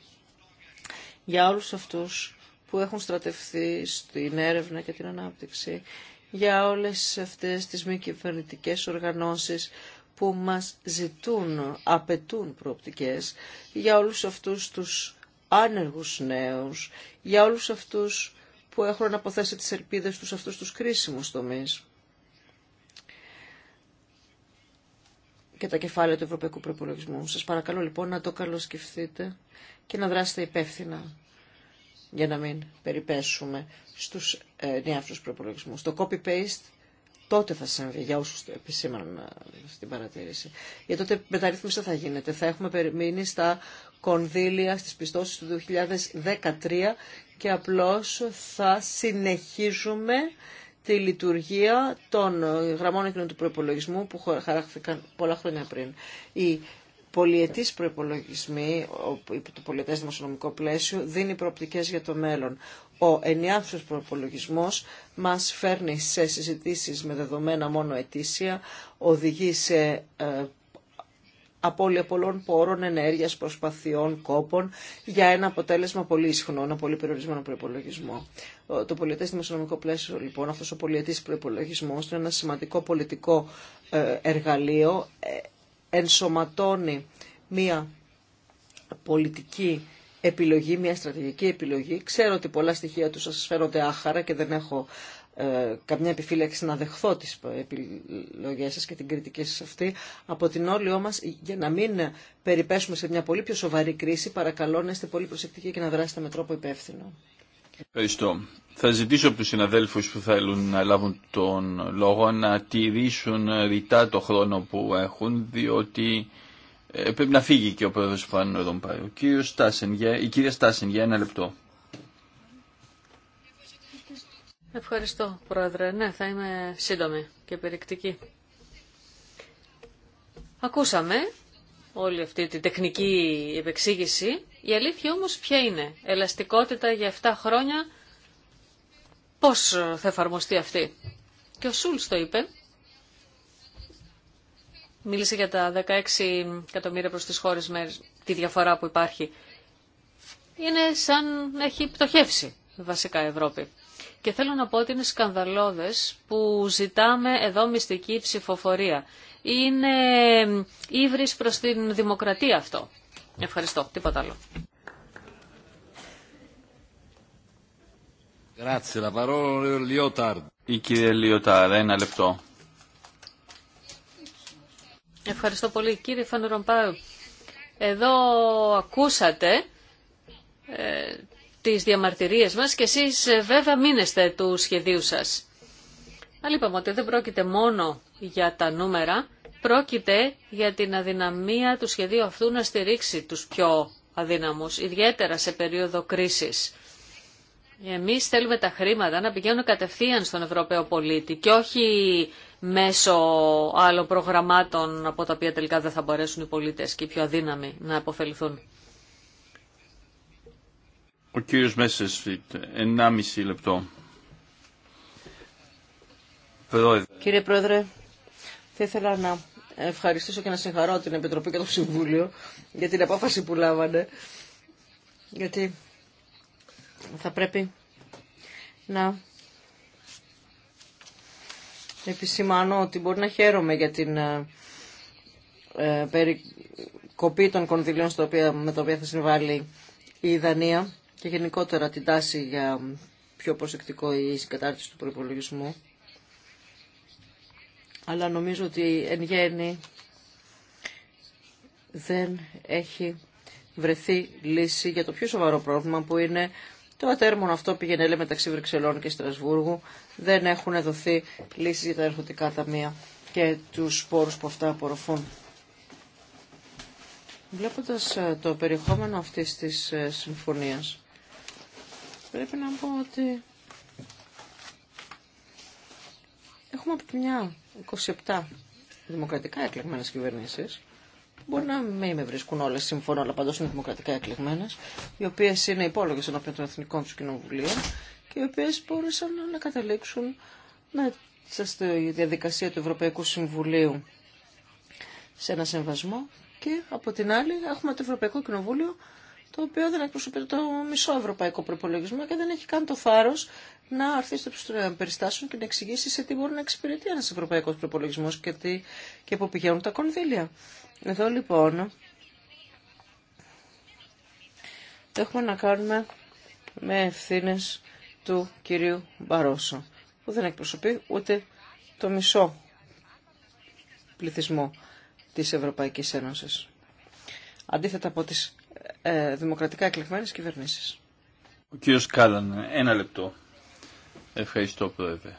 B: για όλους αυτούς που έχουν στρατευθεί στην έρευνα και την ανάπτυξη, για όλες αυτές τις μη κυβερνητικέ οργανώσεις που μας ζητούν, απαιτούν προοπτικές, για όλους αυτούς τους άνεργους νέους, για όλους αυτούς που έχουν αποθέσει τις ελπίδες τους αυτούς τους κρίσιμους τομείς. και τα κεφάλαια του Ευρωπαϊκού Προπολογισμού. Σας παρακαλώ λοιπόν να το καλοσκεφτείτε και να δράσετε υπεύθυνα για να μην περιπέσουμε στους ε, νεάφρους Το copy-paste τότε θα συμβεί, για όσους επισήμαναν ε, στην παρατήρηση. Για τότε μεταρρύθμιση θα γίνεται. Θα έχουμε περιμείνει στα κονδύλια στις πιστώσεις του 2013 και απλώς θα συνεχίζουμε τη λειτουργία των γραμμών εκείνων του προπολογισμού που χαράχθηκαν πολλά χρόνια πριν. Η πολιετής προπολογισμοί, το πολιετές δημοσιονομικό πλαίσιο, δίνει προοπτικές για το μέλλον ο ενιάξιος προπολογισμό μας φέρνει σε συζητήσεις με δεδομένα μόνο ετήσια, οδηγεί σε ε, απώλεια πολλών πόρων, ενέργειας, προσπαθειών, κόπων για ένα αποτέλεσμα πολύ ισχνό, ένα πολύ περιορισμένο προπολογισμό. Το πολιετές δημοσιονομικό πλαίσιο, λοιπόν, αυτός ο πολιετής προπολογισμό, είναι ένα σημαντικό πολιτικό ε, εργαλείο, ε, ενσωματώνει μία πολιτική επιλογή, μια στρατηγική επιλογή. Ξέρω ότι πολλά στοιχεία του σας φέρονται άχαρα και δεν έχω ε, καμιά επιφύλαξη να δεχθώ τις επιλογές σας και την κριτική σας αυτή. Από την όλη όμως, για να μην περιπέσουμε σε μια πολύ πιο σοβαρή κρίση, παρακαλώ να είστε πολύ προσεκτικοί και να δράσετε με τρόπο υπεύθυνο.
A: Ευχαριστώ. Θα ζητήσω από τους συναδέλφους που θέλουν να λάβουν τον λόγο να τηρήσουν ρητά το χρόνο που έχουν, διότι ε, πρέπει να φύγει και ο πρόεδρος που εδώ πάει. Ο κύριος Στάσεν, για, η κυρία Στάσεν, για ένα λεπτό.
C: Ευχαριστώ, Πρόεδρε. Ναι, θα είμαι σύντομη και περιεκτική. Ακούσαμε όλη αυτή τη τεχνική επεξήγηση. Η αλήθεια όμως ποια είναι. Ελαστικότητα για 7 χρόνια. Πώς θα εφαρμοστεί αυτή. Και ο Σούλς το είπε Μίλησε για τα 16 εκατομμύρια προς τις χώρες με τη διαφορά που υπάρχει. Είναι σαν να έχει πτωχεύσει βασικά η Ευρώπη. Και θέλω να πω ότι είναι σκανδαλώδες που ζητάμε εδώ μυστική ψηφοφορία. Είναι ύβρις προς την δημοκρατία αυτό. Ευχαριστώ. Τίποτα άλλο.
A: Η κυρία Λιωτάρ, ένα λεπτό.
C: Ευχαριστώ πολύ κύριε Φανουρομπάου. Εδώ ακούσατε ε, τις διαμαρτυρίες μας και εσείς ε, βέβαια μείνεστε του σχεδίου σας. Αλλά είπαμε ότι δεν πρόκειται μόνο για τα νούμερα, πρόκειται για την αδυναμία του σχεδίου αυτού να στηρίξει τους πιο αδύναμους, ιδιαίτερα σε περίοδο κρίσης. Εμείς θέλουμε τα χρήματα να πηγαίνουν κατευθείαν στον Ευρωπαίο πολίτη και όχι μέσω άλλων προγραμμάτων από τα οποία τελικά δεν θα μπορέσουν οι πολίτες και οι πιο αδύναμοι να αποφεληθούν.
A: Ο κύριος 1,5 λεπτό.
B: Κύριε Πρόεδρε, θα ήθελα να ευχαριστήσω και να συγχαρώ την Επιτροπή και το Συμβούλιο για την απόφαση που λάβανε. Γιατί θα πρέπει να επισημάνω ότι μπορεί να χαίρομαι για την ε, ε περικοπή των κονδυλίων στο με τα οποία θα συμβάλλει η Δανία και γενικότερα την τάση για πιο προσεκτικό η συγκατάρτιση του προπολογισμού. Αλλά νομίζω ότι εν γέννη δεν έχει βρεθεί λύση για το πιο σοβαρό πρόβλημα που είναι το ατέρμον αυτό πήγαινε λέει, μεταξύ Βρυξελών και Στρασβούργου. Δεν έχουν δοθεί λύσεις για τα ερχοτικά ταμεία και τους σπόρους που αυτά απορροφούν. Βλέποντας ε, το περιεχόμενο αυτής της ε, συμφωνίας, πρέπει να πω ότι έχουμε από τη μια 27 δημοκρατικά εκλεγμένες κυβερνήσεις, Μπορεί να μην με βρίσκουν όλε συμφωνώ, αλλά παντό είναι δημοκρατικά εκλεγμένε, οι οποίε είναι υπόλογε ενώπιον των εθνικών του κοινοβουλίων και οι οποίε μπόρεσαν να καταλήξουν μέσα στη διαδικασία του Ευρωπαϊκού Συμβουλίου σε ένα συμβασμό. Και από την άλλη έχουμε το Ευρωπαϊκό Κοινοβούλιο το οποίο δεν εκπροσωπεί το μισό ευρωπαϊκό προπολογισμό και δεν έχει καν το θάρρο να αρθεί στο περιστάσεων και να εξηγήσει σε τι μπορεί να εξυπηρετεί ένα ευρωπαϊκό προπολογισμό και, τι, και πού πηγαίνουν τα κονδύλια. Εδώ λοιπόν έχουμε να κάνουμε με ευθύνε του κυρίου Μπαρόσο, που δεν εκπροσωπεί ούτε το μισό πληθυσμό της Ευρωπαϊκής Ένωσης. Αντίθετα από τις ε, δημοκρατικά εκλεγμένες κυβερνήσεις.
A: Ο κύριος Κάλλαν, ένα λεπτό. Ευχαριστώ πρόεδρε.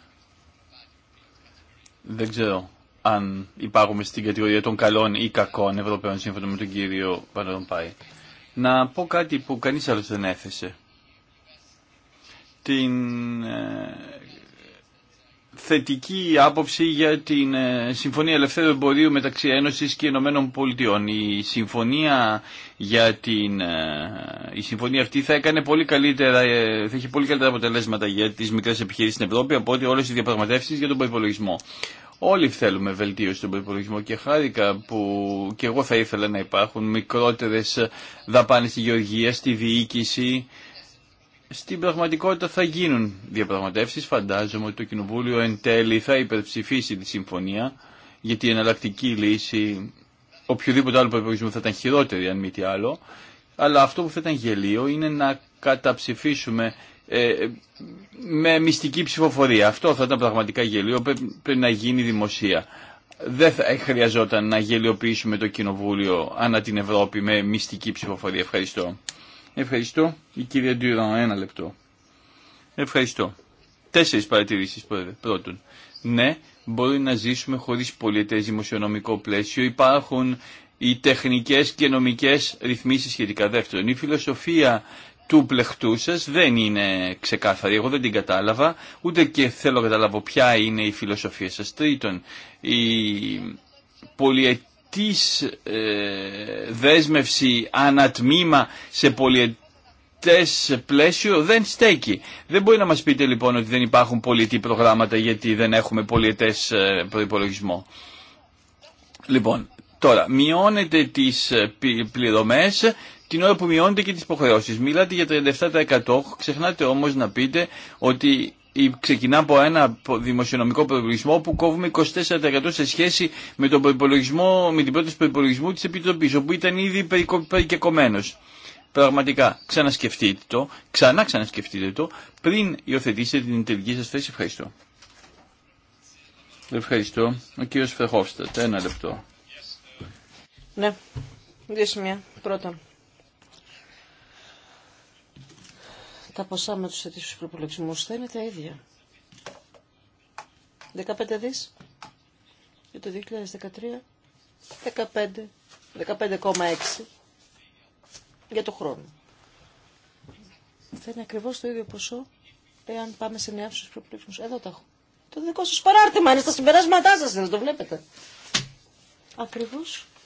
A: Δεν ξέρω αν υπάρχουμε στην κατηγορία των καλών ή κακών Ευρωπαίων σύμφωνα με τον κύριο Παναδομπάη. Να πω κάτι που κανείς άλλος δεν έθεσε. Την ε, θετική άποψη για την ε, Συμφωνία Ελευθέρου Εμπορίου μεταξύ Ένωσης και Ηνωμένων Πολιτειών. Η Συμφωνία για την... Ε, η συμφωνία αυτή θα, έκανε πολύ καλύτερα, ε, θα πολύ καλύτερα αποτελέσματα για τις μικρές επιχειρήσεις στην Ευρώπη από ότι όλες οι διαπραγματεύσεις για τον προϋπολογισμό. Όλοι θέλουμε βελτίωση στον προπολογισμό και χάρηκα που και εγώ θα ήθελα να υπάρχουν μικρότερες δαπάνες στη γεωργία, στη διοίκηση. Στην πραγματικότητα θα γίνουν διαπραγματεύσεις. Φαντάζομαι ότι το Κοινοβούλιο εν τέλει θα υπερψηφίσει τη συμφωνία γιατί η εναλλακτική λύση οποιοδήποτε άλλο προπολογισμό θα ήταν χειρότερη αν μη τι άλλο, αλλά αυτό που θα ήταν γελίο είναι να καταψηφίσουμε ε, με μυστική ψηφοφορία. Αυτό θα ήταν πραγματικά γελίο, πρέπει, πρέπει να γίνει δημοσία. Δεν θα ε, χρειαζόταν να γελιοποιήσουμε το Κοινοβούλιο ανά την Ευρώπη με μυστική ψηφοφορία. Ευχαριστώ. Ευχαριστώ. Η κυρία Ντουιρόν, ένα λεπτό. Ευχαριστώ. Τέσσερι παρατηρήσει, Πρώτον, ναι, μπορεί να ζήσουμε χωρίς πολιτές δημοσιονομικό πλαίσιο. Υπάρχουν οι τεχνικές και νομικές ρυθμίσεις σχετικά. Δεύτερον, η φιλοσοφία του πλεχτού σα δεν είναι ξεκάθαρη. Εγώ δεν την κατάλαβα, ούτε και θέλω να καταλάβω ποια είναι η φιλοσοφία σας. Τρίτον, η πολιετή ε, δέσμευση ανατμήμα σε πολιετή πολιτές πλαίσιο δεν στέκει. Δεν μπορεί να μας πείτε λοιπόν ότι δεν υπάρχουν πολιτή προγράμματα γιατί δεν έχουμε πολιτές ε, προϋπολογισμό. Λοιπόν, τώρα, μειώνετε τις ε, πληρωμές την ώρα που μειώνεται και τις υποχρεώσεις. Μιλάτε για 37%, ξεχνάτε όμως να πείτε ότι ξεκινά από ένα δημοσιονομικό προπολογισμό που κόβουμε 24% σε σχέση με, τον με την πρόταση προπολογισμού της Επιτροπής, όπου ήταν ήδη περικομμένος. Πραγματικά, ξανασκεφτείτε το, ξανά ξανασκεφτείτε το, πριν υιοθετήσετε την τελική σας θέση. Ευχαριστώ. Ευχαριστώ. Ο κύριος Φερχόφστατ, ένα λεπτό.
B: Ναι, δύο σημεία. Πρώτον, τα ποσά με τους αιτήσους προπολογισμούς θα είναι τα ίδια. 15 δις για το 2013, 15, 15,6 για το χρόνο. Θα είναι ακριβώ το ίδιο ποσό εάν πάμε σε νέα στου Εδώ τα έχω. Το δικό σα παράρτημα είναι στα συμπεράσματά σα, δεν το βλέπετε. Ακριβώ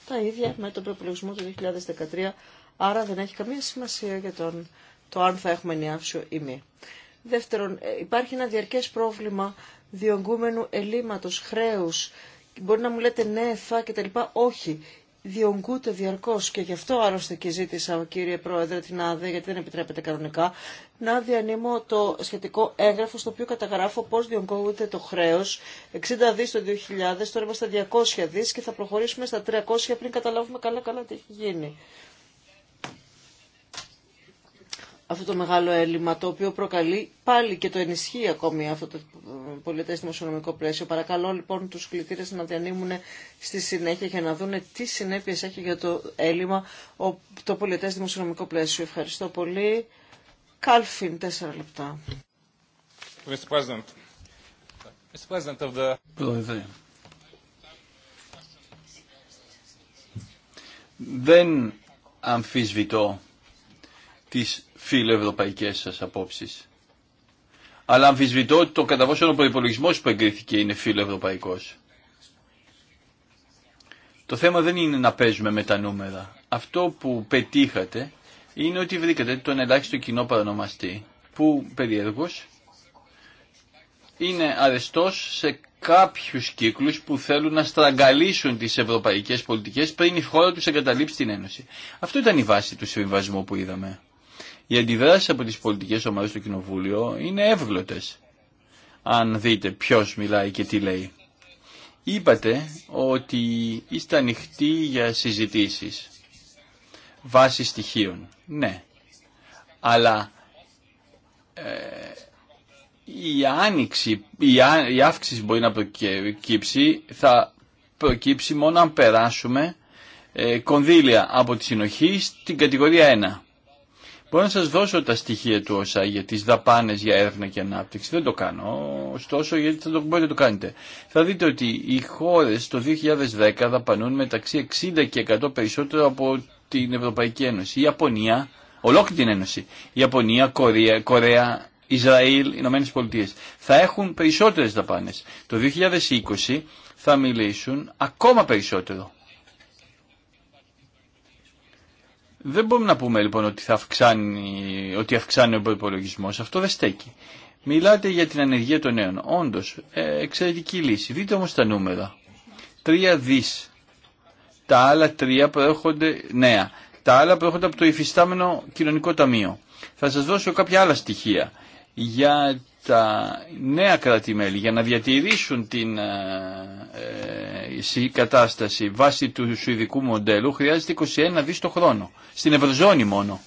B: τα ίδια με τον προπολογισμό του 2013. Άρα δεν έχει καμία σημασία για τον, το αν θα έχουμε νιάυσιο ή μη. Δεύτερον, ε, υπάρχει ένα διαρκές πρόβλημα διονγκούμενου ελλείμματος, χρέους. Μπορεί να μου λέτε ναι, θα και τα λοιπά. Όχι διονγκούται διαρκώ, και γι' αυτό άλλωστε και ζήτησα, ο κύριε Πρόεδρε, την ΑΔΕ, γιατί δεν επιτρέπεται κανονικά, να διανύμω το σχετικό έγγραφο στο οποίο καταγράφω πω διονγκούται το χρέο. 60 δι το 2000, τώρα είμαστε 200 δι και θα προχωρήσουμε στα 300 πριν καταλάβουμε καλά καλά τι έχει γίνει αυτό το μεγάλο έλλειμμα, το οποίο προκαλεί πάλι και το ενισχύει ακόμη αυτό το ε, πολιτές δημοσιονομικό πλαίσιο. Παρακαλώ λοιπόν τους κλητήρες να διανύμουν στη συνέχεια για να δούνε τι συνέπειες έχει για το έλλειμμα το πολιτές δημοσιονομικό πλαίσιο. Ευχαριστώ πολύ. Κάλφιν, τέσσερα λεπτά.
A: δεν αμφισβητώ τις Φιλοευρωπαϊκέ σα απόψει. Αλλά αμφισβητώ ότι το κατά πόσο ο προπολογισμό που εγκρίθηκε είναι φιλοευρωπαϊκό. Το θέμα δεν είναι να παίζουμε με τα νούμερα. Αυτό που πετύχατε είναι ότι βρήκατε τον ελάχιστο κοινό παρονομαστή που περιέργω είναι αρεστό σε κάποιους κύκλους που θέλουν να στραγγαλίσουν τις ευρωπαϊκές πολιτικές πριν η χώρα τους εγκαταλείψει την Ένωση. Αυτό ήταν η βάση του συμβιβασμού που είδαμε. Οι αντιδράσει από τι πολιτικές ομάδες στο Κοινοβούλιο είναι εύγλωτε. αν δείτε ποιο μιλάει και τι λέει. Είπατε ότι είστε ανοιχτοί για συζητήσεις βάσει στοιχείων. Ναι. Αλλά ε, η άνοιξη, η, αύξηση μπορεί να προκύψει, θα προκύψει μόνο αν περάσουμε ε, κονδύλια από τη συνοχή στην κατηγορία 1. Μπορώ να σας δώσω τα στοιχεία του ΩΣΑ για τις δαπάνες για έρευνα και ανάπτυξη. Δεν το κάνω, ωστόσο γιατί θα το, μπορείτε να το κάνετε. Θα δείτε ότι οι χώρες το 2010 δαπανούν μεταξύ 60 και 100 περισσότερο από την Ευρωπαϊκή Ένωση. Η Ιαπωνία, ολόκληρη την Ένωση, η Ιαπωνία, Κορία, Κορέα, Ισραήλ, Ηνωμένε Πολιτείε. Θα έχουν περισσότερες δαπάνες. Το 2020 θα μιλήσουν ακόμα περισσότερο. Δεν μπορούμε να πούμε λοιπόν ότι, θα αυξάνει, ότι αυξάνει ο υπολογισμό. Αυτό δεν στέκει. Μιλάτε για την ανεργία των νέων. Όντω, ε, εξαιρετική λύση. Δείτε όμω τα νούμερα. Τρία δι. Τα άλλα τρία προέρχονται νέα. Τα άλλα προέρχονται από το υφιστάμενο κοινωνικό ταμείο. Θα σα δώσω κάποια άλλα στοιχεία για τα νέα κράτη-μέλη για να διατηρήσουν την ε, ε κατάσταση βάσει του σουηδικού μοντέλου χρειάζεται 21 δις το χρόνο. Στην Ευρωζώνη μόνο.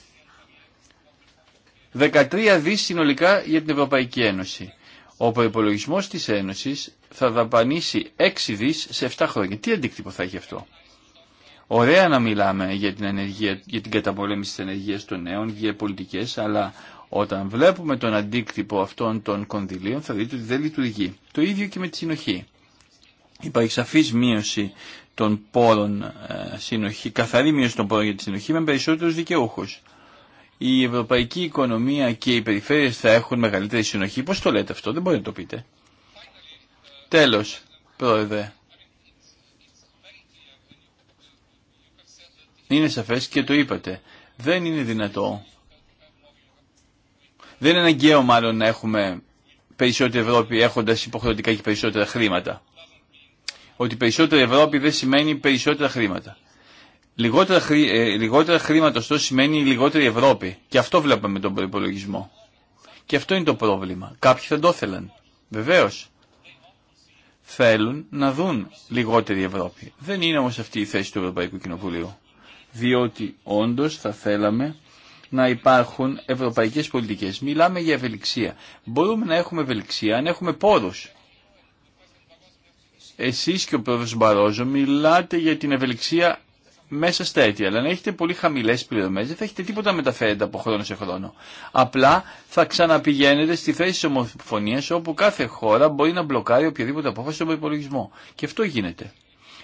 A: 13 δις συνολικά για την Ευρωπαϊκή Ένωση. Ο προπολογισμό της Ένωσης θα δαπανίσει 6 δις σε 7 χρόνια. Τι αντίκτυπο θα έχει αυτό. Ωραία να μιλάμε για την, ενεργία, για την καταπολέμηση της ενεργείας των νέων, για πολιτικές, αλλά όταν βλέπουμε τον αντίκτυπο αυτών των κονδυλίων θα δείτε ότι δεν λειτουργεί. Το ίδιο και με τη συνοχή. Υπάρχει σαφής μείωση των πόρων ε, συνοχή, καθαρή μείωση των πόρων για τη συνοχή με περισσότερους δικαιούχου. Η ευρωπαϊκή οικονομία και οι περιφέρειες θα έχουν μεγαλύτερη συνοχή. Πώς το λέτε αυτό, δεν μπορείτε να το πείτε. Τέλο, πρόεδρε. Είναι σαφές και το είπατε. Δεν είναι δυνατό δεν είναι αναγκαίο μάλλον να έχουμε περισσότερη Ευρώπη έχοντας υποχρεωτικά και περισσότερα χρήματα. Ότι περισσότερη Ευρώπη δεν σημαίνει περισσότερα χρήματα. Λιγότερα, χρή, ε, λιγότερα χρήματα ωστόσο σημαίνει λιγότερη Ευρώπη. Και αυτό βλέπαμε με τον προπολογισμό. Και αυτό είναι το πρόβλημα. Κάποιοι θα το θέλαν. Βεβαίω. Θέλουν να δουν λιγότερη Ευρώπη. Δεν είναι όμω αυτή η θέση του Ευρωπαϊκού Κοινοβουλίου. Διότι όντω θα θέλαμε να υπάρχουν ευρωπαϊκέ πολιτικέ. Μιλάμε για ευελιξία. Μπορούμε να έχουμε ευελιξία αν έχουμε πόρου. Εσεί και ο πρόεδρο Μπαρόζο μιλάτε για την ευελιξία μέσα στα αίτια, αλλά αν έχετε πολύ χαμηλέ πληρωμέ, δεν θα έχετε τίποτα να μεταφέρετε από χρόνο σε χρόνο. Απλά θα ξαναπηγαίνετε στη θέση της ομοφωνίας όπου κάθε χώρα μπορεί να μπλοκάρει οποιαδήποτε απόφαση στον προπολογισμό. Και αυτό γίνεται.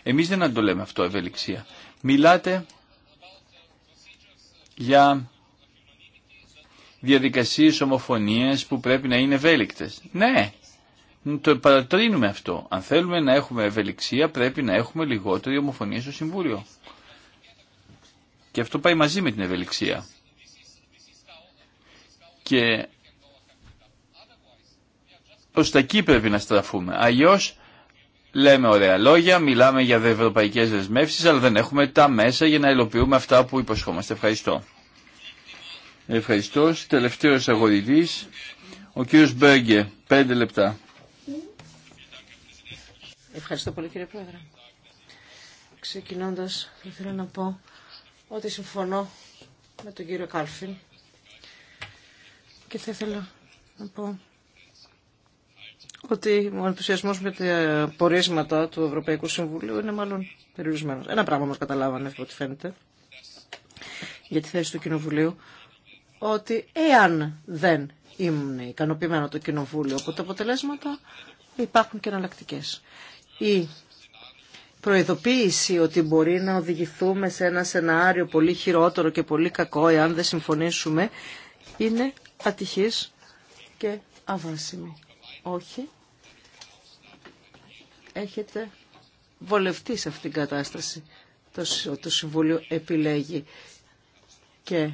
A: Εμεί δεν το λέμε αυτό ευελιξία. Μιλάτε για διαδικασίες ομοφωνίας που πρέπει να είναι ευέλικτες. Ναι, το παρατρύνουμε αυτό. Αν θέλουμε να έχουμε ευελιξία πρέπει να έχουμε λιγότερη ομοφωνία στο Συμβούλιο. Και αυτό πάει μαζί με την ευελιξία. Και προς τα εκεί πρέπει να στραφούμε. Αλλιώς λέμε ωραία λόγια, μιλάμε για ευρωπαϊκές δεσμεύσεις, αλλά δεν έχουμε τα μέσα για να υλοποιούμε αυτά που υποσχόμαστε. Ευχαριστώ. Ευχαριστώ. Τελευταίο αγορητής, ο κύριο Μπέγκε, πέντε λεπτά.
B: Ευχαριστώ πολύ κύριε Πρόεδρε. Ξεκινώντας, θα ήθελα να πω ότι συμφωνώ με τον κύριο Κάλφιν και θα ήθελα να πω ότι ο ενθουσιασμός με τα πορίσματα του Ευρωπαϊκού Συμβουλίου είναι μάλλον περιορισμένος. Ένα πράγμα όμως καταλάβανε, από ό,τι φαίνεται, για τη θέση του Κοινοβουλίου ότι εάν δεν ήμουν ικανοποιημένο το Κοινοβούλιο από τα αποτελέσματα, υπάρχουν και εναλλακτικέ. Η προειδοποίηση ότι μπορεί να οδηγηθούμε σε ένα σενάριο πολύ χειρότερο και πολύ κακό εάν δεν συμφωνήσουμε είναι ατυχής και αβάσιμη. Όχι. Έχετε βολευτεί σε αυτήν την κατάσταση. Το, το Συμβούλιο επιλέγει και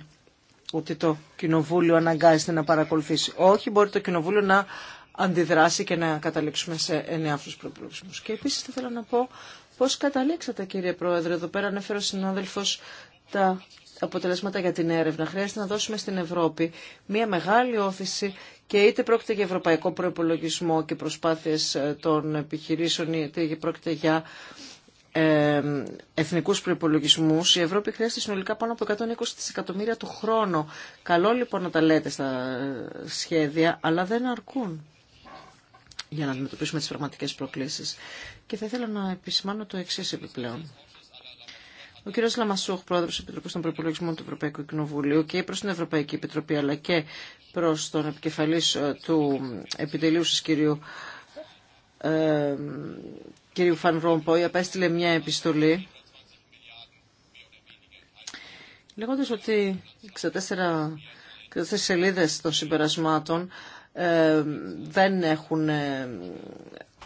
B: ότι το Κοινοβούλιο αναγκάζεται να παρακολουθήσει. Όχι, μπορεί το Κοινοβούλιο να αντιδράσει και να καταλήξουμε σε ενιαύτους προπολογισμού. Και επίση θα ήθελα να πω πώς καταλήξατε κύριε Πρόεδρε, εδώ πέρα ανέφερε ο συνάδελφο τα αποτελέσματα για την έρευνα. Χρειάζεται να δώσουμε στην Ευρώπη μια μεγάλη όθηση και είτε πρόκειται για ευρωπαϊκό προπολογισμό και προσπάθειες ε, των επιχειρήσεων, είτε πρόκειται για εθνικούς προϋπολογισμούς η Ευρώπη χρειάζεται συνολικά πάνω από 120 δισεκατομμύρια το χρόνο. Καλό λοιπόν να τα λέτε στα σχέδια, αλλά δεν αρκούν για να αντιμετωπίσουμε τις πραγματικές προκλήσεις. Και θα ήθελα να επισημάνω το εξή επιπλέον. Ο κ. Λαμασούχ, πρόεδρο τη Επιτροπή των Προπολογισμών του Ευρωπαϊκού Κοινοβουλίου και προ την Ευρωπαϊκή Επιτροπή αλλά και προ τον επικεφαλή ε, του επιτελείου σα, κ κ. Φαν Ρόμποϊ απέστειλε μια επιστολή λέγοντας ότι 64, σελίδε σελίδες των συμπερασμάτων ε, δεν έχουν ε,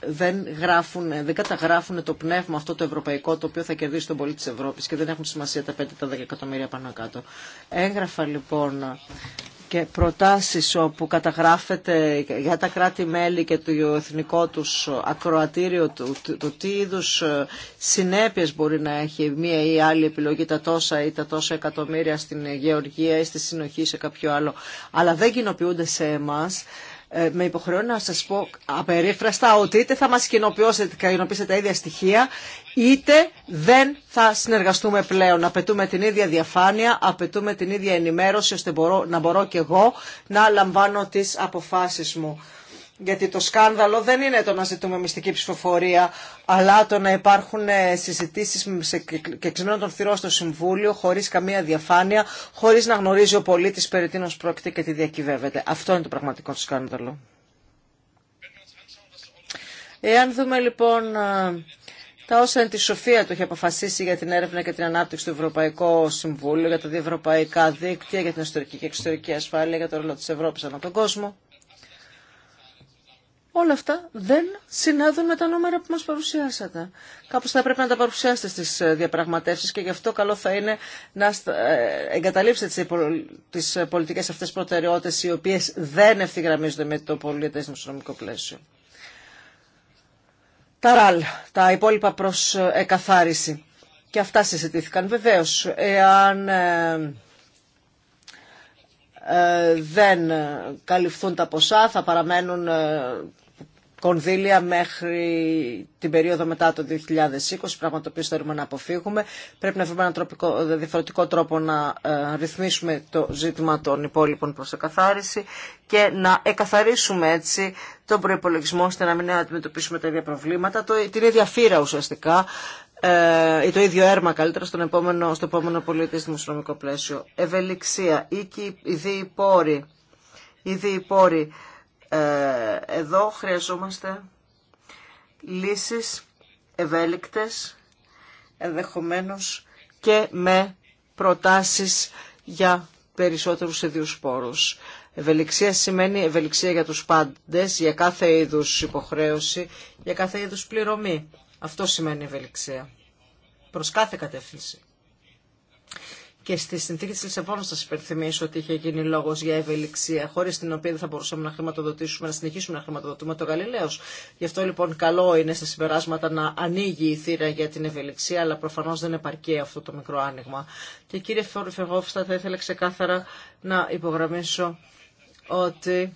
B: δεν, γράφουν, δεν καταγράφουν το πνεύμα αυτό το ευρωπαϊκό το οποίο θα κερδίσει τον πολίτη της Ευρώπης και δεν έχουν σημασία τα 5-10 εκατομμύρια πάνω κάτω. Έγραφα λοιπόν και προτάσεις όπου καταγράφεται για τα κράτη-μέλη και το εθνικό τους ακροατήριο του, το, τι είδου ε, συνέπειες μπορεί να έχει μία ή άλλη επιλογή τα τόσα ή τα τόσα εκατομμύρια στην γεωργία ή στη συνοχή σε κάποιο άλλο αλλά δεν κοινοποιούνται σε εμάς ε, με υποχρεώνω να σας πω απερίφραστα ότι είτε θα μας κοινοποιήσετε τα ίδια στοιχεία, είτε δεν θα συνεργαστούμε πλέον. Απαιτούμε την ίδια διαφάνεια, απαιτούμε την ίδια ενημέρωση, ώστε να μπορώ και εγώ να λαμβάνω τις αποφάσεις μου γιατί το σκάνδαλο δεν είναι το να ζητούμε μυστική ψηφοφορία, αλλά το να υπάρχουν ε, συζητήσεις και ξεμένων των θυρών στο Συμβούλιο, χωρίς καμία διαφάνεια, χωρίς να γνωρίζει ο πολίτης περί τίνος πρόκειται και τι διακυβεύεται. Αυτό είναι το πραγματικό σκάνδαλο. Εάν δούμε λοιπόν ε, τα όσα είναι τη σοφία του έχει αποφασίσει για την έρευνα και την ανάπτυξη του Ευρωπαϊκού Συμβούλου, για τα διευρωπαϊκά δίκτυα, για την ιστορική και εξωτερική ασφάλεια, για το ρόλο της Ευρώπης ανά τον κόσμο, Όλα αυτά δεν συνάδουν με τα νούμερα που μας παρουσιάσατε. Κάπως θα πρέπει να τα παρουσιάσετε στις ε, διαπραγματεύσεις και γι' αυτό καλό θα είναι να ε, εγκαταλείψετε τις πολιτικές αυτές προτεραιότητες οι οποίες δεν ευθυγραμμίζονται με το πολιτές νοσονομικό πλαίσιο. Τα ραλ, τα υπόλοιπα προς ε, εκαθάριση. Και αυτά συζητήθηκαν βεβαίως. Εάν δεν καλυφθούν τα ποσά, θα παραμένουν κονδύλια μέχρι την περίοδο μετά το 2020, πράγμα το οποίο θέλουμε να αποφύγουμε. Πρέπει να βρούμε έναν τροπικό, διαφορετικό τρόπο να ε, ρυθμίσουμε το ζήτημα των υπόλοιπων προς εκαθάριση και να εκαθαρίσουμε έτσι τον προϋπολογισμό ώστε να μην αντιμετωπίσουμε τα ίδια προβλήματα, το, την ίδια φύρα ουσιαστικά ε, ή το ίδιο έρμα καλύτερα στον επόμενο, στο επόμενο πολιτής δημοσιονομικό πλαίσιο. Ευελιξία, ήδη οι πόροι, ε, εδώ χρειαζόμαστε λύσεις ευέλικτες, ενδεχομένως και με προτάσεις για περισσότερους ιδίους πόρους. Ευελιξία σημαίνει ευελιξία για τους πάντες, για κάθε είδους υποχρέωση, για κάθε είδους πληρωμή. Αυτό σημαίνει ευελιξία. Προς κάθε κατεύθυνση. Και στη συνθήκη τη Λισαβόνα, σα υπενθυμίσω ότι είχε γίνει λόγο για ευελιξία, χωρί την οποία δεν θα μπορούσαμε να χρηματοδοτήσουμε, να συνεχίσουμε να χρηματοδοτούμε το Γαλιλαίο. Γι' αυτό λοιπόν καλό είναι στα συμπεράσματα να ανοίγει η θύρα για την ευελιξία, αλλά προφανώ δεν επαρκεί αυτό το μικρό άνοιγμα. Και κύριε Φεγόφστα, θα ήθελα ξεκάθαρα να υπογραμμίσω ότι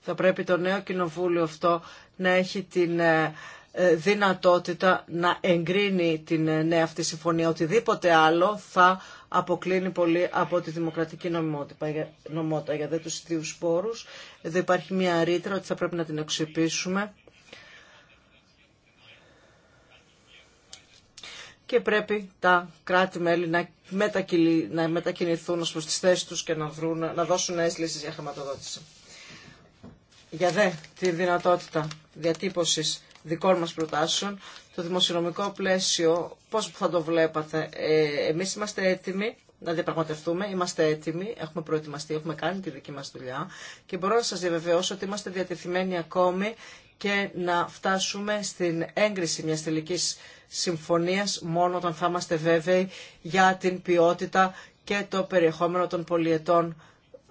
B: θα πρέπει το νέο κοινοβούλιο αυτό να έχει την ε, ε, δυνατότητα να εγκρίνει την ε, νέα αυτή συμφωνία. Οτιδήποτε άλλο θα αποκλίνει πολύ από τη δημοκρατική νομότητα. Για δε τους δύο σπόρους. εδώ υπάρχει μια ρήτρα ότι θα πρέπει να την εξυπήσουμε και πρέπει τα κράτη-μέλη να, μετακινηθούν ως προς τις θέσεις τους και να, να δώσουν νέες λύσεις για χρηματοδότηση. Για δε τη δυνατότητα διατύπωσης δικών μας προτάσεων, το δημοσιονομικό πλαίσιο, πώς θα το βλέπατε. Ε, εμείς είμαστε έτοιμοι να διαπραγματευτούμε, είμαστε έτοιμοι, έχουμε προετοιμαστεί, έχουμε κάνει τη δική μας δουλειά και μπορώ να σας διαβεβαιώσω ότι είμαστε διατεθειμένοι ακόμη και να φτάσουμε στην έγκριση μιας τελικής συμφωνίας μόνο όταν θα είμαστε βέβαιοι για την ποιότητα και το περιεχόμενο των πολιετών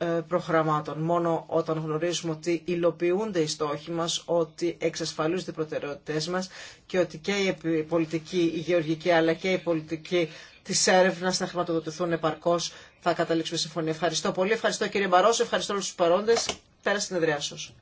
B: ε, προγραμμάτων. Μόνο όταν γνωρίζουμε ότι υλοποιούνται οι στόχοι μας, ότι εξασφαλίζονται οι προτεραιότητες μας και ότι και η πολιτική η γεωργική αλλά και η πολιτική της έρευνας θα χρηματοδοτηθούν επαρκώς, θα καταλήξουμε συμφωνία. Ευχαριστώ πολύ. Ευχαριστώ κύριε Μπαρός. ευχαριστώ όλους τους παρόντες. Πέρα στην εδριά σας.